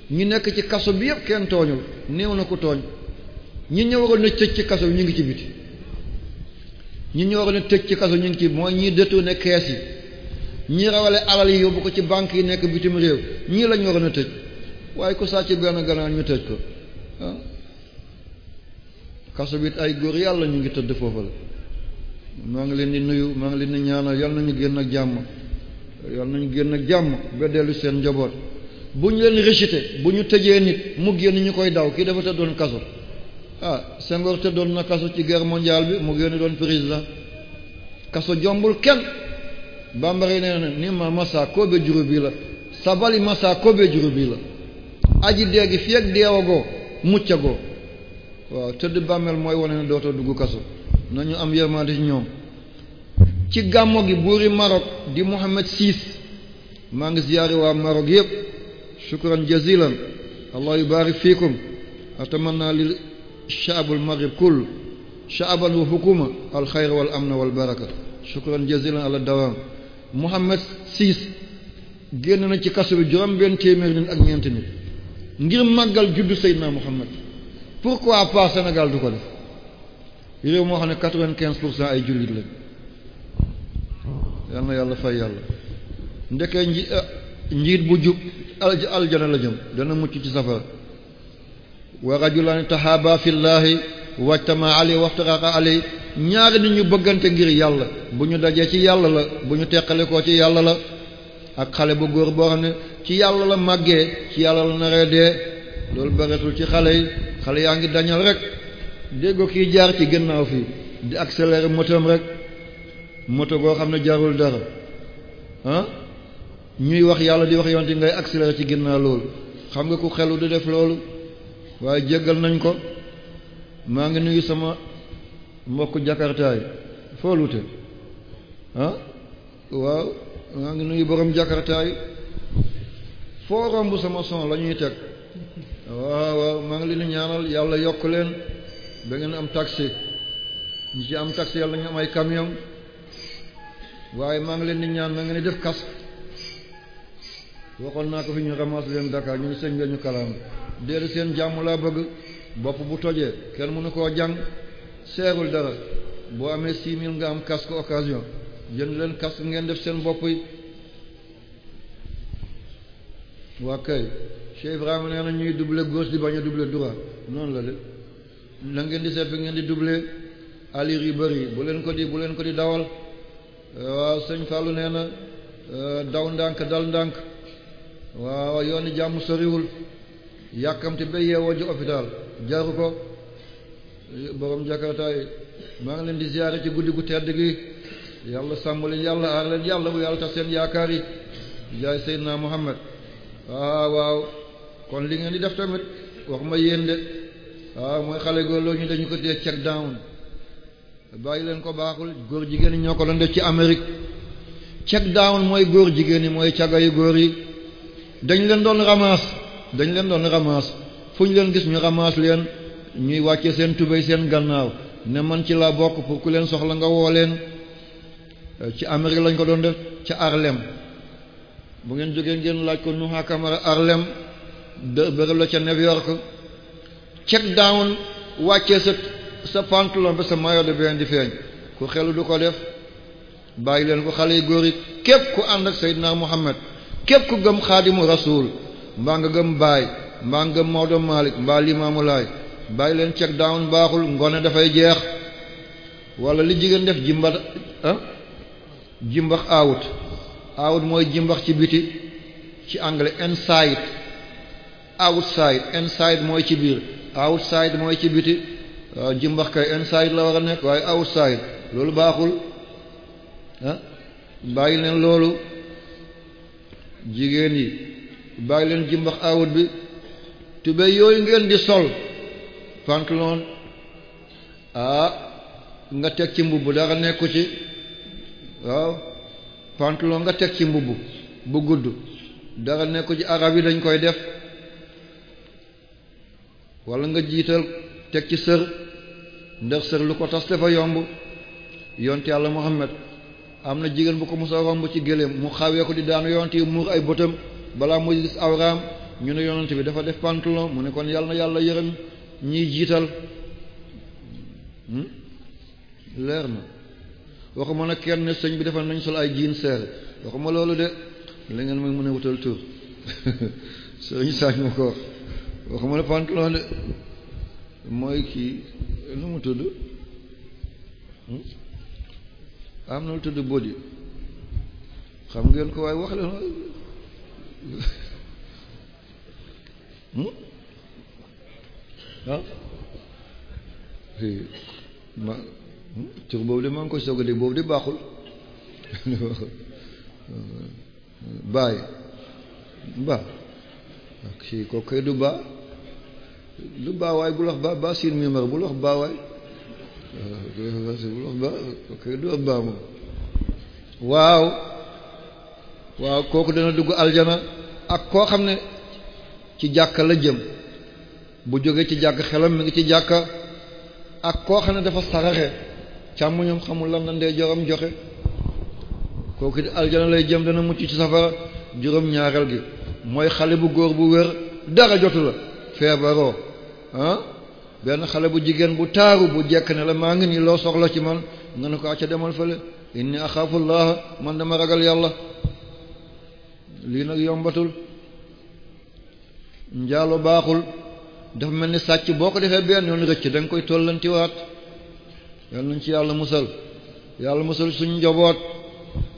ñi nekk ci kaso bi yëpp kenn tooñul néew na ku tooñ ñi ñu waroon a tëj ci kaso bi ñu ngi ci biti ñi ñu waroon a tëj ci kaso ñu ngi ci mooy ñi détourné kees yi ñi rawale alal yi yóbbu ko ci banque yi nekk bitim réew ñii lañ waroon a tëj waaye ku sàcc benn ganaar ñu tëj ko ah. kaso bi ay góor yàlla ñu ngi tëdd foofu la maa ngi leen di nuyu maa ngi leen di ñaanal yal nañu génn ak jàmm yal nañu génn ak jàmm ba dellu seen njaboot. bu ñu leen rejeté bu ñu tëjee nit mu génn ñu koy daw kii dafa doon kaso ah Senghor doon na kaso ci guerre mondiale bi mu génn doon président kaso jombul kenn bambara yi nee na ni ma massa kobe juru bi la sabali massa kobe juru bi la aji dee gi fi ak deewagoo muccagoo waaw tëdd bàmmeel mooy wane ne dootoo dugg kaso nañu am yërmande ci ñoom ci gàmmo gi buuri Maroc di Mohammed VI maa ngi ziyaari waa Maroc yépp shukran jazilan allah yubarik fiikum atamanna lil shaabul maghrib kull shaaban wa hukuma al xayr wal amna wal baraka shukran jazilan ala dawam siis génn na ci kaso bi juróom téeméer nit ak ñeenti nit ngir màggal juddu Seydina Mohamed pourquoi pas Sénégal du ko def réew moo xam ne quatre-vingt-quinze pour ay jullit lañ yal yàlla fay yàlla ndeke nji njiit bu jub aljana la jëm dana mucc ci safara wa rajulani tahaba fillahi wajtama ali waxtaraqa ali ñaari nit ñu bëggante ngir yàlla bu ñu dajee ci yàlla la bu ñu teqale koo ci yàlla la ak xale bu góor boo xam ne ci yàlla la màggee ci yàlla la naree dee loolu bareetul ci xale yi xale yaa ngi dañal rek déggoo kii jaar ci gannaaw fii di accélérer motom rek moto boo xam ne jarul dara ah? ñuy wax yàlla di wax yonte ngay accéléré ci ginnaaw loolu xam nga ku xelu du def loolu waaye jéggal nañ ko maa ngi nuyu sama mbokk jakartaay foolute ah waaw maa ngi nuyu borom jakartaay foo romb sama son la ñuy teg waaw waaw maa ngi leen di ñaanal yàlla yokk leen ba ngeen am taxi ñi ci am am ay camion waaye maa ngi leen di ñaan na ngeen def casque waxoon naa ko fi ñu ramasse leen Dakar ñu ne sëñ bi ñu kalaam seen jàmm laa bëgg bopp bu tojee kenn mënu ko jàng seerul dara boo amee six mille nga am casque occasion jënd leen casque ngeen def seen bopp yi waa kay Cheikh Ibrahima na ñuy duble gauche di bañ a double droit noonu la de na di seet fi ngeen di duble alir yu bari bu leen ko di bu leen ko di dawal waaw sëñ Fallou nee na euh, daw ndànk dal ndànk waaw yooni jàmm soriwul yàkkamti ba yeewoo ji hôpital jaru ko borom jakartaay maa ngi leen di ziyaare ci guddi gu tedd gi yàlla sàmm leen yàlla aar leen yàlla bu yàlla tax seen yaakaar yi jaay Seydina Muhammad waaw ah, waaw kon li ngeen di def tamit wax ma yéen de waaw ah, mooy xale góor loo ñu dañu ko dee check down bàyyi leen ko baaxul góor jigéen ñi ñoo ko doon def ci Amérique check down mooy góor jigéen yi mooy cagayu góor yi dañ leen doon ramaas dañ leen doon ramaas fu ñu leen gis ñu ramaas leen ñuy wàcce seen tubéy seen gannaaw ne man ci la bokk pour ku leen soxla nga woo leen euh, ci Amérique lañ ko doon def ci Harlem bu ngeen jógee ngeen laaj ko Nuha Kamara Harlem de bërëb la ca New York check down wàcce sa sa pantalon ba sa maillot de bain di feeñ ku xelu du ko def bàyyi leen ko xale yu góor yi képp ku ànd ak seydinaa Muhammad képp gëm xaadimu rasuul mbaa nga gëm baay mbaa nga gëm Maodo Malick mbaa Limaamu Laay bàyyi leen ceeg daawun baaxul ngone dafay jeex wala li jigéen def jimbat ah jimbax awut awut mooy jimbax ci biti ci anglais inside outside inside mooy ci biir outside mooy ci biti waaw jimbax kay inside la war a nekk waaye outside loolu baaxul ah, bàyyi leen loolu jigéen yi bàyyi leen jimbax awut bi tubéy yooyu ngeen di sol pantalon ah nga teg ci mbubb dara nekku ci waaw pantalon nga teg ci mbubb bu gudd dara nekku ci arab yi dañ koy def walla nga jiital teg ci sër ndax sër lu ko tas dafa yomb yonte yàlla Muhammad am na jigéen bu ko musa romb ci gëléem mu xawee ko di daanu yonent yi muur ay bëtam balaa muy gis awraam ñu ne yonent bi dafa def pantalon mu ne kon yàlla na yàlla yërëm ñiy jiital hmm? leer na waxuma nag kenn sëñ bi dafa nañ sol ay jiin seer waxuma loolu de la ngeen may mën a wutal tur sëñ saañ ma ko waxuma ne pantalon de mooy kii lu mu tudd hmm? am na lu tudd body xam ngeen ko waaye wax leen hmm? ah ma hmm? tur boobu de maa ngi koy soog a boobu de baaxul baay ba kii kooku du baa du baa waay bul wax baa baa siin mi mar bul wax baa du ëpp waaw waaw kooku dana dugg aljana ak koo xam ne ci jàkka la jëm bu jógee ci jàkka xelam mi ngi ci jàkka ak koo xam ne dafa saraxe càmmoñam xamul lan la ndeyjooram joxe kooku di aljana lay jëm dana mucc ci safara juróom ñaareel gi mooy xale bu góor bu wér dara jotu la feebaroo ah benn xale bu jigéen bu taaru bu jekk ne la maa ngi nii loo soxla ci man nga ne ko acca demal fële inni axaafu man dama ragal yàlla lii nag yombatul njaalo baaxul dafa mel ni sàcc boo ko defee benn yoon rëcc da nga koy tollantiwaat yàlla nañ ci yàlla musal yàlla musal suñu njaboot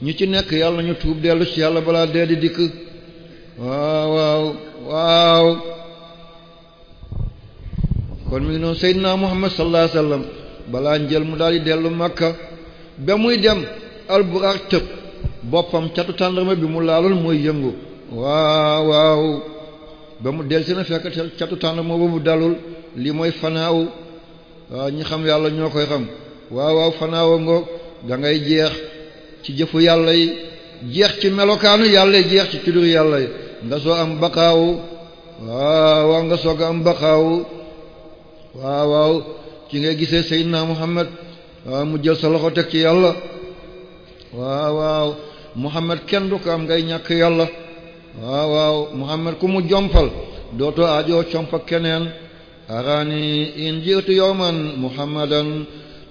ñu ci nekk yàlla nañu tuub dellu ci yàlla balaa dee di dikk waaw waaw kon mi ngi noonu Seydina Muhammad sallallahu alayhi balaa njël mu daal di dellu Makka ba muy dem alburaak tëb boppam catu tàndarma bi mu laaloon mooy yëngu waaw waaw ba mu del seen fekk catu tàndarma boobu dalul li mooy fanaaw waaw ñi xam yàlla ñoo koy xam waaw waaw fanaawa ngoog da jeex ci jëfu yàlla yi jeex ci melokaanu yàlla yi jeex ci tudur yàlla yi nga soo am baqaawu waaw waaw nga soog am baqaawu waaw waaw ci ngay gisee Seydina Muhammad mu jël sa loxo ci yàlla waaw waaw Muhammad kenn du ko ngay ñàkk yàlla waaw waaw Muhammad ku mu jompal dootoo ajoo compa keneen araani in jiitu yawman Muhammadan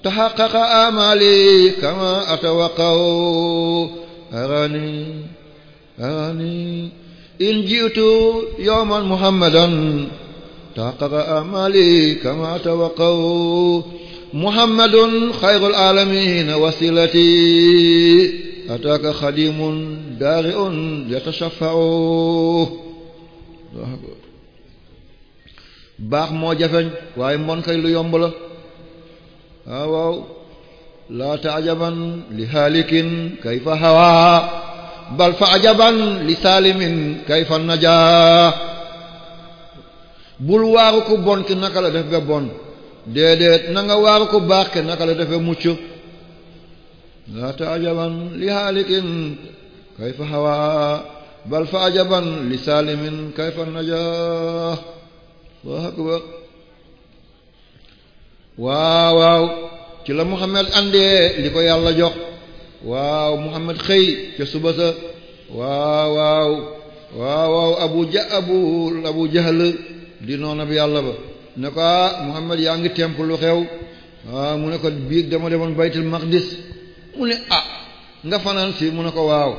tahaqqaqa amali kama atawaqaw araani araani in jiitu yawman Muhammadan تحقق أمالي كما توقعوا محمد خير العالمين وسيلتي أتاك خديم دارئ يتشفع baax moo jafeñ waaye mbon kay lu yomb la waaw waaw laa taajaban li haalikin kayfa hawa bal fa ajaban li saalimin kayfa najaa bul waaru ku bon ki naka la def ba bon déedéet na waaru ku baax ki naka la def ba mucc laa taajaban li haalikin kayfa hawaa bal fa ajaban li saalimin kayfa najaa Allahu akbar waaw waaw ci la Muhammad andee li ko yàlla jox waaw Muhammad xëy ca suba sa waaw waaw waaw waaw Abu Ja Abu Abu Jahl di noona bi yàlla ba ne ko ah Muhammad yaa ngi temp lu xew ah mu ne ko biig dama demoon baytul maqdis mu ne ah nga fanaan si mu ne ko waaw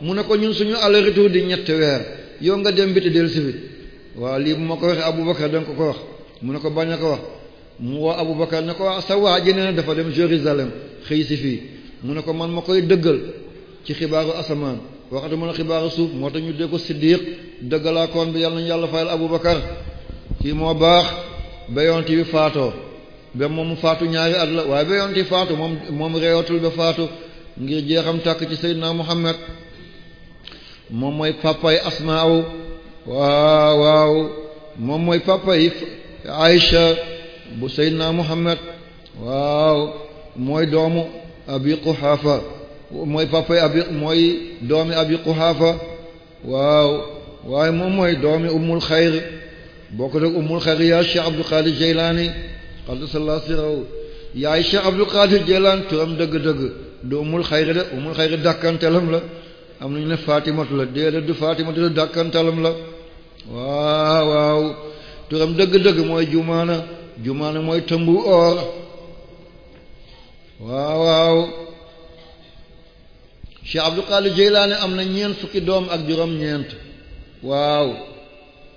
mu ne ko ñun suñu aller retour di ñetti weer yow nga dem biti del si bi waaw lii bu ma ko waxee Abubakar danga ko ko wax mu ne ko bañ a ko wax mu abu Abubakar ne ko ah, sa waa ji nee dafa dem Jérusalem xëy si fii mu ne ko man ma koy dëggal ci xibaaru asamaan waxatu mën a xibaaru suuf moo tax ñu dégg ko Siddiq bi yàlla nañu yàlla fayal Abubakar kii moo baax ba yonent bi faatoo ba moom faatu ñaari at la waaye ba yonent bi moom moom reewatul ba faatu ngir jeexam tàkk ci Seydina Muhammad moom mooy papay Asmaaw waaw waaw moom mooy papay Aïcha bu mooy doomu Abi Quhaafa mooy papay doomi Abi Quhaafa waaw waaye moom mooy doomi Ummul Xayr bokkut ak umul xariya Cheikh Abdul Qadir Jeylaani qaddasallahu sirrahu yaay Cheikh Abdul Qadir Jeylaani turam dëgg-dëgg du umul xayri de umul xayri dàkkantalam la am nañu ne Fatimatu la déedéet du Fatimatu la dàkkantalam la waaw waaw turam dëgg-dëgg mooy jumaana jumaana mooy tëmbu or waaw waaw Cheikh Abdul Qadir Jeylaani am na ñeent fukki doom ak juróom-ñeent waaw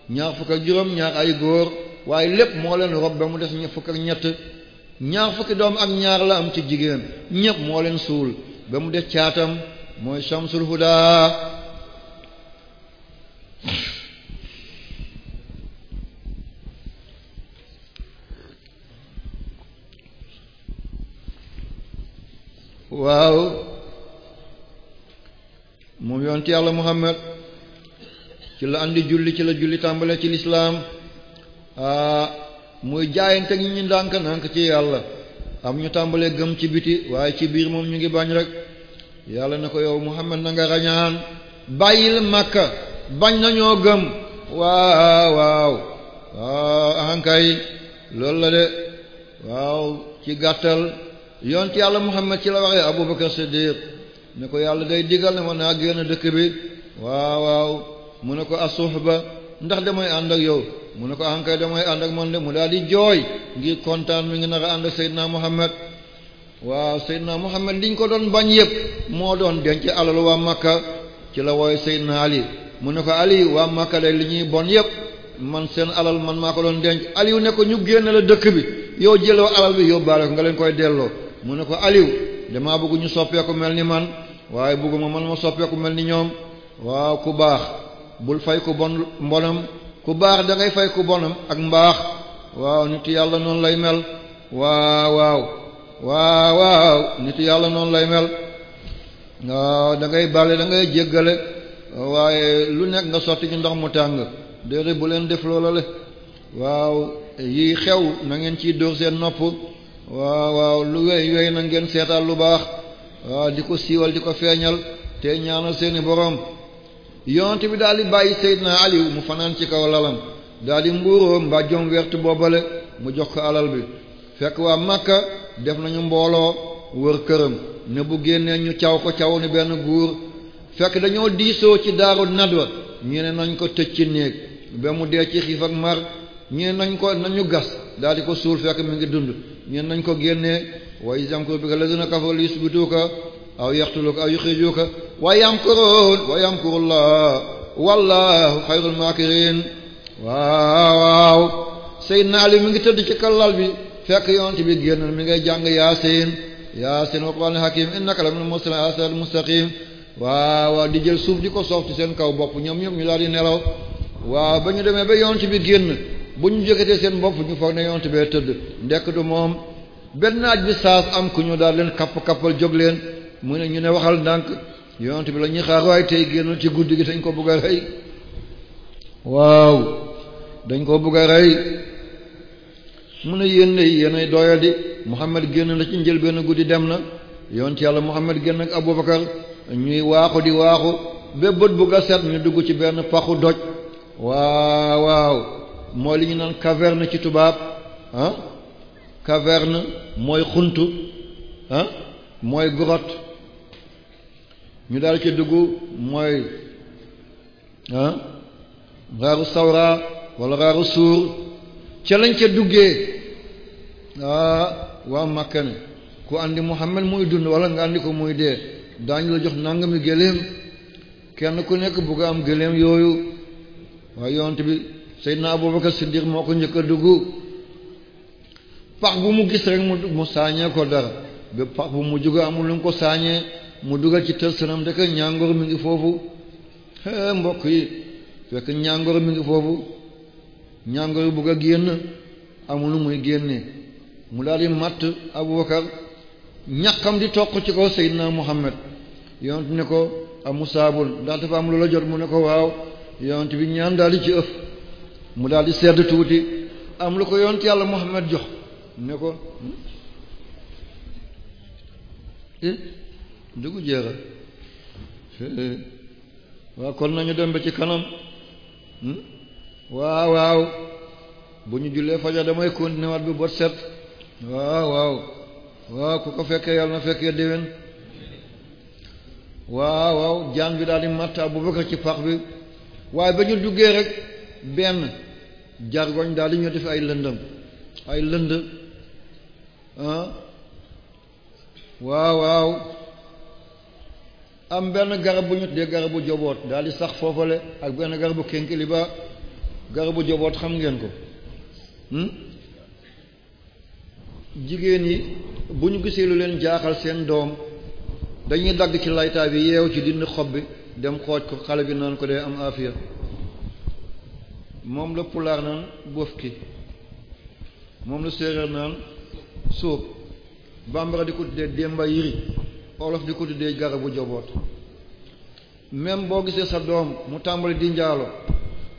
ñaar fukk ak juróom ñaar ay góor waaye lépp moo leen rob ba mu des ña ñett ñaar fukki doom ak ñaar la am ci jigéen ñëpp moo leen suul ba mu des caatam mooy Shamsul Huda waaw moom yonent Yàlla Muhammad ci la andi julli ci la julli tàmbalee ci lislaam ah, muy jaayante ñi ñu ndànk ndànk ci yàlla am ñu tàmbalee gëm ci biti waaye ci biir moom ñu ngi bañ rek yàlla na ko yow Muhammad na nga rañaan bàyyil Makka bañ nañoo gëm waaw waaw waaw ah, ankay loolu la de waaw ci gàttal yont yàlla Muhammad ci la waxee Abubakar Siddiq ne ko yàlla day digal ne ma naa génn dëkk bi waaw waaw mu ne ko ba ndax damay ànd ak yow mu ne ko ankay ah, damay ànd ak man de mu daal di jooy ngir kontaan mi ngi nar a ànd ak Seydina Muhammad waaw Seydina Muhammad liñ ko doon bañ yëpp moo doon denc alal waa Makka ci la wooye Seydina Ali mu ne ko Ali waa Makka de li ñuy bon yëpp man seen alal man maa ko doon denc Aliou ne ko ñu génne la dëkk bi yow jëloo alal bi yóbbaale ko nga leen koy delloo mu ne ko Aliou damaa bëgg ñu soppeeku mel ni man waaye bëgguma man ma soppeeku mel ni ñoom waaw ku baax bul fay ku bon mbonam ku baax dangay ngay fay ku bonam ak mbaax waaw nit yàlla noonu lay mel waaw waaw waaw waaw nit yàlla noonu lay mel waaw da ngay bale jéggale waaye lu nekk nga sotti ñu ndox mu tàng déedéet bu leen def loola waaw yi xew na ngeen ciy dóor seen nopp waaw waaw lu wey wey na ngeen seetaan lu baax waaw di ko siiwal di ko feeñal te ñaanal seeni boroom yonent bi daal di bàyyi na Aliou mu fanaan ci kaw lalam daal di mbuuróo mbàjjoom wert boobale mu jox ko alal bi fekk waa Makka def nañu mbooloo wër këram ne bu génnee ñu caw ko caw ni benn guur fekk dañoo diisoo ci daaru nadwa ñu ne nañ ko tëj ci néeg ba mu dee ci xiif ak mar ñu nañ ko nañu gas daal di ko suul fekk mi ngi dund ñu nañ ko génnee way zamkor bi ka lazina kafaru yusbituka aw yaqtuluka aw yukhrijuka wa yamkurun wa yamkurullah wallahu khayrul makirin waaw waaw Seydina mi ngi tëdd ci kallal bi fekk yonent bi génn mi ngay jàng Yaasin Yaasin wa Qur'aanil hakiim innaka laminal mursaliin alaa siraatin mustaqiim waaw di jël suuf di ko soof ci seen kaw bopp ñoom ñoom ñu daal di nelaw waaw ba ñu demee ba yonent bi génn bu ñu jëkkatee seen bopp ñu foog ne yonent bee tëdd ndekk du moom benn naaj bi saas am ku ñu daal leen kapp kappal jóg leen mu ne ñu ne waxal ndànk yonent bi la ñuy xaar waaye tey génn ci guddi gi dañ ko bëgg a rey waaw dañ ko bëgg a rey mu ne yéen ne yéenay doyadi Muhammad génn na ci njël benn guddi dem na yonent yàlla Muhammad génn ak Abubakar ñuy waaxu di waaxu ba bët bëgg set ñu dugg ci benn paxu doj waaw waaw mooy li ñu naan caverne ci tubaab kavern ah? mooy xuntu ah mooy grotte ñu daal ci dugg mooy ah raaru sawra wala raaru suur ca lañ ca duggee ah waa Makka ne ku andi Muhammad muy dund wala nga andi ko muy dee daañu la jox nangami gëléem kenn ku nekk bugg am gëléem yooyu waaye yonent bi Seydina Abubakar Siddiq moo ko njëkk a dugg pax bu mu gis rek mu mu saañee ko dara ba pax bu mu juga amul lu ko saañee mu dugal ci tël sanam dëkk ñàngoor mi ngi foofu hee mbokk yi fekk ñàngoor mi ngi foofu ñàngoor bugg a génn amul muy génne mu daal màtt matt Abubakar ñaqam di toq ci ko Seydina Muhammad yonent ne ko amu saabun ndax dafa am loola jot mu ne ko waaw yonent bi ñaan daal di ci ëf mu daal di sedd tuuti am lu ko yonent yàlla Muhammad jox ne ko hmm? dugg jeexal waaw kon nañu dem ba ci kanam hmm? waaw waaw bu ñu jullee fajar damay continuer waat bi bot set waaw waaw ku ko fekkee yàlla na fekkee déwén waaw waaw jaan bi daal di matt Abubakar ci pax bi waaye ba ñu duggee rek benn jargoñ daal di ñoo def ay lëndëm ay lënd ah. waaw waaw am benn garab bu ñu tuddee garabu joboot daldi sax foofale ak benn garabu kénkiliba garabu joboot xam ngeen ko hmm? jigéen yi bu ñu gisee lu leen jaaxal seen doom dañuy dagg ci laytaa bi yeew ci dindi xob bi dem xooj ko xale bi naan ko day am afiya moom la pulaar naan bof ki moom la séeréer naan suub bambara di ko tuddee démba yiri olof di ko tuddee garabu jaboot même boo gisee sa doom mu tàmbali di njaalo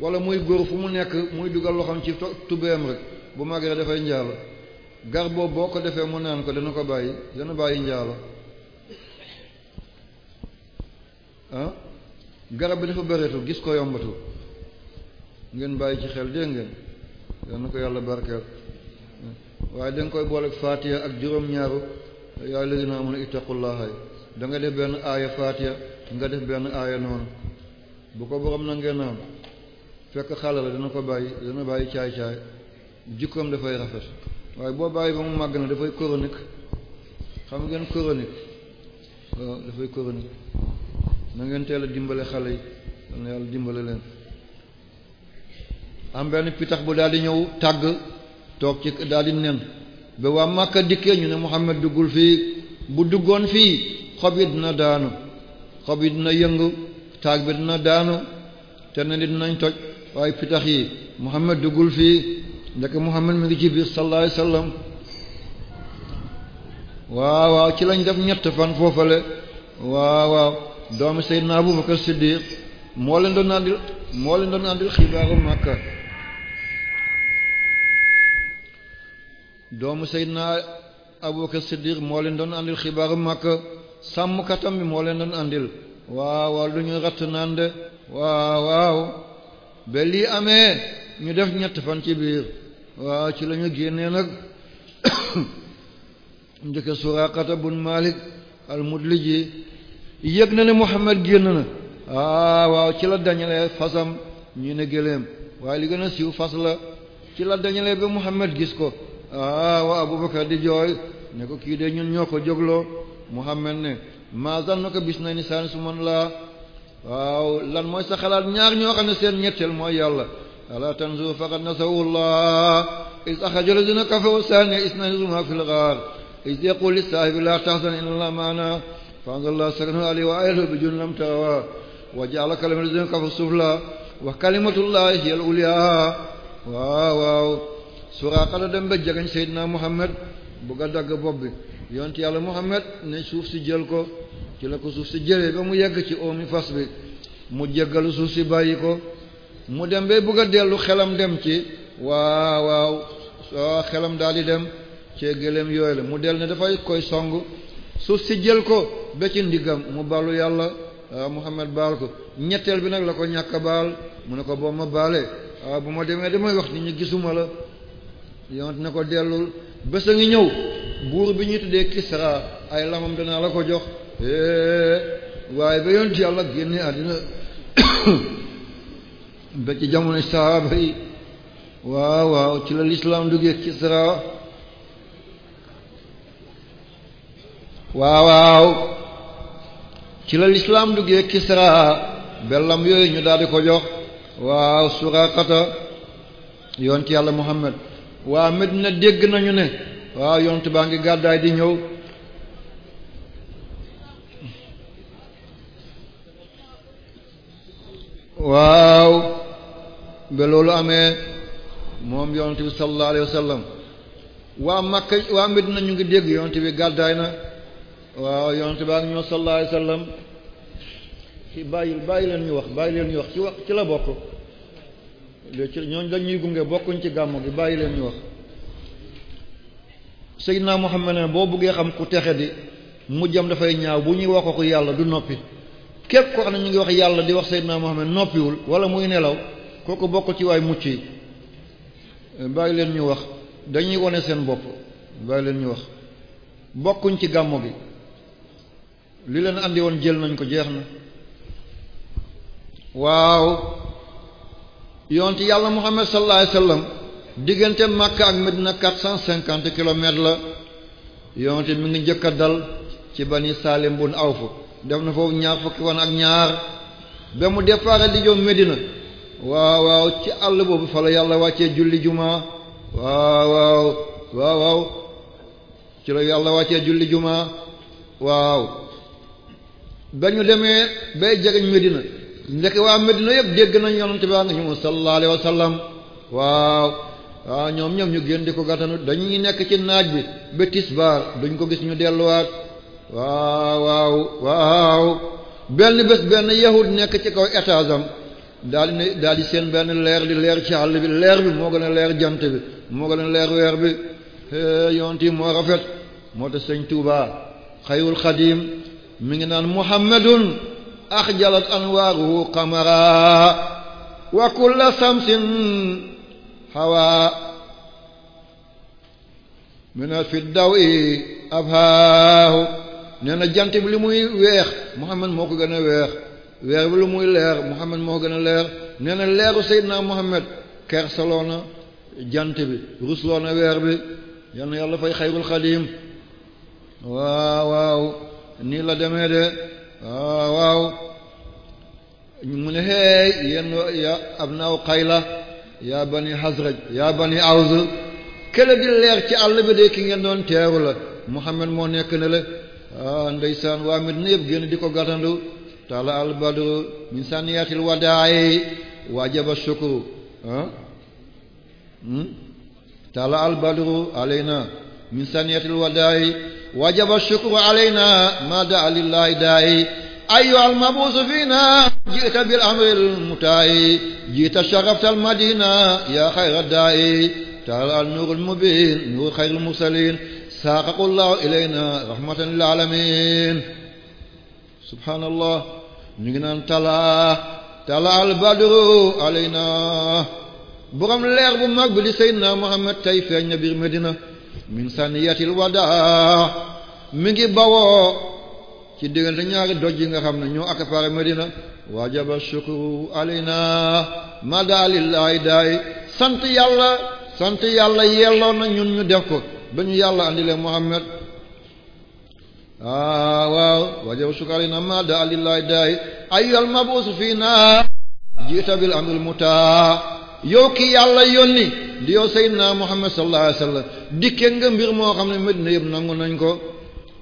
wala muy góor fu mu nekk muy dugal loxoom ci tubéem rek bu màggee dafay njaalo gar boo ko defee mu naan ko dana ko bàyyi dana bàyyi njaalo ah? garab bi dafa bëreetu gis ko yombatu ngeen bàyyi ci xel dégg ngeen dana ko yàlla barkeel waaye danga koy boole ak ak juróom-ñaaru na lazina amanu ittaqullaha da nga def benn aaya faatiya nga def benn aaya noonu bu ko borom na ngeenaam fekk xale la dana ko bàyyi dana bàyyi caay caay jikkoom dafay rafet waaye boo bàyyi ba mu màgg na dafay koronik xam ngeen chronique dafay chronique na ngeen teel a dimbale xale yi dana yàlla dimbale leen am benn pitax bu daal di ñëw tàgg toog ci daal di nen ba waa Makka dikkee ñu ne Muhammad duggul fii bu duggoon fii xob yi dina daanu xob yi dina yëngu taag bi dina daanu te ne dinañ toj waaye pitax yi Muhammad duggul fii ndeke Muhammad mi ngi ci biir sallallahu alayhi wasallam waaw waaw ci lañ def ñett fan foofale waaw waaw doomi Seydina Abubakar Siddiq moo leen doon andil moo leen doon andil xibaaru Makka doomu Seydina Abubakar Siddiq moo leen doon andil xibaaru Makka sàmmkatam bi moo leen doon andil waaw waaw lu ñu ratt naan de waaw waaw ba lii amee ñu def ñett fan ci biir waaw ci la ñu génnee nag ndeke Suraqata bun Malik al-Mudliji yëg na ne Muhammad génn na ah waaw ci la dañalee fasam ñu ne gëléem waaye li gën a siiw fas la ci la dañalee ba Muhammad gis ko ah wa Abubakar di jooy ne ko kii de ñun ñoo ko jógloo Muhammad ne maa zannuka bis na ni saani su man laa waaw lan mooy sa xalaat ñaar ñoo xam ne seen ñetteel mooy yàlla ala tanzur faqad nasawullah is axraja lazina kafaru saaniya isnayni huma fil ghaar is yaqul li saahibi laa tahzan inna allaha ma'ana fa anzalallahu sakinahu alayhi wa ayyadahu bi jundin lam tarawha wa ja'ala kalimata lazina kafaru sufla wa kalimatullahi hiya al-ulya waaw waaw Suraaqa la dem ba jëriñ Seydina Muhammad bugg a dagg bopp bi yonent yàlla Muhammad ne suuf si jël ko ci la ko suuf si jëlee ba mu yegg ci oomi fas bi mu jéggalu suuf si bàyyi ko mu dem ba bugg a dellu xelam dem ci waaw waaw xelam daal di dem cee gëléem yooyu la mu del ne dafay koy song suuf si jël ko ba ci ndiggam mu balu yàlla ah, Muhammad baal ko ñetteel bi nag la ko ñàkk baal mu ne ko boo ma baalee ah, bu ma demee damay wax ni ñu gisuma la yonent na ko dellul bés a ngi ñëw buur bi ñu tuddee Kisra ay lamam danaa la ko jox eh, waaye ba yonent yàlla génne àddina ba ci jamono saaba yi waaw waaw ci la lislaam duggee Kisra waaw waaw ci la lislaam duggee Kisra bellam yooyu ñu daal ko jox waaw suraqata yonent yàlla Muhammad waa Medina dégg nañu ne waaw yonent baa ngi gàddaay di ñëw waaw ba loolu amee moom yont bi sallallahu alayhi wa sallam waa Makka waa Medina ñu ngi dégg yont bi gàddaay na waaw yonent baa ngi ñëw sallallahu alayhi wa sallam ci bàyyi leen ñu wax bàyyi leen ñu wax ci wax ci la bokk ñooñ lañuy gunge bokkuñ ci gàmmu gi bàyyi leen ñu wax Seydina Muhammad ne boo buggee xam ku texe di mu jëm dafay ñaaw bu ñuy wax ko yàlla du noppi képp ko xam ne ñu ngi wax yàlla di wax Seydina Muhammad noppiwul wala muy nelaw koo ko bokkul ci waay mucc yi bàyyi leen ñu wax dañuy wone seen bopp bàyyi leen ñu wax bokkuñ ci gàmmu bi li leen andi woon jël nañ ko jeex na waaw yonte yàlla Muhammad sallallahu alayhi diggante Makka ak Medina quatre cent cinquante kilomètres la yonte mi ngi njëkk dal ci bani Salim bun Awf def na foofu ñaar fukki wan ak ñaar ba mu départ di jëm Medina waaw waaw ci boobu fa la yàlla wàccee julli jumaa waaw waaw waaw waaw ci la yàlla wàccee julli jumaa waaw ba ñu demee bay jegeñ Medina ndeke waa Medina yëpp dégg nañ yonente baa nga ci mu sallallahu alayhi waaw waaw ah, ñoom ñoom ñu génn di ko gàttanu dañuy nekk ci naaj bi ba tisbaar duñ ko gis ñu delluwaat waaw waaw waaw benn bés benn yahud nekk ci kaw étage am daal di daal di seen benn leer di leer ci àll bi leer bi moo gën a leer jant bi moo gën a leer weer bi yonent yi moo rafet moo tax sëñ Tuubaa xayrul xadim mi ngi naan muhammadun axjalat anwaaruhu qamara wa kulla samsin hawa mina fi daw i abhaahu nee na jant bi li muy weex Muhammad moo ko gën a weex weer bi lu muy leer Muhammad moo ko gën a leer nee na leeru Seydina Muhammad kersaloo na jant bi rusloo weer bi yal yàlla fay xayrul xadiim waaw waaw nii la demee de Ah, waaw waaw mu ne hey yéen ya abnaaw xayla yaa bani xasraj yaa bani awz kële di leer ci àll bi de ki ngeen doon teeru la Muhammad moo nekk ne la ah ndeysaan waa mit na yëpp génn di ko gàttandu tala al badru min saniyatil wadaayi waajaba shukru ah hmm? al badru alayna min saniyatil wajaba shukru alayna ma daa lillahi daayi ayyuha almabuusu fiina ji'ta bil amril mutaayi ji'ta sharafta almadina yaa xayra daayi ta'ala nuurul mubiin nuur xayril mursaliin saaqahu llahu ilayna rahmatan lil aalamiin subhaanallah ñu ngi naan talaa talaa al badru alayna borom leer bu mag bi di Seydina Muhammad tey feeñ na biir Medina min saniyatil wadaa mi ngi bawoo ci diggante ñaari doj yi nga xam ne ñoo akapare Medina wajaba shukru alayna madalillahi daay sant yàlla sant yàlla yelloo na ñun ñu def ko ba ñu yàlla andile Muhammad ah waaw wajaba shukru alayna madalillahi daay ayyul mabus fiina jiita bil amril mutaa yow ki yàlla yónni di yow Seydina Muhammad sallallahu wasallam dikkee nga mbir moo xam ne Medina yëpp nangu nañ ko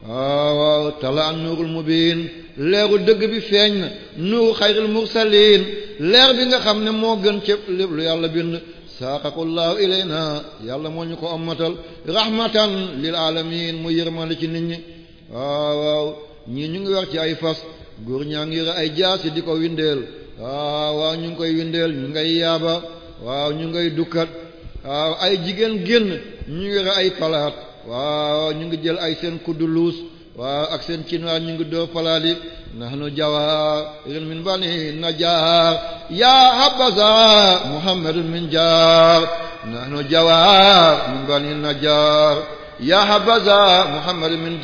waaw waaw tala nuurul mubiin leeru dëgg bi feeñ na nuuru xayril mursaliin leer bi nga xam ne moo gën cëpp lépp lu yàlla bind saaqaqullaahu ilayna yàlla moo ñu ko ommatal rahmatan lil alamin mu yërmande ci nit ñi waaw waaw ñii ñu ngi wax ci ay fas góor ñaa ngi yore ay jaasi di ko windeel waaw waaw ñu ngi koy windeel ñu ngay yaaba waaw ñu ngay dukkat waaw ay jigéen génn ñu ngi ay palaat waaw ñu ngi jël ay seen kuddu luus waaw ak seen cinwaar ñu ngi door palaat yi nahnu jawaarin min bani najaar yaa habaza muhammadun min jaar nahnu jawaar min najaar yaa habaza muhammadun min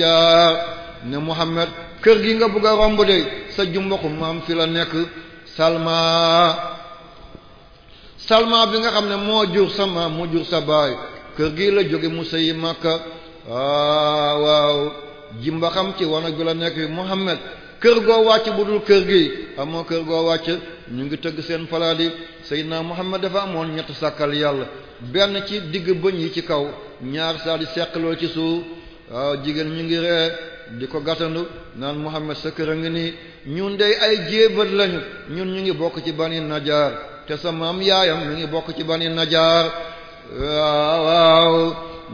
ne muhammad kër gi nga bëgg a romb de sa jumbaku maam fi la nekk salma salma bi nga xam ne moo jur sa maam moo jur sa baay kër gi la jóge mu sëyi Makka waaw ah, waaw jimba xam ci wanag bi la nekk bi Muhammad kër goo wàcc bu dul kër gi amoo kër goo wàcc ñu ngi tëgg seen falaat yi Seydina Muhammad dafa amoon ñett sàkkal yàlla benn ci digg bëñ yi ci kaw ñaar saa di seq lool ci suuf waaw ah, jigéen ñu ngi ree di ko gàttandu naan Muhammad sa kër a ngi nii ñun dey ay jéebët lañu ñun ñu ngi bokk ci bani najaar te sa maam yaayam mi ngi bokk ci bani najaar waaw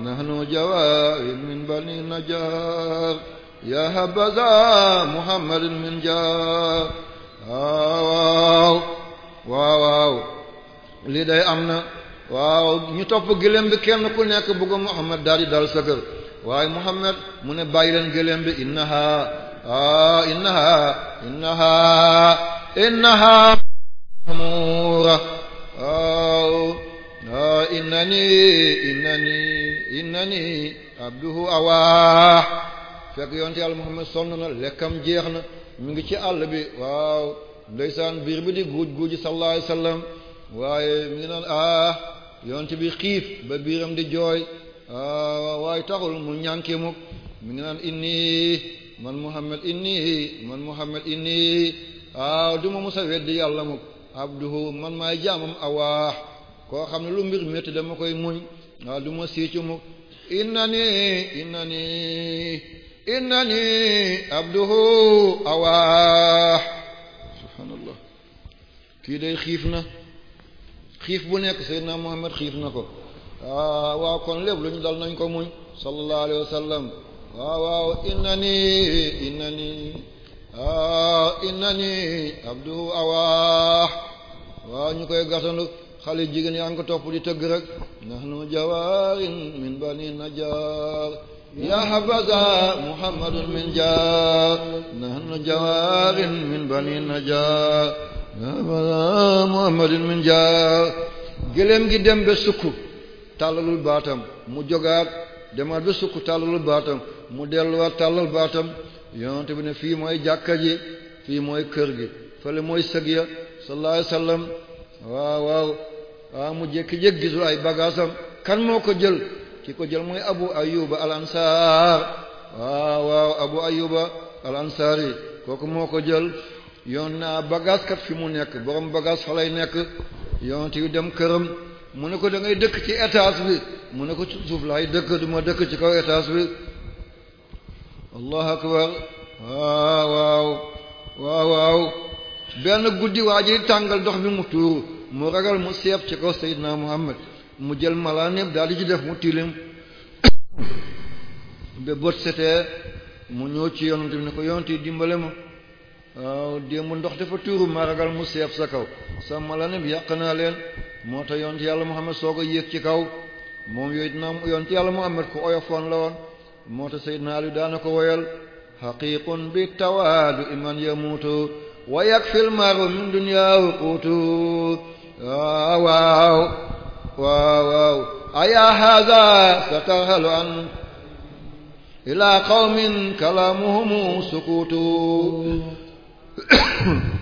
nahnu jawaari min bani najaar ya habaza muhammadin min jaar waaw waaw waaw lii day am na waaw ñu topp gëléem bi kenn ku nekk bëgg muhammad daal di dal sa kër muhammad mu ne bàyyi leen gëléem bi innaha ah innaha innaha innaha nuura waaw oh, oh, innani innani innani abduhu awaa fekk yonte yàlla Muhammad sonn lekkam jeex na mu ngi ci àll bi waaw ndeysaan biir bi di guuj guuji sallallahu alayhi waaye mi ngi naan ah yonte bi xiif ba biiram di jooy ah, waaye taxul mu ñànki muk mi ngi naan inni man Muhammad inni man Muhammad inni ah du ma musa weddi yàlla muk abduhu man maay jaamam awaax koo xam ne lu mbir métti dama muñ waaw du siicu mu inna ni inna ni inna ni abduhu awaax subhaanallah kii day xiif na xiif bu nekk Seydina Muhammad xiif na ko waaw waaw kon lépp lu ñu dal nañ ko muñ sallallahu alayhi wa sallam waaw waaw inna Ah, innani abdu awaax waaw koy gatandu xale jigéen yaa ngi ko topp di tëgg rek nahnu jawaarin min bani najjar yaa habaza muhammadun min jaar nahnu jawaarin min bani najjar jaar gëléem gi dem ba sukk tàllalul baatam mu jogaat demaat ba sukk tàllalul baatam mu delluwaat tàllal baatam yonent bi ne fii mooy jàkka ji fii mooy kër gi fële mooy sëg ya sallallahu waaw waaw waaw mu jékki-jékki gisul ay bagaasam kan moo ko jël ki ko jël mooy abu ayuba al ansaar waaw waaw abu ayuba al ansaar kooku moo ko jël yoon naa bagaas kat fi mu nekk borom bagaas fa lay nekk yonent yu dem këram mu ne ko da ngay dëkk ci étage bi mu ne ko suuf laay dëkk du dëkk ci kaw étage bi allah akbar waaw waaw waaw waaw benn guddi waa ji tàngal ndox mi mu tuuru mu ragal mu seeb ci kaw Seydina Muhammad mu jël malaaneem daal di ci def mu tilim ba bët setee mu ñëw ci yonante bi ne ko yonante dimbale ma waaw démb ndox dafa tuuru ma ragal mu seeb sa kaw sa malaaneem yàq naa leen moo tax yonante yàlla Muhammad soog a yéeg ci kaw moom yooyu dina yonante yàlla Muhammad ko oyofoon la woon moo tax Seydina Ali daana ko woyal xaqiiqun bi tawaadu iman yamuutu wa yakfil maru min dunyaahu quutu waaw waaw waaw waaw aya haza satarhalu an ila qawmin kalaamuhum sukuutu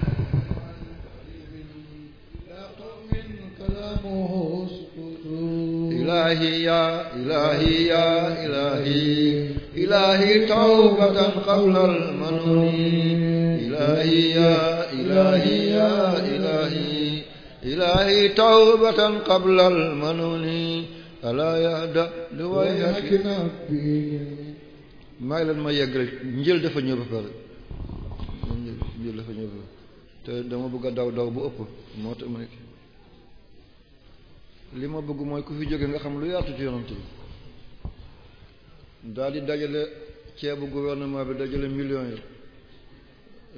إلهي ya إلهي يا إلهي إلهي توبة قبل المنون إلهي يا إلهي يا إلهي إلهي توبة قبل المنون ألا يهدأ لوجهك نبي maa ngi leen ma yegg rek njël dafa ñëw ba pare te dama bëgg a daw daw bu ëpp moo tax ma li ma bëgg mooy ku fi jóge nga xam lu yaatu ci yonent bi daal di dajale ceebu gouvernement bi dajale million yi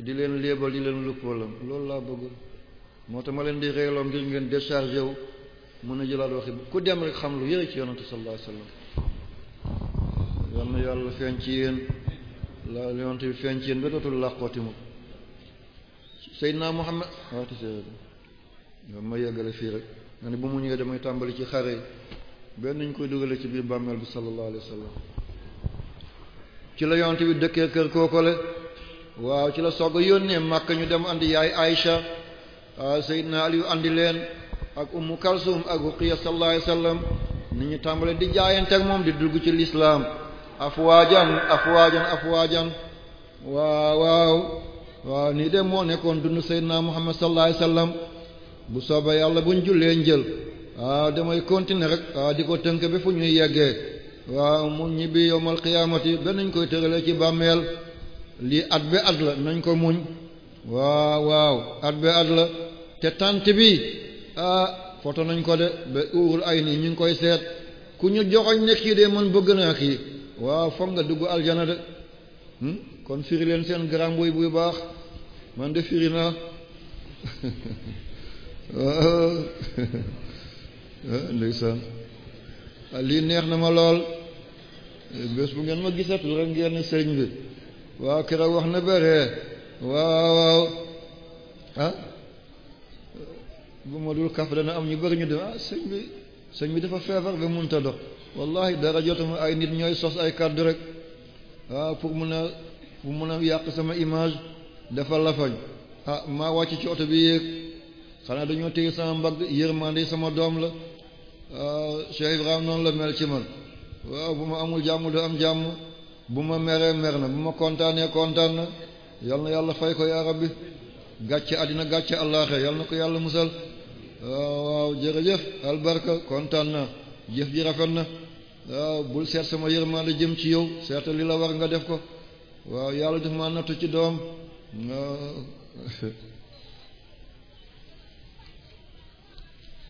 di leen léebal di leen luppalam loolu laa bëgg moo tax ma leen di reeloo ngir ngeen déchargé wu mën a jëlaat waxi ku dem rek xam lu yëre ci yonent sallallahu alayhi wasallam yal na yàlla feeñ ci yéen la yonent bi feeñ ci yéen ba dootul làqooti ma Seydina Muhammad waati se ma yeggale fii rek ne bu mu ñëwee damay tàmbali ci xare benn ñu koy dugalee ci biir bàmmeel bi sallallahu alayhi wa sallam ci la yonte bi kër kookole waaw ci la soog a yónnee Makka ñu dem andi yaay Aïcha ah, Seydina Aliou àndi leen ak Ummu Kalsum ak Ruqiya sallallahu alayhi wa ñu tàmbalee di jaayante ak moom di dugg ci lislaam afwaajan afwaajan afwaajan waaw waaw nii dem moo nekkoon dund Seydina Muhammad sallallahu alayhi wa bu soobee yàlla buñ jullee njël ah damay continuer rek ah di ko tënk bi fu ñuy yeggee waaw mu ñibbi yowmal xiyaamati danañ koy tëralee ci bàmmeel lii at bi at la nañ ko muñ waaw waaw at bi at la te tànt bi ah foto nañ ko de ba uurul ay nii ñu ngi koy seet ku ñu joxoñ ne kii de man bëgg naa kii waaw foog nga dugg aljana de hmm? kon firi leen seen grand buy buy baax man de firi naa waaw ah, ah, ndeysaan ah, lii neex na ma lool bés bu ngeen ma gisatul rek ngeen sëñ bi waaw keroog wax na bëree waaw waaw bu ma dul kaf dana am ñu bëri ñu dem ah sëñ bi sëñ bi dafa feebar ba mënut a dox wallahi dara jotuma ay nit ñooy sos ay kàddu rek waaw pour mun a pour mun a yàq sama image dafa lafañ ah maa wàcc ci oto bi yéeg xanaa dañoo téye sama mbagg yërmande sama doom la ah, Cheikh Ibrahima noonu la mel ci man waaw bu ma amul jàmm du am jàmm bu ma meree mer na bu ma kontaanee kontaan na yal yàlla fay ko yaa rabbi gàcce àddina gàcce àllaaxe yal na ko yàlla musal ah, waaw jërëjëf albarka kontaan na jëf ji rafet na waaw ah, bul seet sama yërmande jëm ci yow seetal li la war nga def ko waaw yàlla def ma nattu ci doom